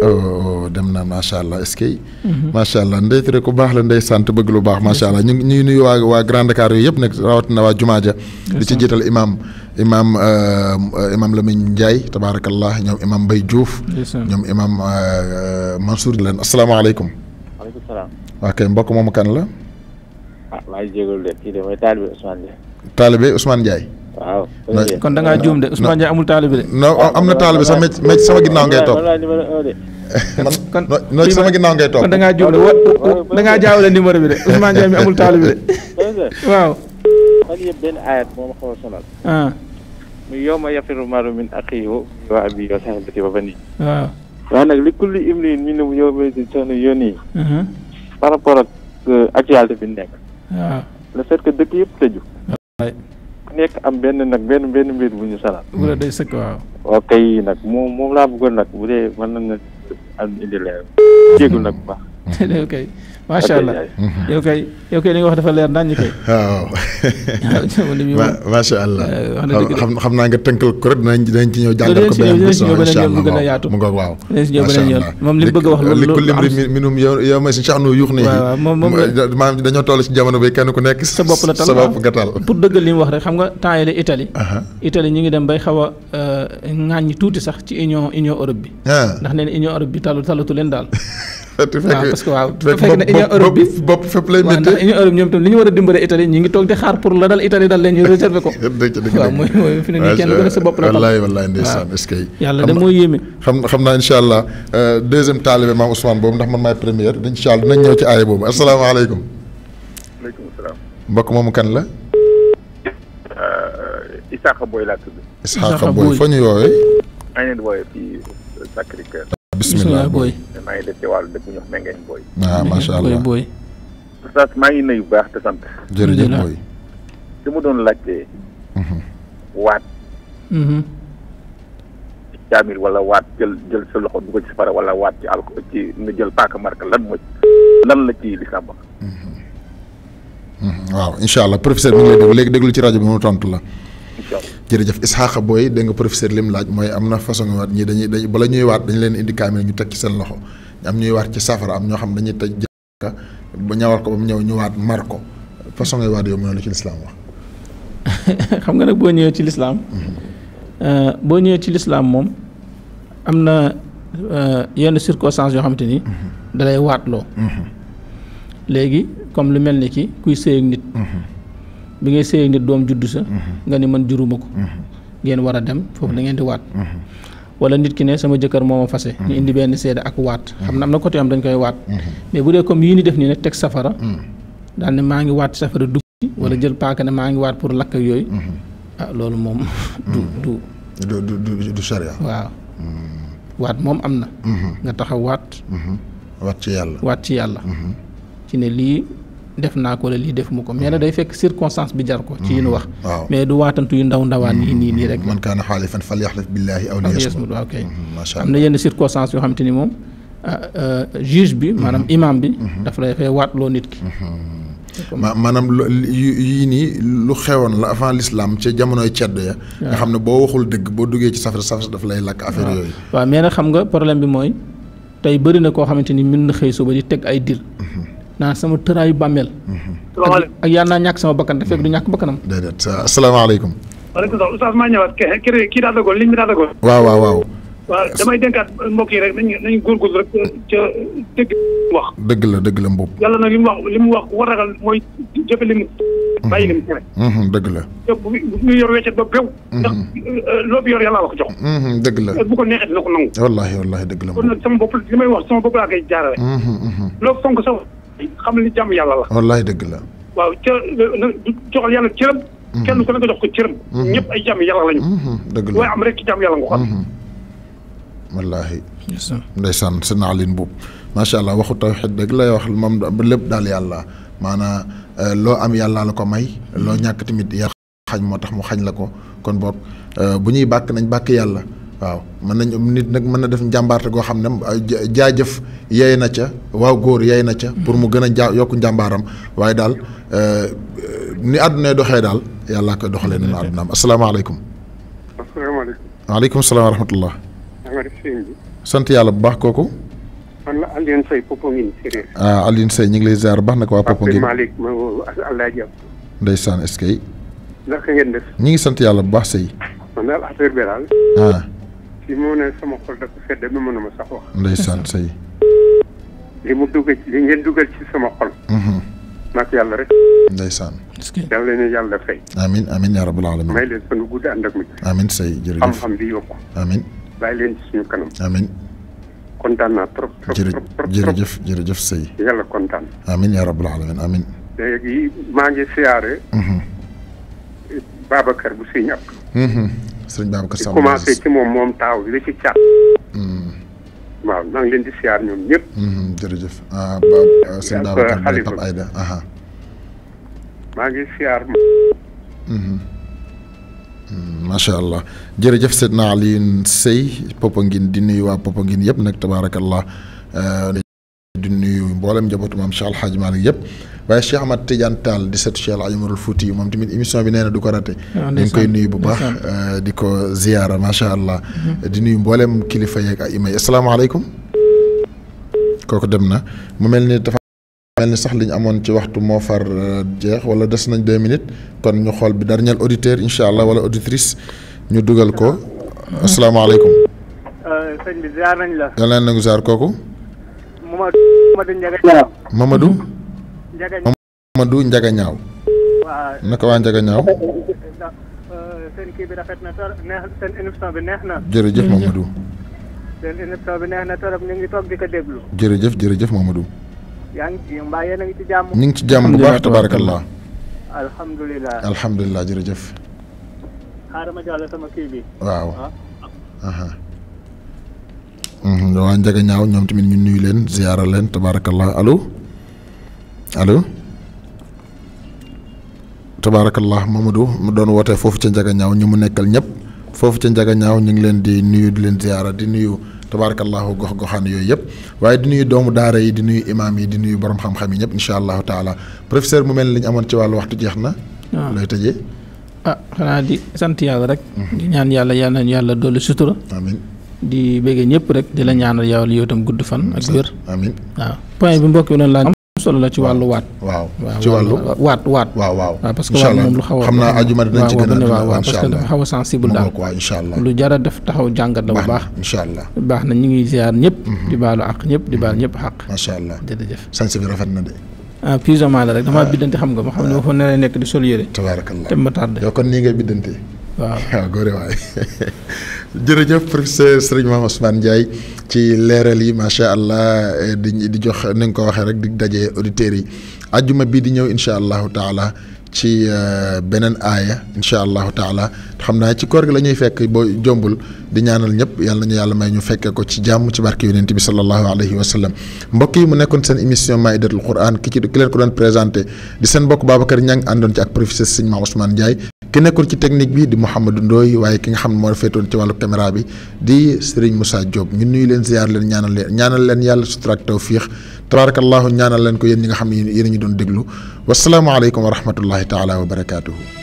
Oh, oh, dem na macha allah est-ce mhm. ndey tere ku baax la ndey sant bëgg lu baax macha allah ñu ngi ñu nuyu waa waa Grand Dakar yooyu yëpp nag na waa Jumaa ja di ci jiital imaam imaam euh, imaam Lamine Ndiaye tabaarakallah ñoom imaam Mbaye Diouf. ñoom imaam euh, euh, Mansour leen asalaamaaleykum. waaleykum waa kay mbokk moomu kan la. Ah, maa ngi de kii de mooy Ndiaye. waaw kon da ngaa juum de Ousmane amul talib, de. non am na taalibe sax mais sama ginnaaw ngay toog. *laughs* kon *laughs* sama ginnaaw ngay toog. kon da ngaa juum de wa da ngaa jaawale numéro bi de Ousmane Ndiaye mi amul talib. de. *laughs* waaw. fan yëpp benn ayat moo ma xaw a sonal. ah. mu yow yafiru maru min aqi wa abi wa sahibati wa bani ba nii. waaw. waaye nag li kulli imrin min ne yow may di sonn yónni. par rapport ak euh, actualité bi nekk. waaw le fait que dëkk yëpp tëju. ku nekk am benn nag benn benn mbir bu ñu salaat. wala day sëkk waaw. waaw kay nag moom moom laa bëggoon nag bu dee mën na nga am indi leer jéegul nag bu baax. *laughs* ok. macha allah yow kay li nga wax dafa leer naññ kay. *laughs* ma macha allah. Eh, xam xam naa nga tënkal ko rek dinañ dinañ ci ñëw jàngal ko. beneen waaw moom li bëgg wax loolu loolu am moom moom toll si jamono bi kenn ku nekk. sa bopp la tal sa bopp nga tal. pour dëggal li mu wax rek xam nga temps yii Italie. Italie ñi ngi dem bay xaw a euh, ŋàññi tuuti sax ci union union Europe bi. Ah. ndax nee na union Europe bi talu talatu leen daal *laughs* *laughs* te fekk parce que waaw te fekk ne bopp fépp lay métti ndax Union ñoom tam li ñu war a dimbale Italie ñu ngi toog di xaar pour la dal Italie dal leen ñu ko *laughs* waaw mooy fi ne nii kenn ku ne sa bopp la wallaay wallaay ndeysaan est-ce que yàlla de yéeme xam xam naa incha allah euh, deuxième taalibe maam Ousmane boobu ndax man maay première incha allah dinañ ñëw ci aaya boobu asalaamaaleykum aleykum salaam mbokk moomu kan la euh, Isaaxa Boy laa tudd Isaaxa Boy ñu woowee maa ngi leen bisimilah booy maa ngi def ci wàllu dëkk bu ñu wax Mengeñ booy. waaw macha allah maa ngi nuyu yu baax te sant. jërëjëf booy. li mu doon laajtee. Mhm. waat. Mhm. ci caamil wala waat jël jël sa loxo dugal ci safara wala waat ci alko ci nga jël paaka mark lan mooy lan la ci lislaam wax. Mhm. waaw incha allah professeur mi ngi léegi déglu ci rajo bi mu tontu la. jërëjëf Isxaaqa Boy de nga professeur lim laaj moy amna façon nga wat ñi dañuy dañ bala ñuy wat dañ leen indi kaamil ñu teg ci seen loxo am ñuy wat ci safara am ño xam dañuy tej jëka ba ñawal ko ba ñew ñu wat mar ko façon nga wat yo mooy la ci l'islam wax *laughs* xam nga nak bo ñew ci mm-hmm. euh bo ñew ci l'islam mom amna euh yenn circonstances yo xamante mm-hmm. da lay waatloo mm-hmm. léegi comme lu melni ki kuy sëy nit bi ngay sey nit dom juddu sa mhm. nga ni man jurumako mhm. ngeen wara dem fofu da ngeen di wat mhm. wala nit ki ne sama jëkkër moma ma ni ñu indi benn seede ak wat xamna amna am na côté am dañ koy wat mais bu dee comme yi ni def ni nag tek safara dal ni maangi wat safara du ci wala jël paaka ne maangi wat pour lakk yoy ah lolu mom *laughs* du du du du du charia waaw wat mom amna, nga taxaw Wat waat ci yalla wat ci yalla ci ne li def naa ko la lii def mu ko mais nag day fekk circonstance bi jar ko ci yi nu wax mais du waatantu yu ndaw ndawaan nii nii nii rek man kaana xaalifan fal yaxlif billaahi aw liyasmut waaw kay am na yenn circonstance yoo xam te ni moom juge bi maanaam imam bi dafa lay fay waatloo nit ki maanaam yii nii lu xewoon la avant l'islam ca jamonoy cedd ya nga xam ne boo waxul dëgg boo duggee ci safara safara daf lay lakk affaire yooyu waaw mais nag xam nga problème bi mooy tey bëri na koo xamante ni mën na xëy suba di teg ay dir naan sama tëraayu bàmmeel. salaamaaleykum ak yàlla naa ñàkk sama bakkan te fekk du ñàkk bakkanam. déedéet asalaamaaleykum. waaleykum salaam oustaz maa ñëwaat kii kii daa dagoon ligne bi daa dagoon. waaw waaw waaw. waaw damay dénkaat mbokk yi rek nañu nañu góorgóorlu rek euh, ca dëgg wax. dëgg la dëgg la mboobu. yàlla nag li mu wax li mu wax war ragal mooy jëfe li mu. Mhm. bàyyi li mu tere. Mhm, dëgg la. bu ñu yor weccet ba béw. Mhm. ndax euh, loo bi yor yàlla wax jox. dëgg la euh, bu ko neexee dina ko nangu. wallaahi wallaahi dëgg la. kon nag sama bopp li may wax sama bopp laa koy jaarale. loo fonk sa xam ni jàmm yàlla la. wallaay dëgg la. waaw joxal yàlla cëram. Mhm. kenn ku ne jox ko cëram. Mhm. ñëpp ay jàmm yàlla lañu. Mhm. dëgg la waaye am rek ci jàmm yàlla nga xam. wallaahi. ndeysaan seen alin boobu macha allah waxu tawxiid dëgg lay wax moom ba lépp daal yàlla maanaa euh, loo am yàlla la ko may loo ñàkk tamit yar xañ moo tax mu xañ la ko kon boog euh, bu ñuy bàkk nañ bàkk yàlla. waaw mën nañ nit nag mën na def njàmbaarte goo xam ne jaajëf yey na ca waaw góor yey na ca. pour mu gën a jaa yokk njàmbaaram waaye daal euh, ni àdduna doxee daal yàllaa koy doxalee noonu àdduna am asalaamaaleykum. asalaamaaleykum. waaleykum salaam wa sant yàlla bu baax kooku. man la Alioune Seye Popenguine Séeréer. ah Alioune Seye ñu ngi lay ziar baax nag ma woo Alaaji ndeysaan ñu ngi sant yàlla bu baax Seye. bi mu ne sama xol dafa sedd bi mënuma sax wax. ndeysaan sëy. li mu dugal ngeen dugal ci sama xol. maak mhm. yàlla rek. ndeysaan. est-ce que daf leen yàlla fay. amiin amiin yaa rabbal alamin. may leen fan gudd ànd ak mujj. amiin sëy jërëjëf xam-xam bi yokku. amiin bàyyi leen ci suñu kontaan naa trop. trop trop trop jërëjëf jërëjëf kontaan. amiin yaa rabbal alamin amiin. léegi maa ngi siyaare. Mhm. Babacar bu Sëñ Abdou. Mhm. sëriñ Babacar Samb commencé ci moom moom taaw li ci caat. Hmm. maa ngi leen di siyaar ñoom ñëpp. Hmm, jërëjëf ah Ba ah, sëriñ Babacar Mbaye Pape Aïda maa ngi siyaar. Hmm. macha allah jërëjëf Seydina Alioune Seye Popenguine di nuyu waa Popenguine yëpp nag tabaarakallah ah, di nuyu mboolem njabootu maam Cheikh Al Hadj Malick waye Cheikh Ahmad Tidiane Tall di setu Cheikh Al Fouti mom tamit émission bi nee du ko raté ah, ngi koy nuyu bu baax euh, di ziyara ma sha allah mm-hmm. di nuyu mbollem kilifa yek ay imay assalamu alaykum koku demna mu melni dafa melni sax liñ amone ci waxtu mo far euh, jeex wala dess nañ 2 minutes kon ñu xol bi dernier auditeur insha allah wala auditrice ñu duggal ko asalaamaaleykum euh, sëñ bi ziar nañ la yàlla na nangu ziar koku Mamadou Mamadou Mamadou Ndiaga Ñaaw naka waa Ndiaga Ñaaw eh, seen kii bi rafet na tor neex seen émission bi neex na jërëjëf mhm. Mamadou seen émission bi neex torop ñu ngi toog di ko déglu jërëjëf jërëjëf Mamadou yaa ngi ci mbaa yéen a ngi ci jàmm ñu ngi ci jàmm bu baax tabarakallah alhamdulilah alhamdulilah jërëjëf xaaral ma jàll sama kii bi waaw ah. aha mhm, waa Ndiaga Ñaaw ñoom tamit ñu nuyu leen ziyaara leen tabarakallah allo allo tabaarakallah Mamadou mu doon wootee foofu ca Njagañaaw ñu mu nekkal ñëpp foofu ca Njagañaaw ñu ngi leen di nuyu di leen ziyaara di nuyu tabaarakallahu gox goxaan yooyu yëpp waaye di nuy doomu daara yi di nuyu imaam yi di nuyu borom xam-xam yi ñëpp incha allahu taala professeur mu mel ni li amoon ci wàllu waxtu jeex na. Ah. looy tëjee. ah xanaa di sant yàlla rek. Mhm. di ñaan yàlla yàlla nañu dolli sutura. amiin di bëggee ñëpp rek di la ñaanal yàlla yow tam gudd fan. solo la ci wàllu waat. waaw ci wàllu waat waat. waaw waaw parce que waat moom lu xaw a. xam naa ajuma a waaw waaw parce que dafa xaw a sensible lu jar a def taxaw jàngat la bu baax. incha allah baax na ñu ngi ziar ñëpp. Mhm. di baalu àq ñëpp di baal mhm. ñëpp àq. macha allah jërëjëf. sanse bi ah, la rek damaa ah. biddante xam nga ma xam ah. ne ma fa neree nekk di sol yére. tabaarakallah te ma tardé. yow kon nii ngay biddante. waaw góore waay jërëjëf professeur Serigne Mame Ousmane Ndiaye ci leeral yi macha allah di di jox ni nga ko waxee rek di daje auditeurs yi ajjuma bii di ñëw allahu taala ci eh, beneen aaya incha allahu taala xam naa ci koor gi la ñuy fekk bo jombul di ñaanal ñëpp yàlla nañu yàlla may ñu fekkee ko ci jàmm ci barke yonent bi sallallahu alayhi wa sallam mbokk yi mu nekkoon seen émission maidatul quran ki ci ki leen ko doon présenté di seen mbokk Babacar Niang àndoon ci ak professeur Serigne Ousmane Ndiaye ki nekkul ci technique bi di ma Ndoye waaye ki nga xam ne moo féetoon ci wàllu caméra bi di Serigne Moussa Diop ñun nuyu leen ziar leen ñaanal leen ñaanal leen yàlla sutura ak tawfiix tabarakallahu ñaanal leen ko yéen ñi nga xam ne yéen ñu doon déglu wasalaamualeykum wa rahmatullahi taala wa barakaatuhu